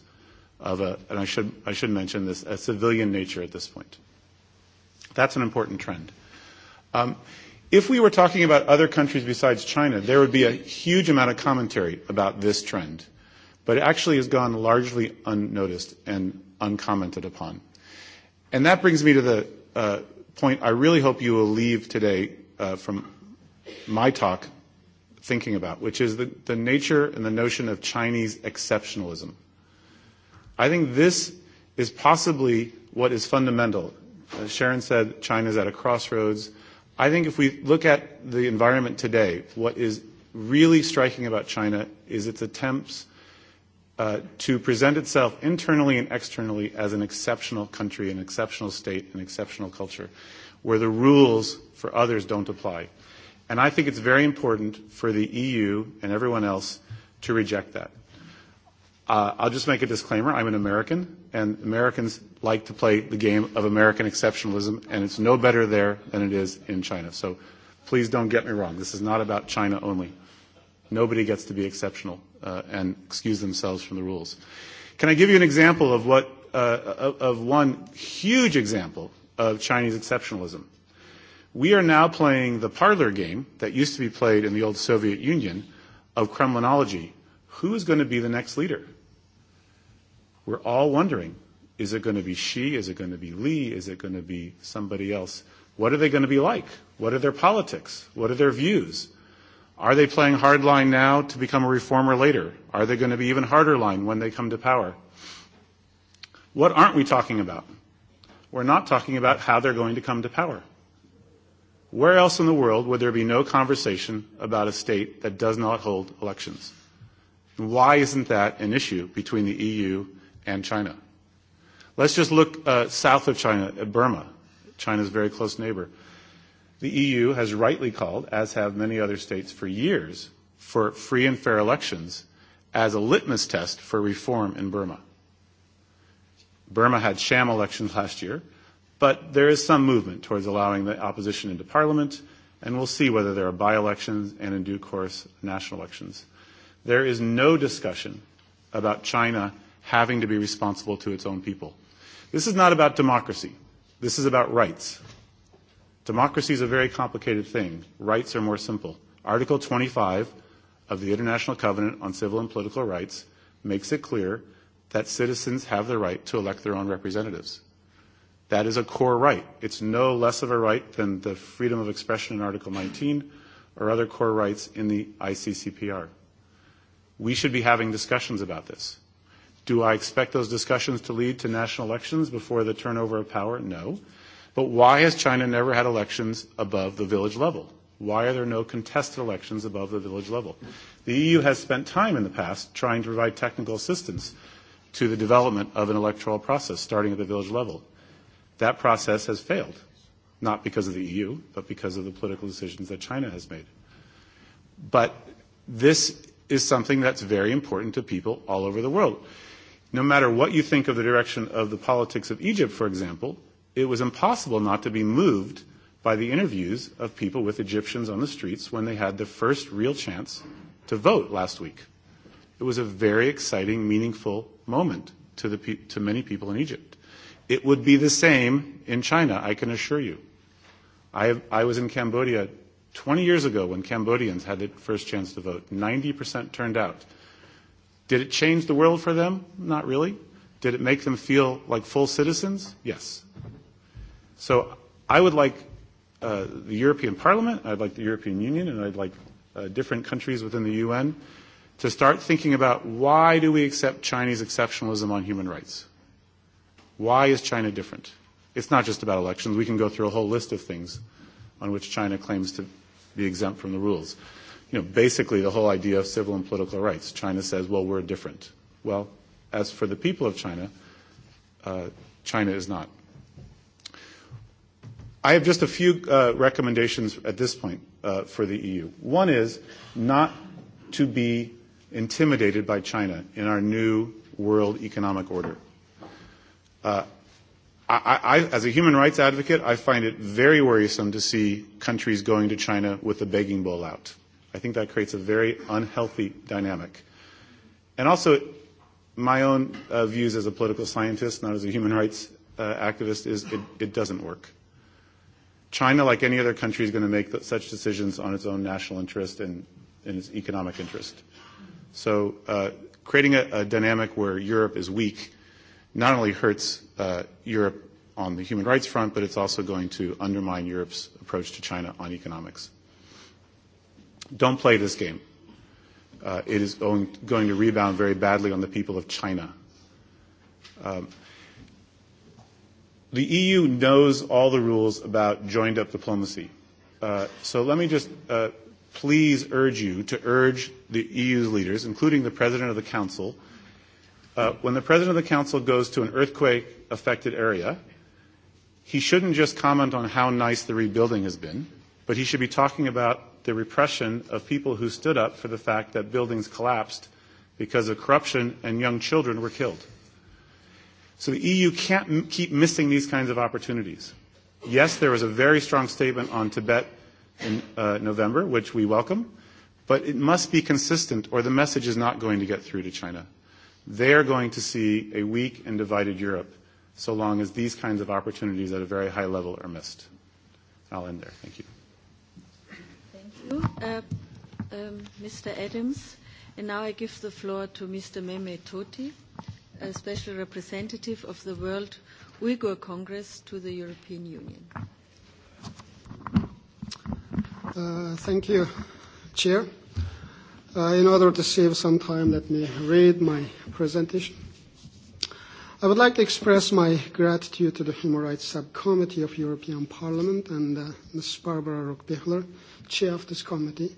of a, and I should, I should mention this, a civilian nature at this point. That's an important trend. Um, if we were talking about other countries besides China, there would be a huge amount of commentary about this trend, but it actually has gone largely unnoticed and uncommented upon. And that brings me to the uh, point I really hope you will leave today uh, from my talk thinking about, which is the, the nature and the notion of Chinese exceptionalism. I think this is possibly what is fundamental. As Sharon said, China's at a crossroads. I think if we look at the environment today, what is really striking about China is its attempts uh, to present itself internally and externally as an exceptional country, an exceptional state, an exceptional culture, where the rules for others don't apply. And I think it's very important for the EU and everyone else to reject that. Uh, I'll just make a disclaimer. I'm an American, and Americans like to play the game of American exceptionalism, and it's no better there than it is in China. So please don't get me wrong. This is not about China only. Nobody gets to be exceptional uh, and excuse themselves from the rules. Can I give you an example of what, uh, of one huge example of Chinese exceptionalism? We are now playing the parlor game that used to be played in the old Soviet Union of Kremlinology. Who is going to be the next leader? We're all wondering, is it going to be she? Is it going to be Lee? Is it going to be somebody else? What are they going to be like? What are their politics? What are their views? Are they playing hard line now to become a reformer later? Are they going to be even harder line when they come to power? What aren't we talking about? We're not talking about how they're going to come to power. Where else in the world would there be no conversation about a state that does not hold elections? And why isn't that an issue between the EU and China? Let's just look uh, south of China at Burma, China's very close neighbor. The EU has rightly called, as have many other states for years, for free and fair elections as a litmus test for reform in Burma. Burma had sham elections last year, but there is some movement towards allowing the opposition into parliament, and we'll see whether there are by elections and, in due course, national elections. There is no discussion about China having to be responsible to its own people. This is not about democracy. This is about rights. Democracy is a very complicated thing. Rights are more simple. Article 25 of the International Covenant on Civil and Political Rights makes it clear that citizens have the right to elect their own representatives. That is a core right. It's no less of a right than the freedom of expression in Article 19 or other core rights in the ICCPR. We should be having discussions about this. Do I expect those discussions to lead to national elections before the turnover of power? No. But why has China never had elections above the village level? Why are there no contested elections above the village level? The EU has spent time in the past trying to provide technical assistance to the development of an electoral process starting at the village level. That process has failed, not because of the EU, but because of the political decisions that China has made. But this is something that's very important to people all over the world. No matter what you think of the direction of the politics of Egypt, for example, it was impossible not to be moved by the interviews of people with Egyptians on the streets when they had their first real chance to vote last week. It was a very exciting, meaningful moment to, the pe- to many people in Egypt. It would be the same in China, I can assure you. I, have, I was in Cambodia 20 years ago when Cambodians had their first chance to vote. 90% turned out. Did it change the world for them? Not really. Did it make them feel like full citizens? Yes. So I would like uh, the European Parliament, I'd like the European Union, and I'd like uh, different countries within the UN to start thinking about why do we accept Chinese exceptionalism on human rights? Why is China different? It's not just about elections. We can go through a whole list of things on which China claims to be exempt from the rules. You know, basically the whole idea of civil and political rights. China says, well, we're different. Well, as for the people of China, uh, China is not. I have just a few uh, recommendations at this point uh, for the EU. One is not to be intimidated by China in our new world economic order. Uh, I, I, as a human rights advocate, I find it very worrisome to see countries going to China with a begging bowl out. I think that creates a very unhealthy dynamic. And also, my own uh, views as a political scientist, not as a human rights uh, activist, is it, it doesn't work. China, like any other country, is going to make th- such decisions on its own national interest and, and its economic interest. So uh, creating a, a dynamic where Europe is weak not only hurts uh, Europe on the human rights front, but it's also going to undermine Europe's approach to China on economics. Don't play this game. Uh, it is going, going to rebound very badly on the people of China. Um, the EU knows all the rules about joined up diplomacy. Uh, so let me just uh, please urge you to urge the EU's leaders, including the President of the Council, uh, when the President of the Council goes to an earthquake affected area, he shouldn't just comment on how nice the rebuilding has been, but he should be talking about the repression of people who stood up for the fact that buildings collapsed because of corruption and young children were killed. Uh, So the EU can't m- keep missing these kinds of opportunities. Yes, there was a very strong statement on Tibet in uh, November, which we welcome, but it must be consistent or the message is not going to get through to China. They're going to see a weak and divided Europe so long as these kinds of opportunities at a very high level are missed. I'll end there. Thank you. Thank you, uh, um, Mr. Adams. And now I give the floor to Mr. Mehmet Toti a special representative of the World Uyghur Congress to the European Union. Uh, thank you, Chair. Uh, in order to save some time, let me read my presentation. I would like to express my gratitude to the Human Rights Subcommittee of European Parliament and uh, Ms. Barbara Rockbihler, Chair of this committee,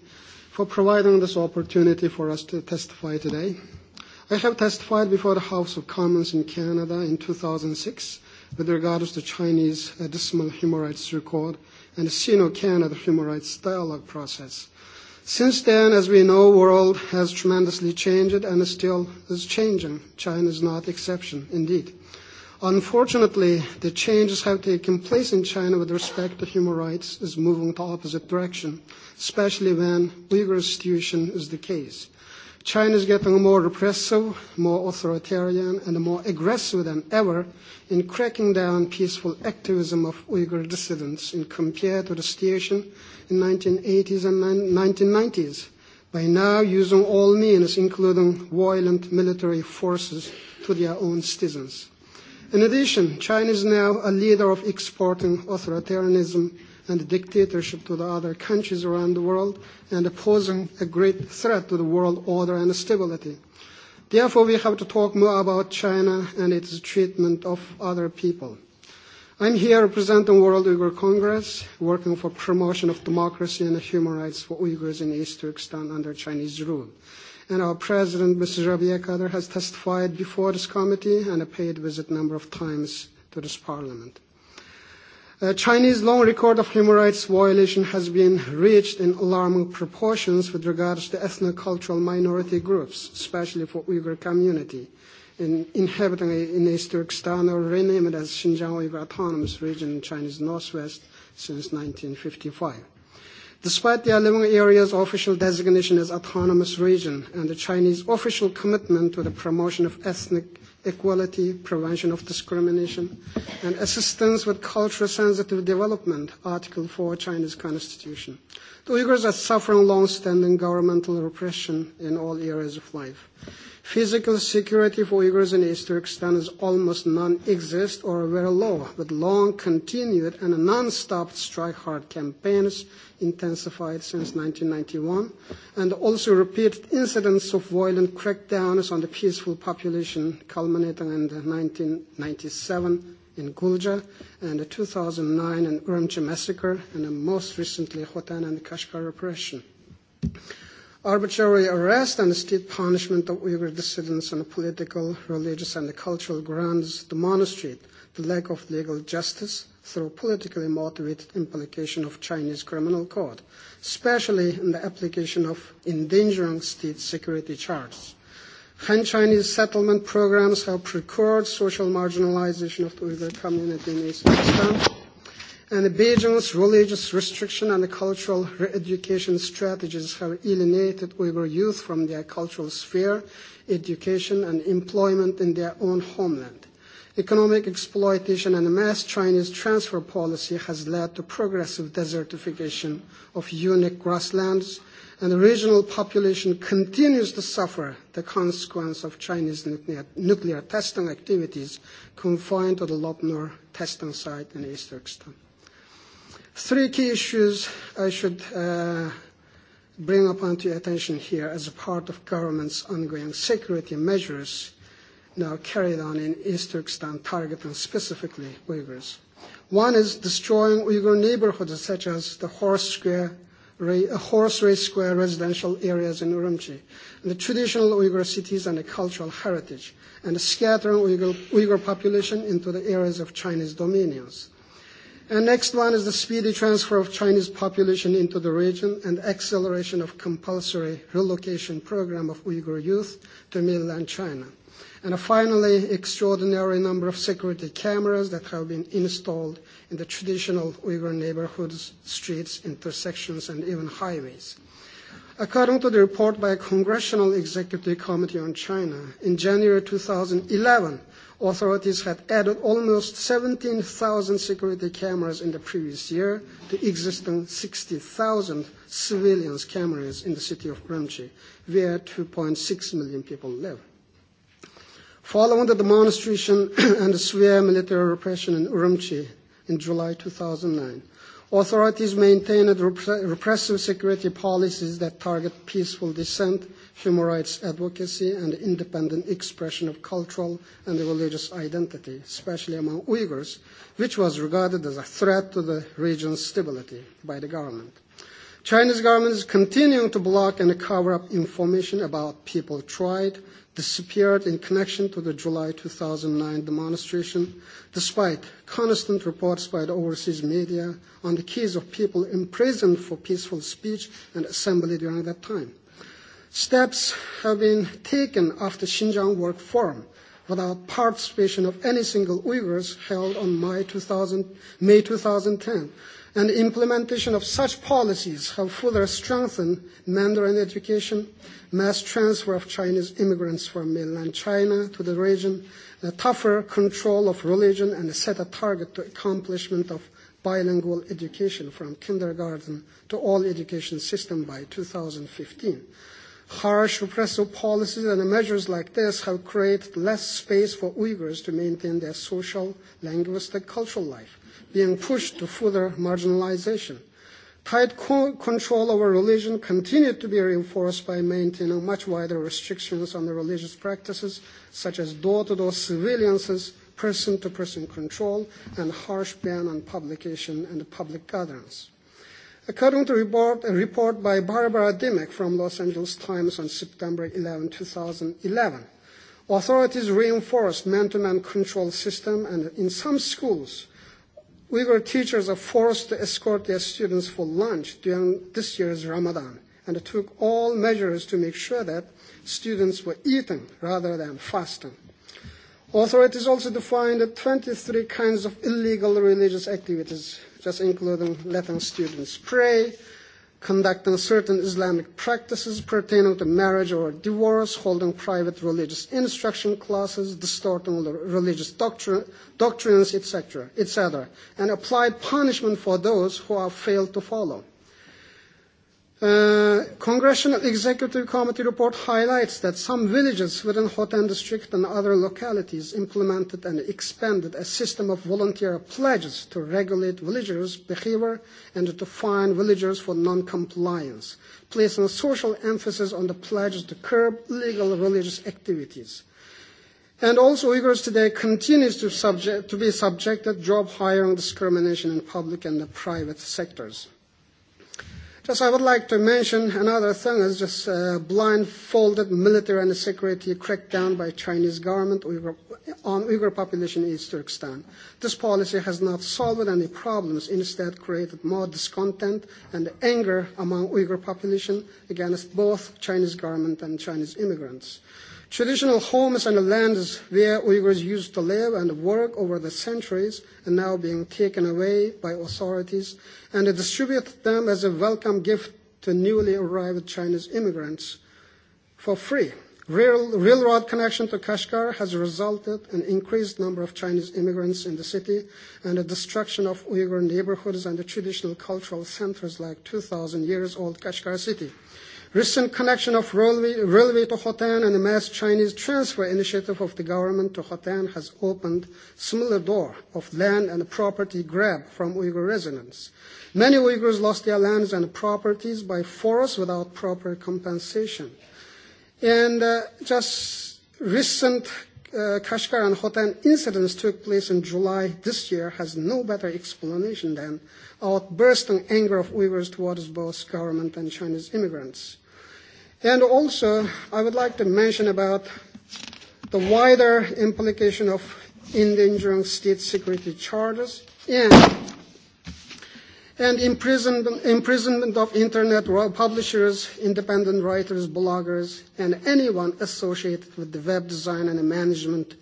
for providing this opportunity for us to testify today I have testified before the House of Commons in Canada in 2006 with regards to Chinese Decimal Human Rights Record and the Sino-Canada Human Rights Dialogue process. Since then, as we know, the world has tremendously changed and still is changing. China is not exception, indeed. Unfortunately, the changes have taken place in China with respect to human rights is moving the opposite direction, especially when Uyghur situation is the case. China is getting more repressive, more authoritarian, and more aggressive than ever in cracking down peaceful activism of Uyghur dissidents in compared to the situation in 1980s and 1990s. By now, using all means, including violent military forces, to their own citizens. In addition, China is now a leader of exporting authoritarianism and the dictatorship to the other countries around the world and posing a great threat to the world order and stability. Therefore, we have to talk more about China and its treatment of other people. I'm here representing World Uyghur Congress, working for promotion of democracy and human rights for Uyghurs in East Turkestan under Chinese rule. And our president, Mr. Rabia Kader, has testified before this committee and a paid visit number of times to this parliament. A uh, Chinese long record of human rights violation has been reached in alarming proportions with regards to ethno-cultural minority groups, especially for Uyghur community in, inhabiting in East Turkestan or renamed as Xinjiang Uyghur Autonomous Region in Chinese Northwest since 1955. Despite the 11 areas' official designation as autonomous region and the Chinese official commitment to the promotion of ethnic equality, prevention of discrimination, and assistance with culture-sensitive development, Article 4, Chinese Constitution. The Uyghurs are suffering long-standing governmental repression in all areas of life. Physical security for Uyghurs in East Turkestan is almost non-exist or very low, with long continued and non-stop strike hard campaigns intensified since 1991, and also repeated incidents of violent crackdowns on the peaceful population, culminating in 1997 in Gulja, and the 2009 in Urumqi massacre, and the most recently Khotan and Kashgar repression arbitrary arrest and state punishment of Uyghur dissidents on political, religious, and cultural grounds demonstrate the lack of legal justice through politically motivated implication of Chinese criminal code, especially in the application of endangering state security charges. Han Chinese settlement programs have procured social marginalization of the Uyghur community in East Pakistan And Beijing's religious restriction and cultural re-education strategies have alienated Uyghur youth from their cultural sphere, education, and employment in their own homeland. Economic exploitation and mass Chinese transfer policy has led to progressive desertification of unique grasslands, and the regional population continues to suffer the consequence of Chinese nuclear, nuclear testing activities confined to the Lopnor testing site in East Turkestan. Three key issues I should uh, bring upon to your attention here as a part of government's ongoing security measures now carried on in East Turkestan, targeting specifically Uyghurs. One is destroying Uyghur neighborhoods such as the Horse Square, uh, Horse Race Square residential areas in Urumqi, and the traditional Uyghur cities and the cultural heritage, and scattering Uyghur, Uyghur population into the areas of Chinese dominions. And next one is the speedy transfer of Chinese population into the region and acceleration of compulsory relocation program of Uyghur youth to mainland China. And finally, extraordinary number of security cameras that have been installed in the traditional Uyghur neighborhoods, streets, intersections, and even highways. According to the report by a Congressional Executive Committee on China, in January 2011, authorities had added almost 17,000 security cameras in the previous year to existing 60,000 civilians cameras in the city of Gramsci, where 2.6 million people live. Following the demonstration <clears throat> and the severe military repression in Urumqi in July 2009, authorities maintained repressive security policies that target peaceful dissent human rights advocacy, and independent expression of cultural and religious identity, especially among Uyghurs, which was regarded as a threat to the region's stability by the government. Chinese government is continuing to block and cover up information about people tried, disappeared in connection to the July 2009 demonstration, despite constant reports by the overseas media on the case of people imprisoned for peaceful speech and assembly during that time. Steps have been taken after Xinjiang Work Forum without participation of any single Uyghurs held on May 2000, May 2010, and the implementation of such policies have further strengthened Mandarin education, mass transfer of Chinese immigrants from mainland China to the region, the tougher control of religion, and set a target to accomplishment of bilingual education from kindergarten to all education system by 2015. Harsh repressive policies and measures like this have created less space for Uyghurs to maintain their social, linguistic, cultural life, being pushed to further marginalization. Tight co- control over religion continued to be reinforced by maintaining much wider restrictions on the religious practices, such as door-to-door surveillances, person-to-person control, and harsh ban on publication and public gatherings. A current report, a report by Barbara Dimick from Los Angeles Times on September 11, 2011. Authorities reinforced man-to-man -man control system and in some schools, Uyghur teachers are forced to escort their students for lunch during this year's Ramadan and took all measures to make sure that students were eating rather than fasting. Authorities also defined 23 kinds of illegal religious activities such as including letting students pray, conducting certain Islamic practices pertaining to marriage or divorce, holding private religious instruction classes, distorting religious doctrine, doctrines, etc., etc., and applied punishment for those who have failed to follow. Uh, Congressional Executive Committee report highlights that some villages within Hotan district and other localities implemented and expanded a system of volunteer pledges to regulate villagers' behavior and to fine villagers for non-compliance, placing social emphasis on the pledges to curb illegal religious activities. And also Uyghurs today continues to, subject, to be subjected job hiring discrimination in public and the private sectors. Just I would like to mention another thing is just uh, blindfolded military and security crackdown by Chinese government Uyghur, on Uyghur population in East Turkestan. This policy has not solved any problems, instead created more discontent and anger among Uyghur population against both Chinese government and Chinese immigrants. Uh, Traditional homes and lands where Uyghurs used to live and work over the centuries are now being taken away by authorities and distribute them as a welcome gift to newly arrived Chinese immigrants for free. Rail, railroad connection to Kashgar has resulted in increased number of Chinese immigrants in the city and the destruction of Uyghur neighborhoods and the traditional cultural centers like 2,000 years old Kashgar city. Recent connection of railway, railway to Hotan and the mass Chinese transfer initiative of the government to Hotan has opened similar door of land and property grab from Uyghur residents. Many Uyghurs lost their lands and properties by force without proper compensation. And uh, just recent uh, Kashgar and Hotan incidents took place in July this year has no better explanation than outbursting anger of Uyghurs towards both government and Chinese immigrants. And also, I would like to mention about the wider implication of endangering state security charges and and imprisonment, imprisonment of internet publishers, independent writers, bloggers, and anyone associated with the web design and management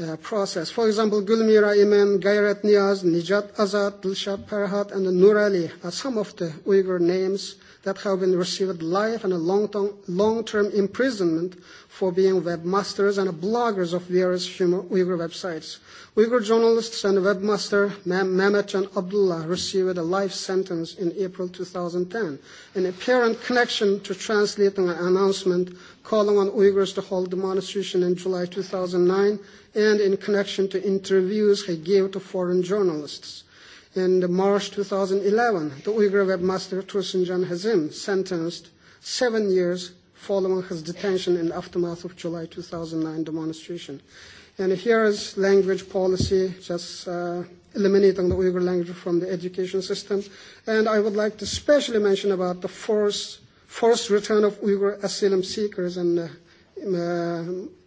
uh, process. For example, Gulmira Iman, Gayret Niaz, Nijat Azad, Dilshad Farhat, and Nurali are some of the Uyghur names that have been received life and a long-term, long-term imprisonment for being webmasters and bloggers of various Uyghur websites. Uyghur journalists and webmaster Mehmet Jan Abdullah received a life sentence in April 2010 in apparent connection to translating an announcement calling on Uyghurs to hold demonstration in July 2009 and in connection to interviews he gave to foreign journalists. In March 2011, the Uyghur webmaster Tursunjan Hazim sentenced seven years following his detention in the aftermath of July 2009 demonstration. And here is language policy, just uh, eliminating the Uyghur language from the education system. And I would like to especially mention about the forced, forced return of Uyghur asylum seekers and uh, uh,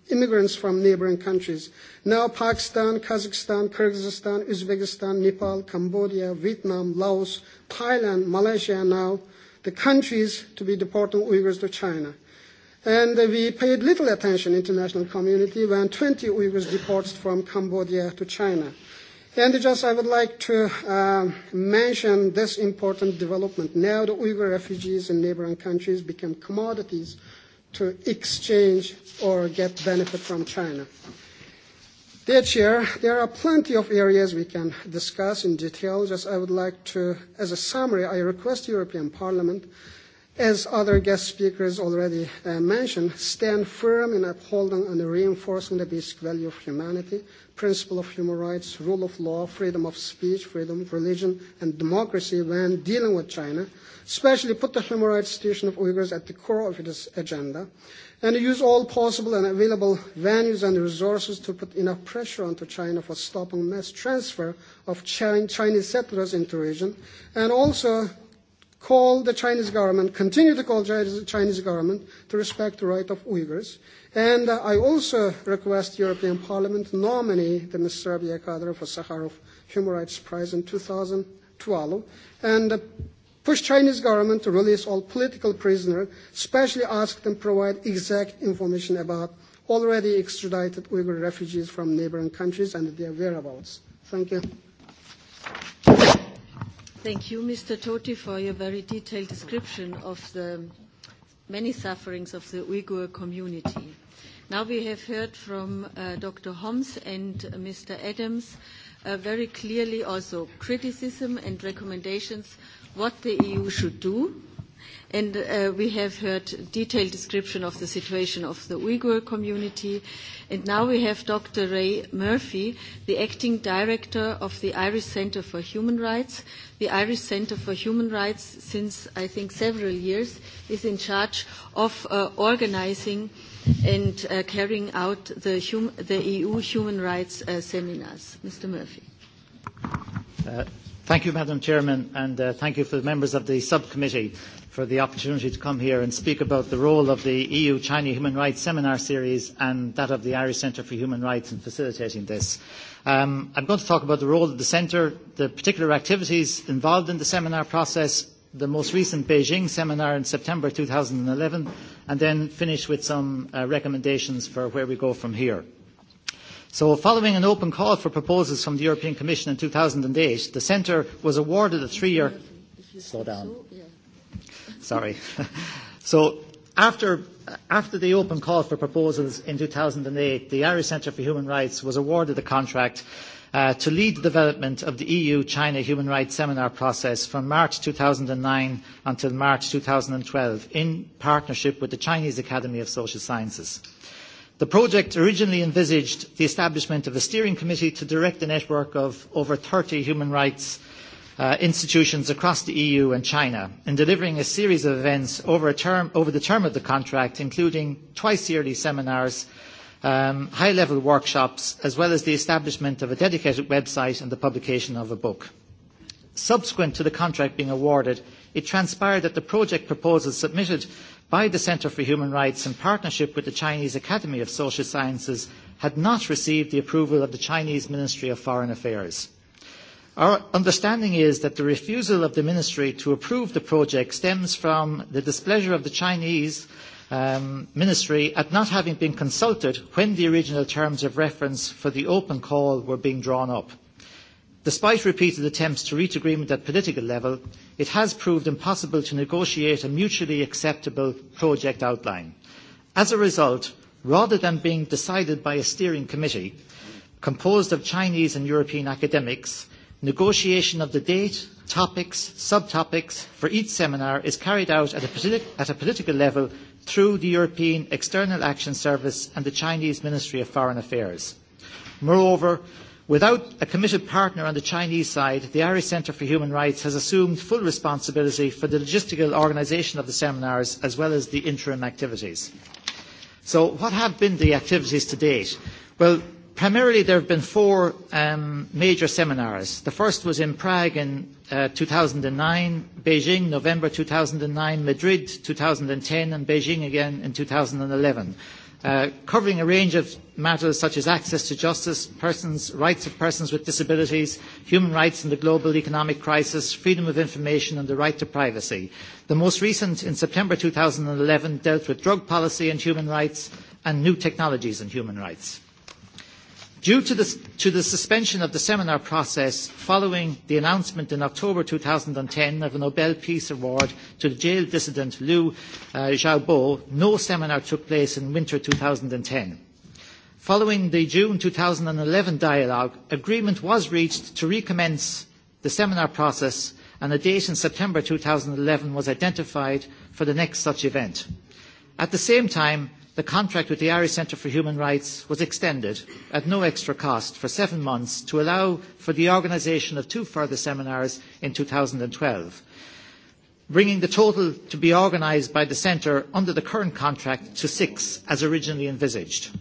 immigrants from neighboring countries. Now Pakistan, Kazakhstan, Kyrgyzstan, Uzbekistan, Nepal, Cambodia, Vietnam, Laos, Thailand, Malaysia now, the countries to be deporting Uyghurs to China. And uh, we paid little attention, international community, when 20 Uyghurs deported from Cambodia to China. And just I would like to um, mention this important development. Now the Uyghur refugees in neighboring countries become commodities – to exchange or get benefit from China. Dear Chair, there are plenty of areas we can discuss in detail. Just I would like to, as a summary, I request European Parliament, as other guest speakers already uh, mentioned, stand firm in upholding and reinforcing the basic value of humanity, principle of human rights, rule of law, freedom of speech, freedom of religion, and democracy when dealing with China – especially put the human rights situation of Uyghurs at the core of its agenda, and use all possible and available venues and resources to put enough pressure onto China for stopping mass transfer of Chinese settlers into the region, and also call the Chinese government, continue to call the Chinese government to respect the right of Uyghurs. And uh, I also request European Parliament to nominate the Ms. Rabia Kadra for Sakharov Human Rights Prize in 2012 and uh, push Chinese government to release all political prisoners, especially ask them provide exact information about already extradited Uyghur refugees from neighboring countries and their whereabouts. Thank you. Thank you, Mr. Toti, for your very detailed description of the many sufferings of the Uyghur community. Now we have heard from uh, Dr. Homs and Mr. Adams uh, very clearly also criticism and recommendations what the EU should do. And uh, we have heard detailed description of the situation of the Uyghur community. And now we have Dr. Ray Murphy, the acting director of the Irish Center for Human Rights. The Irish Center for Human Rights, since I think several years, is in charge of uh, organizing and uh, carrying out the, hum- the EU human rights uh, seminars. Mr. Murphy. Uh, Thank you, Madam Chairman, and uh, thank you for the members of the subcommittee for the opportunity to come here and speak about the role of the EU-China Human Rights Seminar Series and that of the Irish Centre for Human Rights in facilitating this. Um, I'm going to talk about the role of the Centre, the particular activities involved in the seminar process, the most recent Beijing seminar in September 2011, and then finish with some uh, recommendations for where we go from here. So following an open call for proposals from the European Commission in 2008, the Centre was awarded a three-year... Slow down. So, yeah. Sorry. <laughs> so after, after the open call for proposals in 2008, the Irish Centre for Human Rights was awarded a contract uh, to lead the development of the EU-China Human Rights Seminar process from March 2009 until March 2012 in partnership with the Chinese Academy of Social Sciences. Uh, The project originally envisaged the establishment of a steering committee to direct a network of over 30 human rights uh, institutions across the EU and China in delivering a series of events over, a term, over the term of the contract, including twice yearly seminars, um, high level workshops, as well as the establishment of a dedicated website and the publication of a book. Subsequent to the contract being awarded, it transpired that the project proposals submitted by the Centre for Human Rights in partnership with the Chinese Academy of Social Sciences had not received the approval of the Chinese Ministry of Foreign Affairs. Our understanding is that the refusal of the ministry to approve the project stems from the displeasure of the Chinese um, ministry at not having been consulted when the original terms of reference for the open call were being drawn up. Despite repeated attempts to reach agreement at political level, it has proved impossible to negotiate a mutually acceptable project outline. As a result, rather than being decided by a steering committee composed of Chinese and European academics, negotiation of the date, topics, subtopics for each seminar is carried out at a, politi- at a political level through the European External Action Service and the Chinese Ministry of Foreign Affairs. Moreover, Without a committed partner on the Chinese side, the Irish Centre for Human Rights has assumed full responsibility for the logistical organisation of the seminars as well as the interim activities. So what have been the activities to date? Well, primarily there have been four um, major seminars. The first was in Prague in uh, 2009, Beijing November 2009, Madrid 2010, and Beijing again in 2011 uh, covering a range of matters such as access to justice, persons, rights of persons with disabilities, human rights in the global economic crisis, freedom of information and the right to privacy. The most recent, in September 2011, dealt with drug policy and human rights and new technologies and human rights. Due to the, to the suspension of the seminar process following the announcement in October 2010 of a Nobel Peace Award to the jailed dissident Liu uh, Xiaobo, no seminar took place in winter 2010. Following the June 2011 dialogue, agreement was reached to recommence the seminar process and a date in September 2011 was identified for the next such event. At the same time, the contract with the Irish Centre for Human Rights was extended at no extra cost for seven months to allow for the organisation of two further seminars in 2012, bringing the total to be organised by the Centre under the current contract to six as originally envisaged.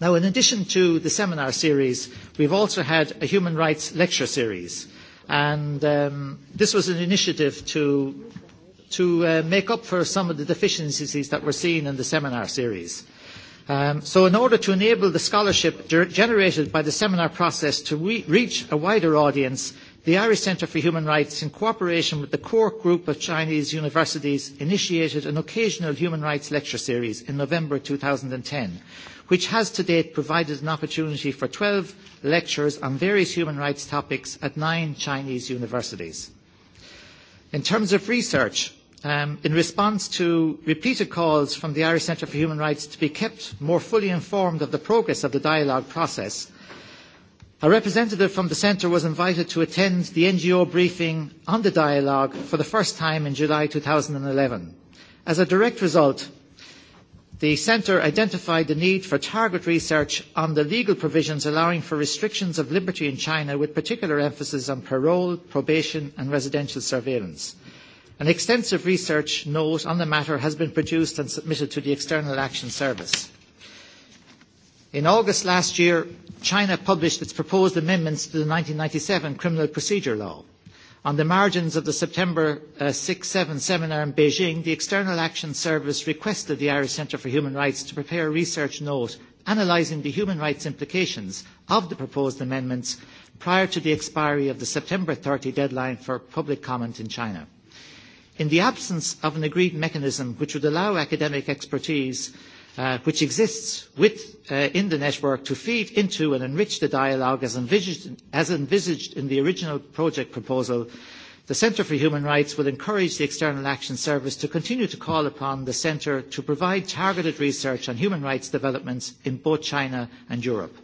Now, in addition to the seminar series, we've also had a human rights lecture series. And um, this was an initiative to to uh, make up for some of the deficiencies that were seen in the seminar series. Um, so in order to enable the scholarship ger- generated by the seminar process to re- reach a wider audience, the Irish Centre for Human Rights, in cooperation with the core group of Chinese universities, initiated an occasional human rights lecture series in November 2010, which has to date provided an opportunity for 12 lectures on various human rights topics at nine Chinese universities. In terms of research, um, in response to repeated calls from the Irish Centre for Human Rights to be kept more fully informed of the progress of the dialogue process, a representative from the centre was invited to attend the NGO briefing on the dialogue for the first time in July 2011. As a direct result, the Centre identified the need for target research on the legal provisions allowing for restrictions of liberty in China, with particular emphasis on parole, probation, and residential surveillance. An extensive research note on the matter has been produced and submitted to the External Action Service. In August last year, China published its proposed amendments to the 1997 Criminal Procedure Law. On the margins of the September uh, 6-7 seminar in Beijing, the External Action Service requested the Irish Centre for Human Rights to prepare a research note analysing the human rights implications of the proposed amendments prior to the expiry of the September 30 deadline for public comment in China. In the absence of an agreed mechanism which would allow academic expertise uh, which exists with, uh, in the network to feed into and enrich the dialogue as envisaged, as envisaged in the original project proposal, the Centre for Human Rights will encourage the External Action Service to continue to call upon the Centre to provide targeted research on human rights developments in both China and Europe.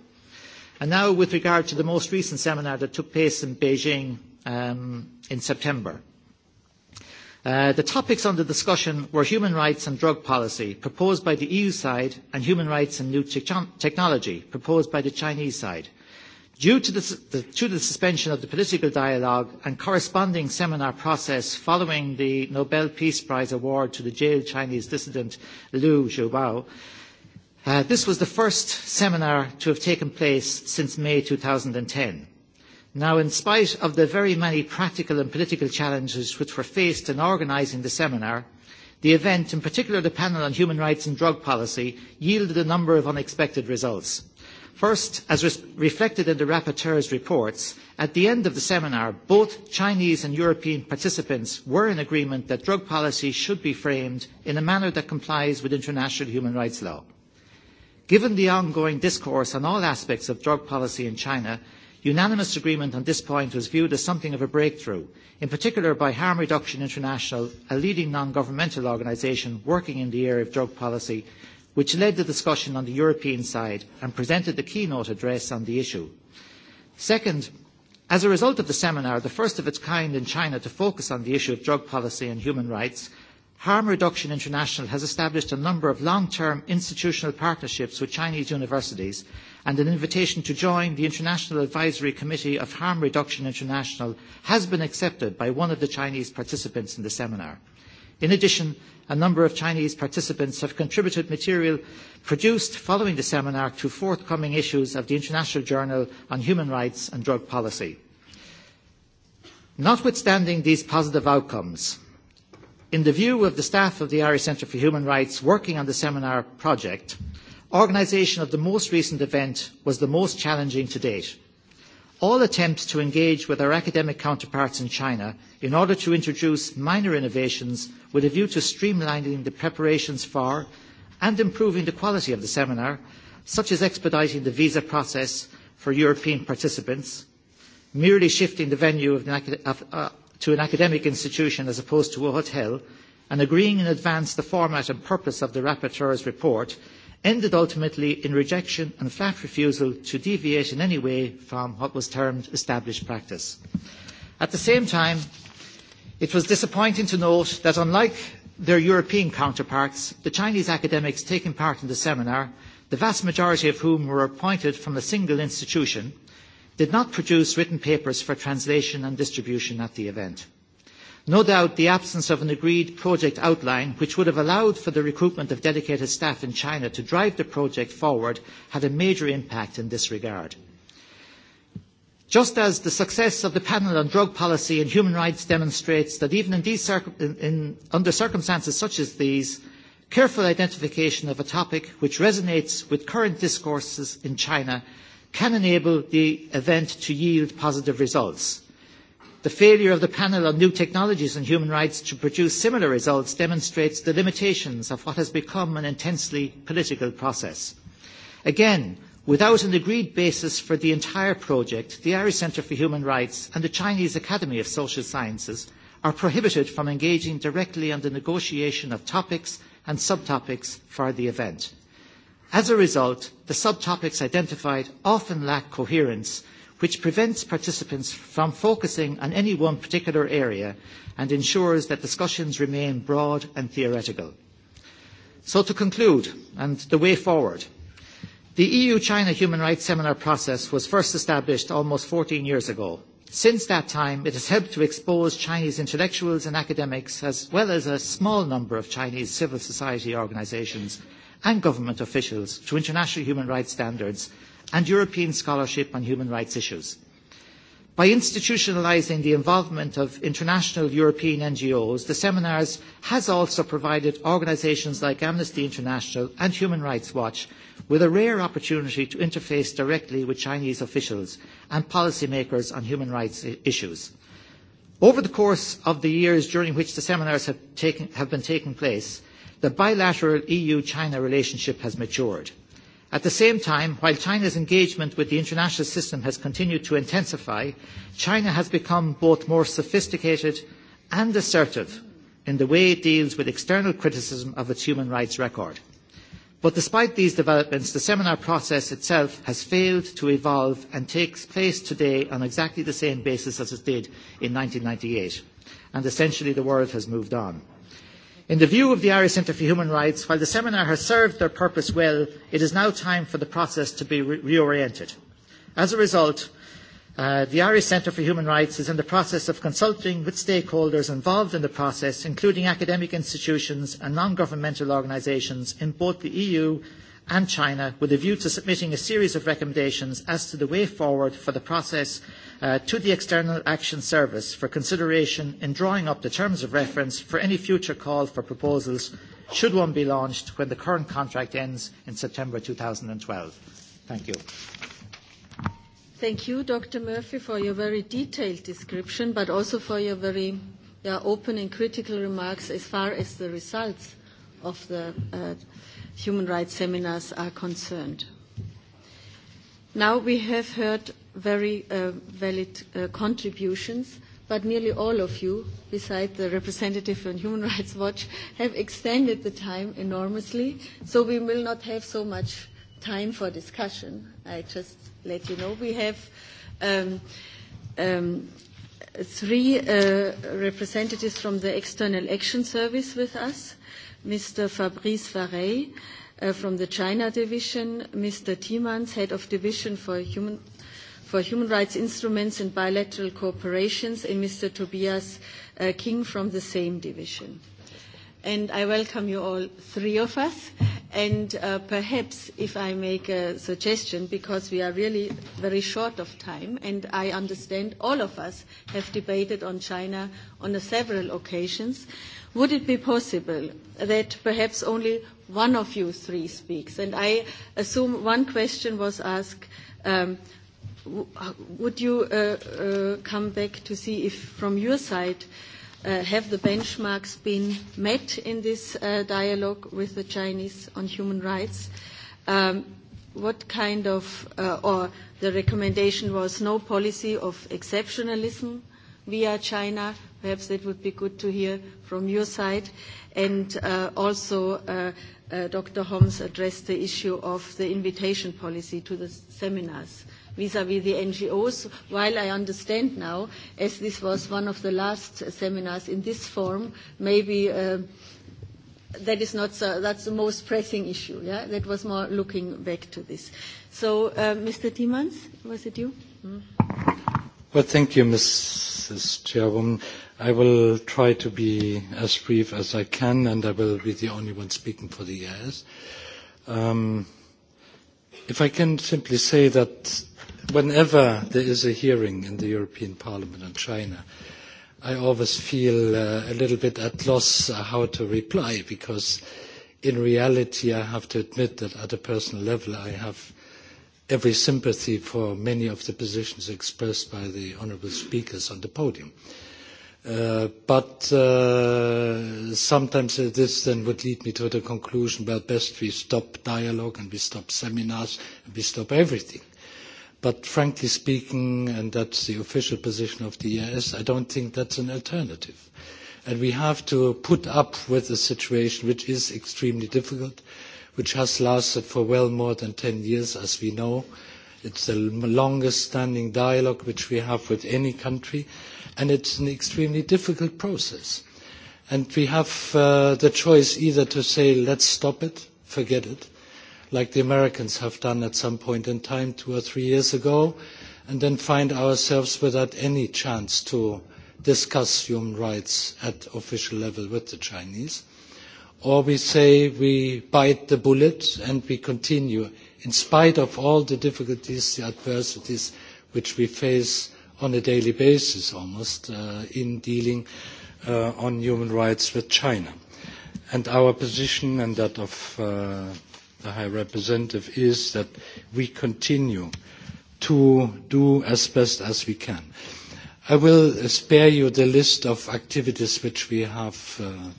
And now with regard to the most recent seminar that took place in Beijing um, in September. Uh, the topics under discussion were human rights and drug policy, proposed by the EU side, and human rights and new te- technology, proposed by the Chinese side. Due to the, the, to the suspension of the political dialogue and corresponding seminar process following the Nobel Peace Prize award to the jailed Chinese dissident Liu Xiaobao, uh, this was the first seminar to have taken place since May 2010. Now, in spite of the very many practical and political challenges which were faced in organising the seminar, the event, in particular the panel on human rights and drug policy, yielded a number of unexpected results. First, as res- reflected in the rapporteur's reports, at the end of the seminar, both Chinese and European participants were in agreement that drug policy should be framed in a manner that complies with international human rights law. Given the ongoing discourse on all aspects of drug policy in China, Unanimous agreement on this point was viewed as something of a breakthrough, in particular by Harm Reduction International, a leading non-governmental organisation working in the area of drug policy, which led the discussion on the European side and presented the keynote address on the issue. Second, as a result of the seminar, the first of its kind in China to focus on the issue of drug policy and human rights, Harm Reduction International has established a number of long-term institutional partnerships with Chinese universities and an invitation to join the International Advisory Committee of Harm Reduction International has been accepted by one of the Chinese participants in the seminar. In addition, a number of Chinese participants have contributed material produced following the seminar to forthcoming issues of the International Journal on Human Rights and Drug Policy. Notwithstanding these positive outcomes, in the view of the staff of the Irish Centre for Human Rights working on the seminar project, Organisation of the most recent event was the most challenging to date. All attempts to engage with our academic counterparts in China in order to introduce minor innovations with a view to streamlining the preparations for and improving the quality of the seminar, such as expediting the visa process for European participants, merely shifting the venue of an, of, uh, to an academic institution as opposed to a hotel, and agreeing in advance the format and purpose of the rapporteur's report ended ultimately in rejection and flat refusal to deviate in any way from what was termed established practice. At the same time, it was disappointing to note that unlike their European counterparts, the Chinese academics taking part in the seminar, the vast majority of whom were appointed from a single institution, did not produce written papers for translation and distribution at the event. No doubt the absence of an agreed project outline, which would have allowed for the recruitment of dedicated staff in China to drive the project forward, had a major impact in this regard. Just as the success of the panel on drug policy and human rights demonstrates that even in these in, in, under circumstances such as these, careful identification of a topic which resonates with current discourses in China can enable the event to yield positive results. The failure of the panel on new technologies and human rights to produce similar results demonstrates the limitations of what has become an intensely political process. Again, without an agreed basis for the entire project, the Irish Centre for Human Rights and the Chinese Academy of Social Sciences are prohibited from engaging directly on the negotiation of topics and subtopics for the event. As a result, the subtopics identified often lack coherence which prevents participants from focusing on any one particular area and ensures that discussions remain broad and theoretical. So to conclude, and the way forward, the EU-China Human Rights Seminar process was first established almost 14 years ago. Since that time, it has helped to expose Chinese intellectuals and academics, as well as a small number of Chinese civil society organizations and government officials, to international human rights standards and European scholarship on human rights issues. By institutionalising the involvement of international European NGOs, the seminars has also provided organisations like Amnesty International and Human Rights Watch with a rare opportunity to interface directly with Chinese officials and policymakers on human rights issues. Over the course of the years during which the seminars have, taken, have been taking place, the bilateral EU-China relationship has matured. At the same time, while China's engagement with the international system has continued to intensify, China has become both more sophisticated and assertive in the way it deals with external criticism of its human rights record. But despite these developments, the seminar process itself has failed to evolve and takes place today on exactly the same basis as it did in 1998. And essentially, the world has moved on. In the view of the Irish Centre for Human Rights, while the seminar has served their purpose well, it is now time for the process to be re- reoriented. As a result, uh, the Irish Centre for Human Rights is in the process of consulting with stakeholders involved in the process, including academic institutions and non-governmental organisations in both the EU and China with a view to submitting a series of recommendations as to the way forward for the process uh, to the External Action Service for consideration in drawing up the terms of reference for any future call for proposals should one be launched when the current contract ends in September 2012. Thank you. Thank you, Dr. Murphy, for your very detailed description, but also for your very yeah, open and critical remarks as far as the results of the uh, human rights seminars are concerned. Now we have heard very uh, valid uh, contributions, but nearly all of you, besides the representative on Human Rights Watch, have extended the time enormously, so we will not have so much time for discussion. I just let you know. We have um, um, three uh, representatives from the External Action Service with us. Mr. Fabrice Farey uh, from the China Division, Mr. Tiemans, Head of Division for Human, for Human Rights Instruments and Bilateral Cooperations, and Mr. Tobias uh, King from the same division. And I welcome you all, three of us. And uh, perhaps if I make a suggestion, because we are really very short of time, and I understand all of us have debated on China on several occasions, uh, Would it be possible that perhaps only one of you three speaks? And I assume one question was asked. Um, would you uh, uh, come back to see if, from your side, uh, have the benchmarks been met in this uh, dialogue with the Chinese on human rights? Um, what kind of, uh, or the recommendation was no policy of exceptionalism via China. Perhaps that would be good to hear from your side. And uh, also, uh, uh, Dr. Holmes addressed the issue of the invitation policy to the seminars vis-à-vis -vis the NGOs, while I understand now, as this was one of the last seminars in this form, maybe uh, that is not so, that's the most pressing issue. Yeah, that was more looking back to this. So, uh, Mr. Timmans, was it you? Hmm. Well, thank you, Mrs. Chairwoman. I will try to be as brief as I can, and I will be the only one speaking for the EIS. Um, if I can simply say that whenever there is a hearing in the European Parliament on China, I always feel uh, a little bit at loss how to reply because in reality I have to admit that at a personal level I have every sympathy for many of the positions expressed by the honourable speakers on the podium. Uh, but uh, sometimes uh, this then would lead me to the conclusion, well, best we stop dialogue and we stop seminars and we stop everything. But frankly speaking, and that's the official position of the EIS, I don't think that's an alternative. And we have to put up with a situation which is extremely difficult, uh, which has lasted for well more than 10 years, as we know. It's the longest standing dialogue which we have with any country, and it's an extremely difficult process. And we have uh, the choice either to say, let's stop it, forget it, like the Americans have done at some point in time, two or three years ago, and then find ourselves without any chance to discuss human rights at official level with the Chinese or we say we bite the bullet and we continue in spite of all the difficulties, the adversities which we face on a daily basis almost uh, in dealing uh, on human rights with China. And our position and that of uh, the High Representative is that we continue to do as best as we can. I will spare you the list of activities which we have uh,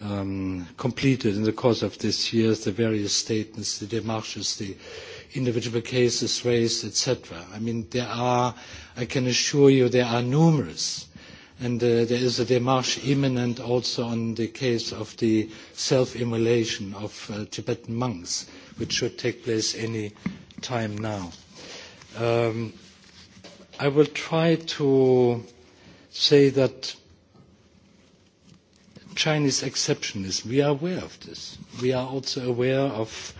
um, completed in the course of this year, the various statements, the demarches, the individual cases raised, etc. I mean, there are, I can assure you, there are numerous. And uh, there is a démarche imminent also on the case of the self-immolation of uh, Tibetan monks, which should take place any time now. Um, I will try to say that Chinese exceptionism. We are aware of this. We are also aware of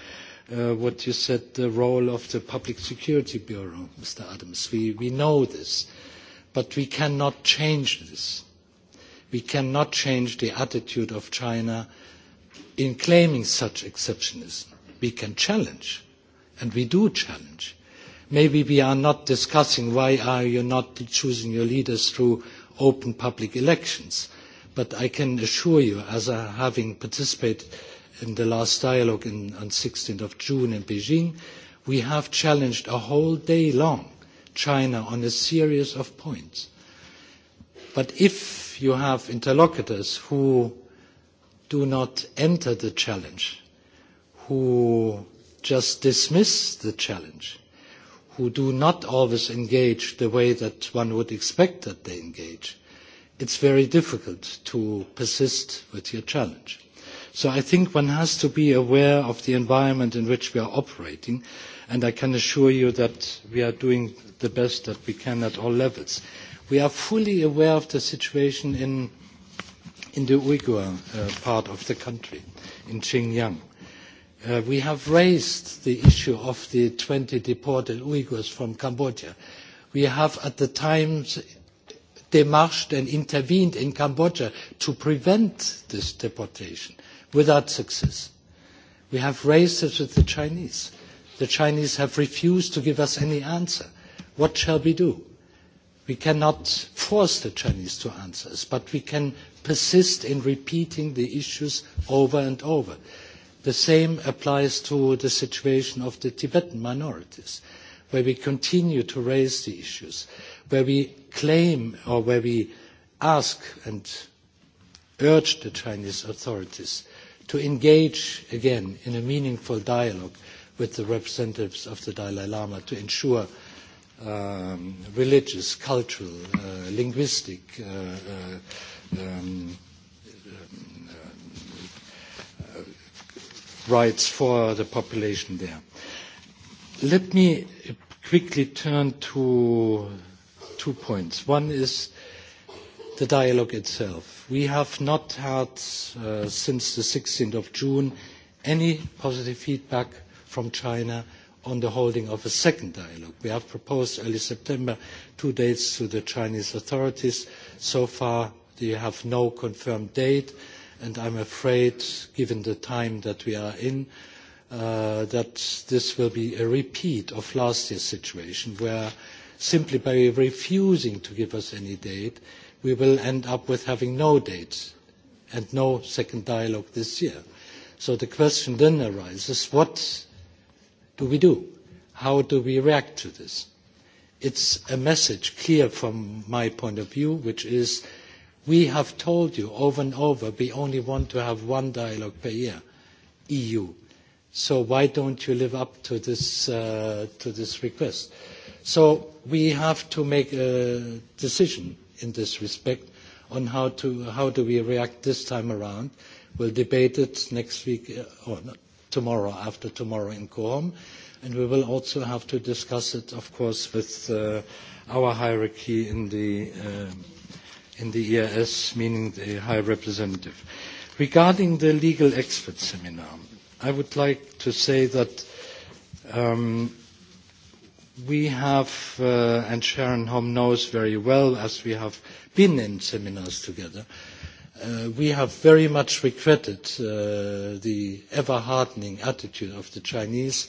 uh, what you said, the role of the Public Security Bureau, Mr. Adams. We, we know this, but we cannot change this. We cannot change the attitude of China in claiming such exceptionism. We can challenge, and we do challenge. Maybe we are not discussing why are you not choosing your leaders through open public elections But I can assure you, as I, having participated in the last dialogue in, on 16th of June in Beijing, we have challenged a whole day long China on a series of points. But if you have interlocutors who do not enter the challenge, who just dismiss the challenge, who do not always engage the way that one would expect that they engage, it's very difficult to persist with your challenge. So I think one has to be aware of the environment in which we are operating, and I can assure you that we are doing the best that we can at all levels. We are fully aware of the situation in, in the Uyghur uh, part of the country, in Xinjiang. Uh, we have raised the issue of the 20 deported Uyghurs from Cambodia. We have at the time Demarche then intervened in Cambodia to prevent this deportation without success. We have raised this with the Chinese. The Chinese have refused to give us any answer. What shall we do? We cannot force the Chinese to answer us, but we can persist in repeating the issues over and over. The same applies to the situation of the Tibetan minorities, where we continue to raise the issues. Uh, where we claim or where we ask and urge the Chinese authorities to engage again in a meaningful dialogue with the representatives of the Dalai Lama to ensure um, religious, cultural, uh, linguistic uh, uh, um, uh, rights for the population there. Let me quickly turn to two points. One is the dialogue itself. We have not had, uh, since the 16th of June, any positive feedback from China on the holding of a second dialogue. We have proposed early September two dates to the Chinese authorities. So far, they have no confirmed date, and I'm afraid, given the time that we are in, uh, that this will be a repeat of last year's situation, where simply by refusing to give us any date, we will end up with having no dates and no second dialogue this year. So the question then arises, what do we do? How do we react to this? It's a message clear from my point of view, which is we have told you over and over we only want to have one dialogue per year, EU. So why don't you live up to this, uh, to this request? Uh, So we have to make a decision in this respect on how to how do we react this time around. We'll debate it next week uh, or tomorrow, after tomorrow in Quorum, and we will also have to discuss it, of course, with uh, our hierarchy in the uh, in the ERS, meaning the High Representative. Regarding the legal expert seminar, I would like to say that um, we have, uh, and Sharon Hom knows very well, as we have been in seminars together, uh, we have very much regretted uh, the ever-hardening attitude of the Chinese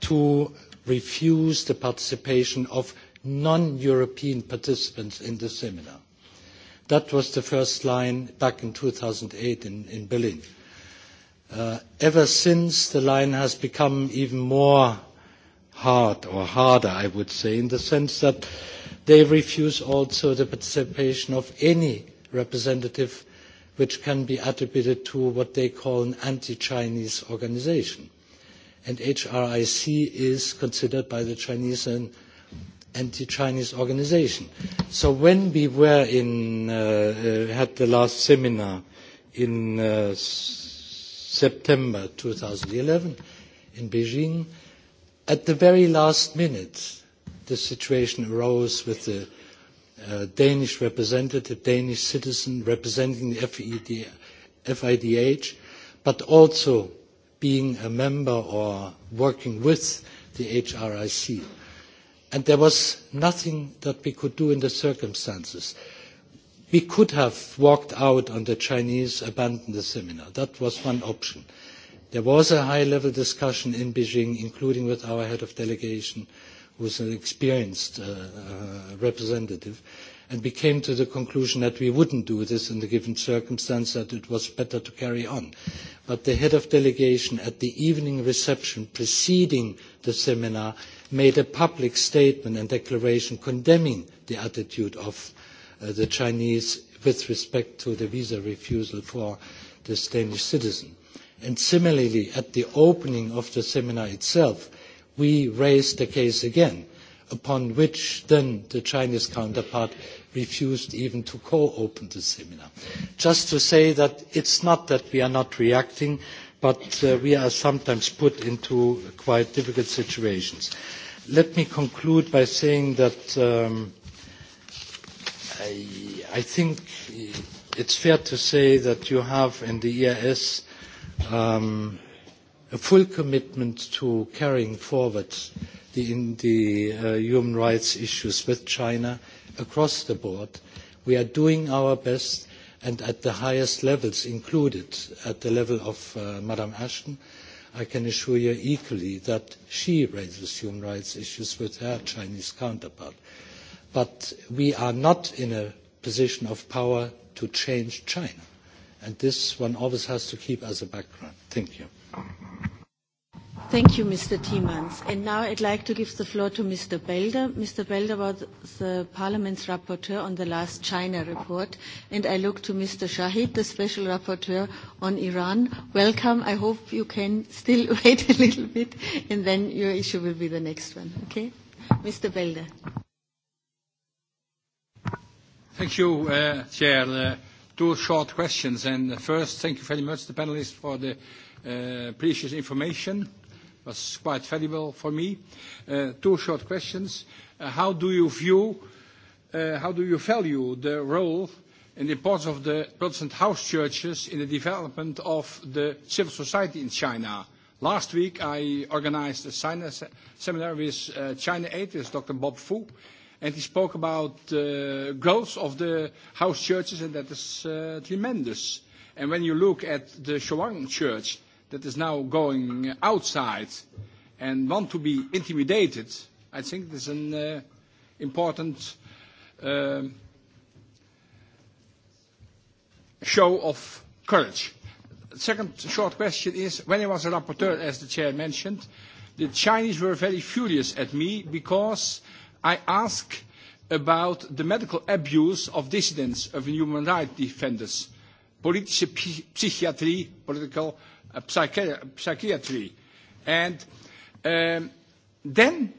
to refuse the participation of non-European participants in the seminar. That was the first line back in 2008 in, in Berlin. Uh, ever since, the line has become even more hard or harder, I would say, in the sense that they refuse also the participation of any representative which can be attributed to what they call an anti-Chinese organization. And HRIC is considered by the Chinese an anti-Chinese organization. So when we were in, uh, uh, had the last seminar in uh, September 2011 in Beijing, At the very last minute, the situation arose with the uh, Danish representative, Danish citizen representing the FED, FIDH, but also being a member or working with the HRIC. And there was nothing that we could do in the circumstances. We could have walked out on the Chinese, abandoned the seminar. That was one option. Uh, There was a high-level discussion in Beijing, including with our head of delegation, who is an experienced uh, uh, representative, and we came to the conclusion that we wouldn't do this in the given circumstance, that it was better to carry on. But the head of delegation at the evening reception preceding the seminar made a public statement and declaration condemning the attitude of uh, the Chinese with respect to the visa refusal for this Danish citizen. And similarly, at the opening of the seminar itself, we raised the case again, upon which then the Chinese counterpart refused even to co-open the seminar. Just to say that it's not that we are not reacting, but uh, we are sometimes put into quite difficult situations. Let me conclude by saying that um, I, I think it's fair to say that you have in the ERS um, a full commitment to carrying forward the, in the uh, human rights issues with China across the board. We are doing our best and at the highest levels included at the level of uh, Madame Ashton. I can assure you equally that she raises human rights issues with her Chinese counterpart. But we are not in a position of power to change China And this one always has to keep as a background. Thank you. Thank you, Mr. Tiemans. And now I'd like to give the floor to Mr. Belder. Mr. Belder was the Parliament's rapporteur on the last China report, and I look to Mr. Shahid, the special rapporteur on Iran. Welcome. I hope you can still <laughs> wait a little bit, and then your issue will be the next one. Okay? Mr. Belder. Thank you, uh, Chair. Uh, two short questions. And first, thank you very much, the panelists, for the uh, precious information. It was quite valuable for me. Uh, two short questions. Uh, how do you view, uh, how do you value the role and the importance of the Protestant house churches in the development of the civil society in China? Last week, I organized a seminar with uh, China Aid, with Dr. Bob Fu, and he spoke about uh, growth of the house churches, and that is uh, tremendous. And when you look at the Shawang church that is now going outside and want to be intimidated, I think this is an uh, important uh, show of courage. Second short question is, when I was a rapporteur, as the chair mentioned, the Chinese were very furious at me because uh, I ask about the medical abuse of dissidents, of human rights defenders, political psychiatry, political uh, psychi psychiatry. And um, then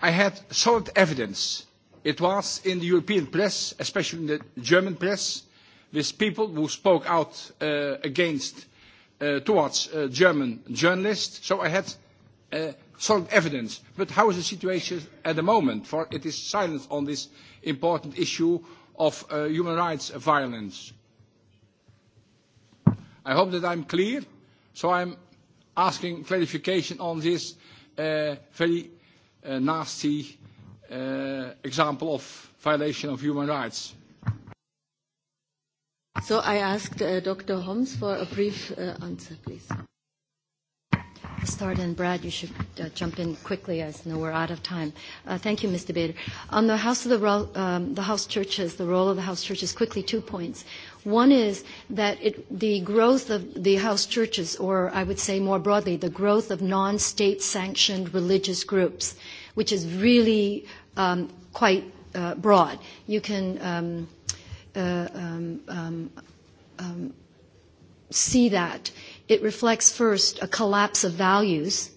I had solid evidence. It was in the European press, especially in the German press, with people who spoke out uh, against, uh, towards uh, German journalists. So I had uh, solid evidence. But how is the situation at the moment? For it is silent on this important issue of uh, human rights violence. I hope that I'm clear. So I'm asking clarification on this uh, very uh, nasty uh, example of violation of human rights. So I asked uh, Dr. Holmes for a brief uh, answer, please. I'll start, and Brad, you should uh, jump in quickly. I know we're out of time. Uh, thank you, Mr. Bader. On the House of the, ro- um, the House churches, the role of the House churches, quickly, two points. One is that it, the growth of the house churches, or I would say more broadly, the growth of non-state sanctioned religious groups, which is really um, quite uh, broad. You can um, uh, um, um, um, see that. It reflects first a collapse of values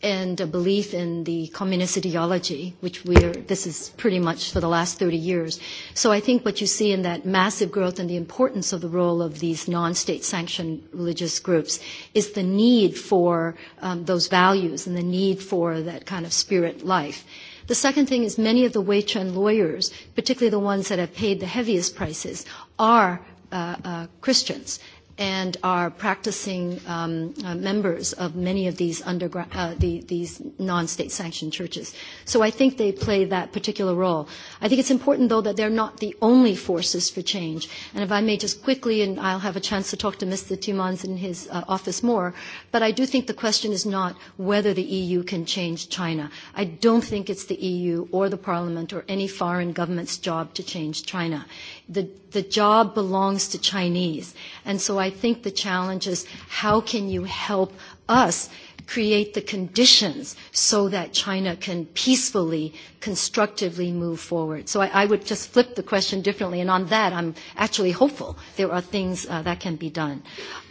and a belief in the communist ideology, which we're, this is pretty much for the last 30 years. So I think what you see in that massive growth and the importance of the role of these non-state sanctioned religious groups is the need for um, those values and the need for that kind of spirit life. The second thing is many of the Wei Chen lawyers, particularly the ones that have paid the heaviest prices, are uh, uh, Christians and are practicing um, uh, members of many of these underground, uh, the, these non-state sanctioned churches. So I think they play that particular role. I think it's important, though, that they're not the only forces for change. And if I may just quickly, and I'll have a chance to talk to Mr. Timans in his uh, office more, but I do think the question is not whether the EU can change China. I don't think it's the EU or the Parliament or any foreign government's job to change China the, the job belongs to Chinese. And so I think the challenge is how can you help us create the conditions so that China can peacefully, constructively move forward. So I, I would just flip the question differently, and on that, I'm actually hopeful there are things uh, that can be done.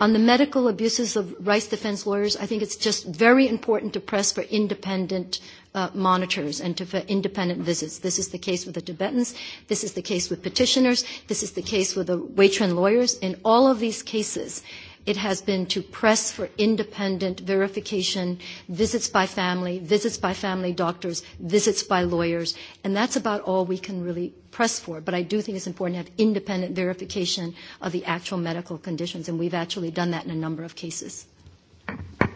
On the medical abuses of rights defense lawyers, I think it's just very important to press for independent uh, uh, monitors and to for independent visits. This is the case with the Tibetans. This is the case with petitioners. This is the case with the Weichuan lawyers. In all of these cases, it has been to press for independent verification, visits by family, visits by family doctors, visits by lawyers, and that's about all we can really press for. But I do think it's important to have independent verification of the actual medical conditions, and we've actually done that in a number of cases. Thank you.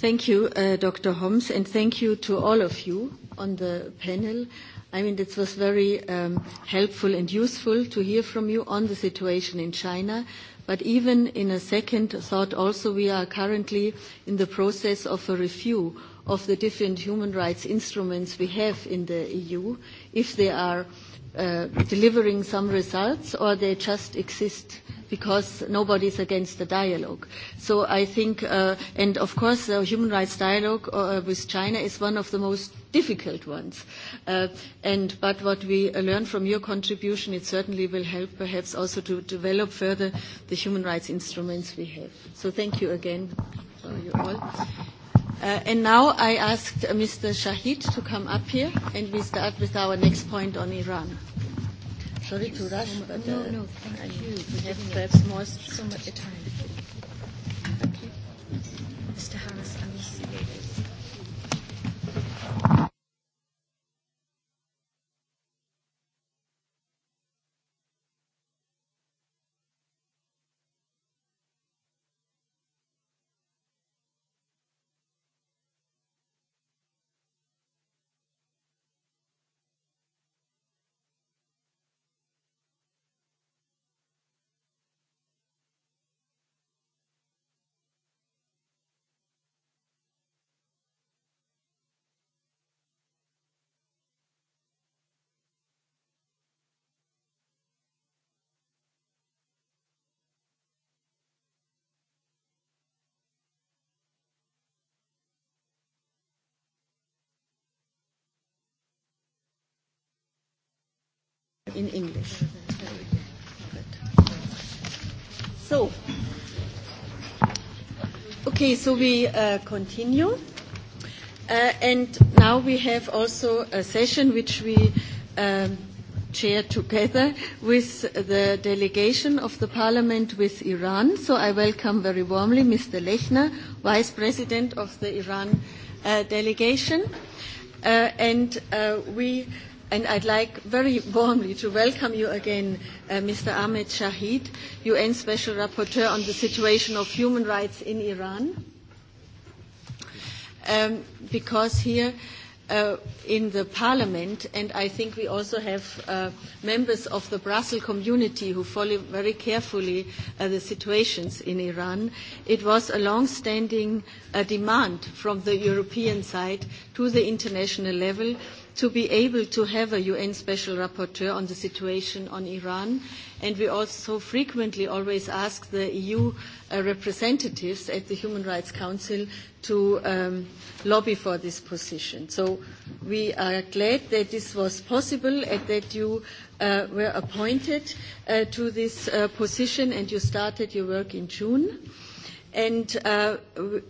Thank you, uh, Dr. Homs, and thank you to all of you on the panel. I mean, it was very um, helpful and useful to hear from you on the situation in China. But even in a second thought, also, we are currently in the process of a review of the different human rights instruments we have in the EU, if they are uh, uh, delivering some results or they just exist because nobody's against the dialogue. So I think, uh, and of course, the human rights dialogue uh, with China is one of the most difficult ones. Uh, and, but what we uh, learn from your contribution, it certainly will help perhaps also to develop further the human rights instruments we have. So thank you again for you all. Uh, and now I ask Mr. Shahid to come up here, and we start with our next point on Iran. Sorry to rush, so but uh, no, no, thank I you. We have perhaps more so much time. Okay. Mr. Harris. in English. Good. So, okay, so we uh, continue. Uh, and now we have also a session which we um, chair together with the delegation of the parliament with Iran. So I welcome very warmly Mr. Lechner, Vice President of the Iran uh, delegation. Uh, and uh, we And I'd like very warmly to welcome you again, uh, Mr. Ahmed Shahid, UN Special Rapporteur on the situation of human rights in Iran, um, because here uh, in the parliament, and I think we also have uh, members of the Brussels community who follow very carefully uh, the situations in Iran, it was a long-standing uh, demand from the European side to the international level to be able to have a UN Special Rapporteur on the situation on Iran. And we also frequently always ask the EU uh, representatives at the Human Rights Council to um, lobby for this position. So we are glad that this was possible and that you uh, were appointed uh, to this uh, position and you started your work in June. And uh,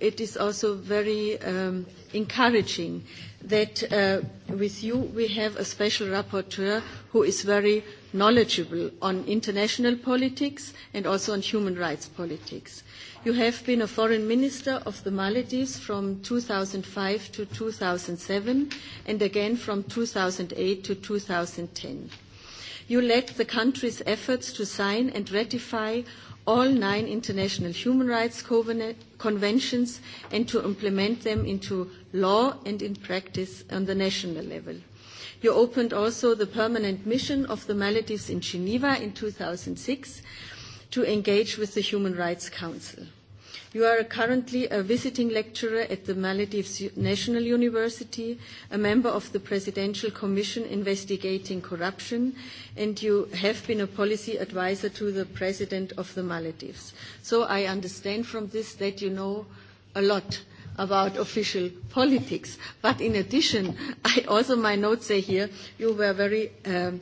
it is also very um, encouraging uh, that uh, with you we have a special rapporteur who is very knowledgeable on international politics and also on human rights politics. You have been a foreign minister of the Maldives from 2005 to 2007 and again from 2008 to 2010. You led the country's efforts to sign and ratify all nine international human rights conventions and to implement them into law and in practice on the national level. You opened also the permanent mission of the Maldives in Geneva in 2006 to engage with the Human Rights Council. You are currently a visiting lecturer at the Maldives National University, a member of the Presidential Commission investigating corruption, and you have been a policy advisor to the President of the Maldives. So I understand from this that you know a lot about official politics. But in addition, <laughs> I also my notes say here you were very um,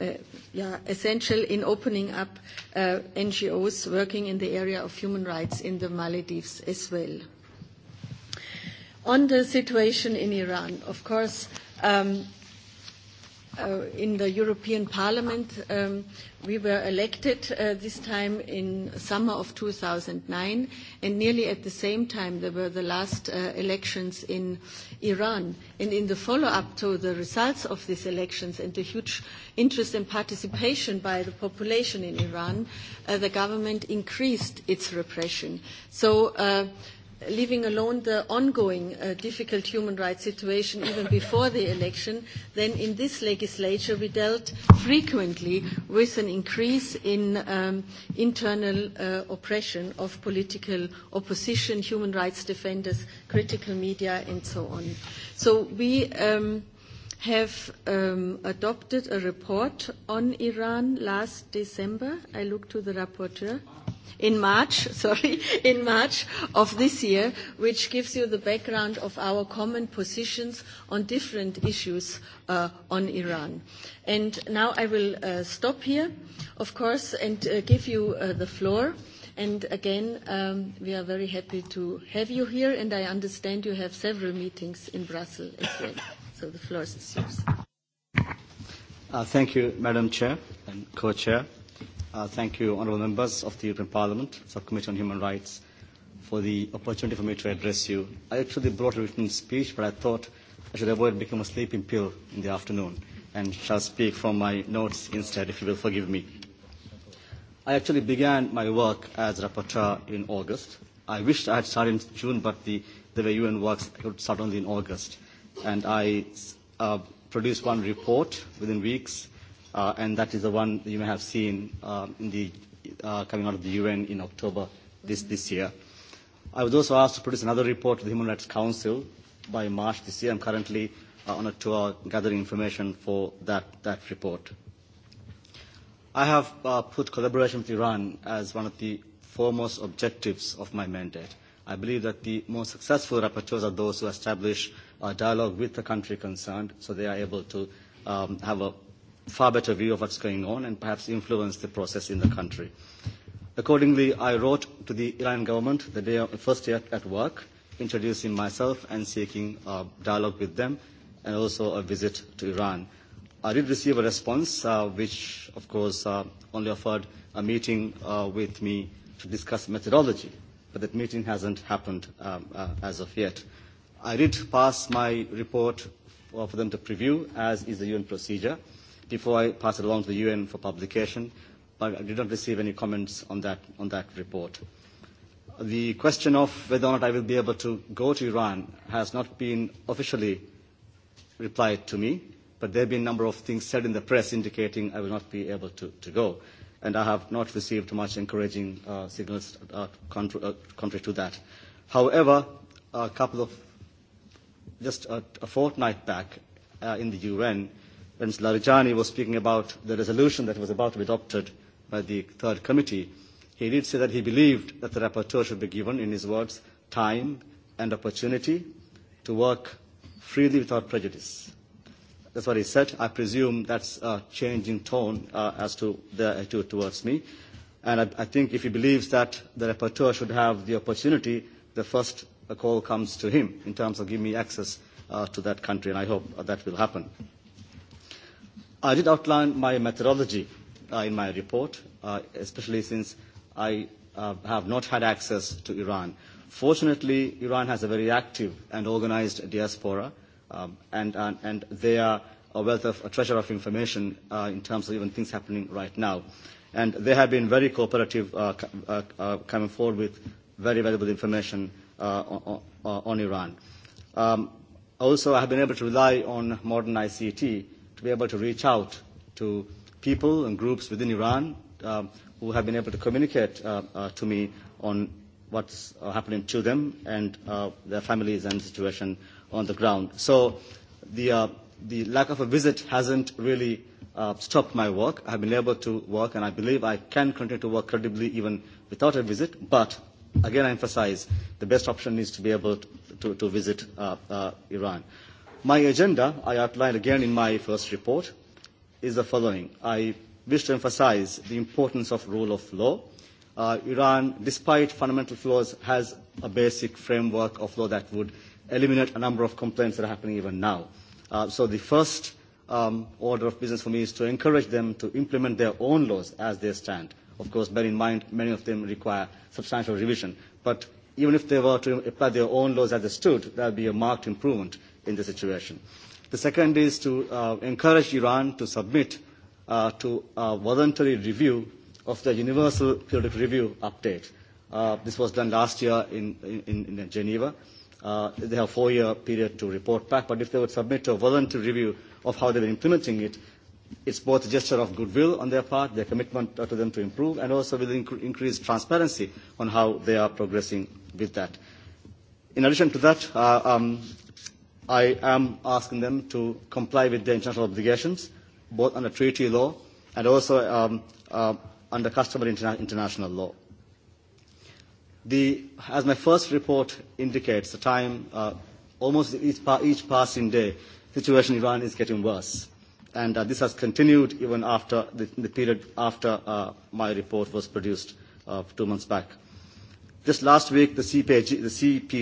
uh, yeah, essential in opening up uh, NGOs working in the area of human rights in the Maldives as well. On the situation in Iran, of course, um, uh, in the European Parliament. Um, we were elected uh, this time in summer of 2009, and nearly at the same time there were the last uh, elections in Iran. And in the follow-up to the results of these elections and the huge interest and participation by the population in Iran, uh, the government increased its repression. So. Uh, leaving alone the ongoing uh, difficult human rights situation even before the election, then in this legislature we dealt frequently with an increase in um, internal uh, oppression of political opposition, human rights defenders, critical media, and so on. So we um, have um, adopted a report on Iran last December. I look to the rapporteur. Uh, in March, <laughs> sorry, in March of this year, which gives you the background of our common positions on different issues uh, on Iran. And now I will uh, stop here, of course, and uh, give you uh, the floor. And again, um, we are very happy to have you here, and I understand you have several meetings in Brussels as well. So the floor is yours. Uh, thank you, Madam Chair and Co-Chair. Uh, thank you, honourable members of the European Parliament, Subcommittee on Human Rights, for the opportunity for me to address you. I actually brought a written speech, but I thought I should avoid becoming a sleeping pill in the afternoon and shall speak from my notes instead, if you will forgive me. I actually began my work as rapporteur in August. I wished I had started in June, but the, the way UN works, I could start only in August. And I uh, produced one report within weeks, uh, and that is the one you may have seen uh, in the, uh, coming out of the UN in October this, this year. I was also asked to produce another report to the Human Rights Council by March this year. I'm currently uh, on a tour gathering information for that, that report. I have uh, put collaboration with Iran as one of the foremost objectives of my mandate. I believe that the most successful rapporteurs are those who establish a dialogue with the country concerned so they are able to um, have a far better view of what's going on and perhaps influence the process in the country. Accordingly, I wrote to the Iranian government the day, first day at work, introducing myself and seeking uh, dialogue with them, and also a visit to Iran. I did receive a response, uh, which, of course, uh, only offered a meeting uh, with me to discuss methodology, but that meeting hasn't happened um, uh, as of yet. I did pass my report for, for them to preview, as is the UN procedure. Uh, before I pass it along to the UN for publication, but I did not receive any comments on that, on that report. The question of whether or not I will be able to go to Iran has not been officially replied to me, but there have been a number of things said in the press indicating I will not be able to, to go. And I have not received much encouraging uh, signals uh, contra- uh, contrary to that. However, a couple of, just a, a fortnight back uh, in the UN, uh, when Larijani was speaking about the resolution that was about to be adopted by the third committee, he did say that he believed that the rapporteur should be given, in his words, time and opportunity to work freely without prejudice. That's what he said. I presume that's a change in tone uh, as to the attitude towards me. And I, I think if he believes that the rapporteur should have the opportunity, the first call comes to him in terms of giving me access uh, to that country, and I hope uh, that will happen. Mm-hmm. I did outline my methodology uh, in my report, uh, especially since I uh, have not had access to Iran. Fortunately, Iran has a very active and organized diaspora, um, and, and, and they are a wealth of a treasure of information uh, in terms of even things happening right now. And they have been very cooperative, uh, uh, uh, coming forward with very valuable information uh, on, uh, on Iran. Um, also, I have been able to rely on modern ICT to be able to reach out to people and groups within Iran um, who have been able to communicate uh, uh, to me on what's uh, happening to them and uh, their families and the situation on the ground. So the, uh, the lack of a visit hasn't really uh, stopped my work. I've been able to work, and I believe I can continue to work credibly even without a visit. But again, I emphasize the best option is to be able to, to, to visit uh, uh, Iran. Uh, My agenda, I outlined again in my first report, is the following. I wish to emphasize the importance of rule of law. Uh, Iran, despite fundamental flaws, has a basic framework of law that would eliminate a number of complaints that are happening even now. Uh, so the first um, order of business for me is to encourage them to implement their own laws as they stand. Of course, bear in mind, many of them require substantial revision. But even if they were to apply their own laws as they stood, that would be a marked improvement in the situation. The second is to uh, encourage Iran to submit uh, to a voluntary review of the Universal Periodic Review update. Uh, this was done last year in, in, in Geneva. Uh, they have a four-year period to report back, but if they would submit to a voluntary review of how they were implementing it, it's both a gesture of goodwill on their part, their commitment to them to improve, and also will inc- increase transparency on how they are progressing with that. In addition to that, uh, um, I am asking them to comply with their international obligations, both under treaty law and also um, uh, under customary interna- international law. The, as my first report indicates, the time, uh, almost each, pa- each passing day, situation in Iran is getting worse. And uh, this has continued even after the, the period after uh, my report was produced uh, two months back. Uh, Just last week, the CPJ, the,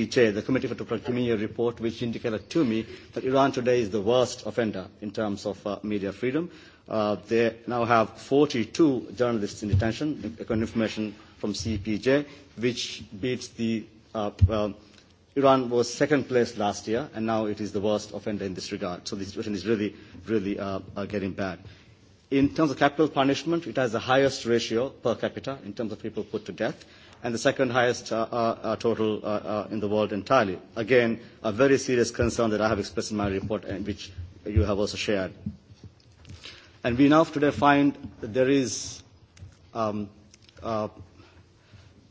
CPJ, the Committee for Toprak report, which indicated to me that Iran today is the worst offender in terms of uh, media freedom. Uh, they now have 42 journalists in detention, according to information from CPJ, which beats the uh, uh, Iran was second place last year, and now it is the worst offender in this regard. So the situation is really, really uh, uh, getting bad. In terms of capital punishment, it has the highest ratio per capita in terms of people put to death. Uh, and the second highest uh, uh, uh, total uh, uh, in the world entirely. Again, a very serious concern that I have expressed in my report and which you have also shared. And we now today find that there is um, uh,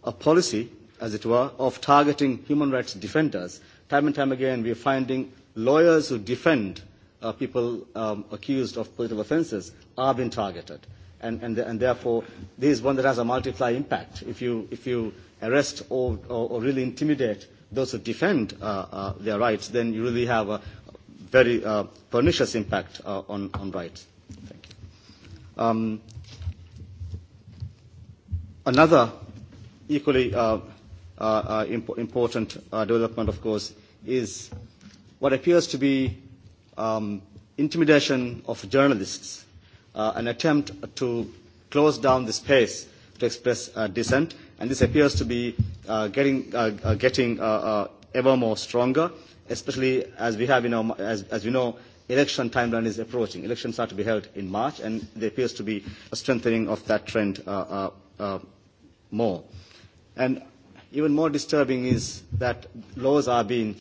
a policy, as it were, of targeting human rights defenders. Time and time again, we are finding lawyers who defend uh, people um, accused of political offenses are being targeted. Uh, and, and, and therefore this is one that has a multiply impact. If you, if you arrest or, or, or really intimidate those who defend uh, uh, their rights, then you really have a very uh, pernicious impact uh, on, on rights. Thank you. Um, another equally uh, uh, uh, imp- important uh, development, of course, is what appears to be um, intimidation of journalists uh, an attempt to close down the space to express uh, dissent, and this appears to be uh, getting, uh, uh, getting uh, uh, ever more stronger, especially as we, have in our, as, as we know election timeline is approaching. Elections are to be held in March, and there appears to be a strengthening of that trend uh, uh, uh, more. And even more disturbing is that laws are being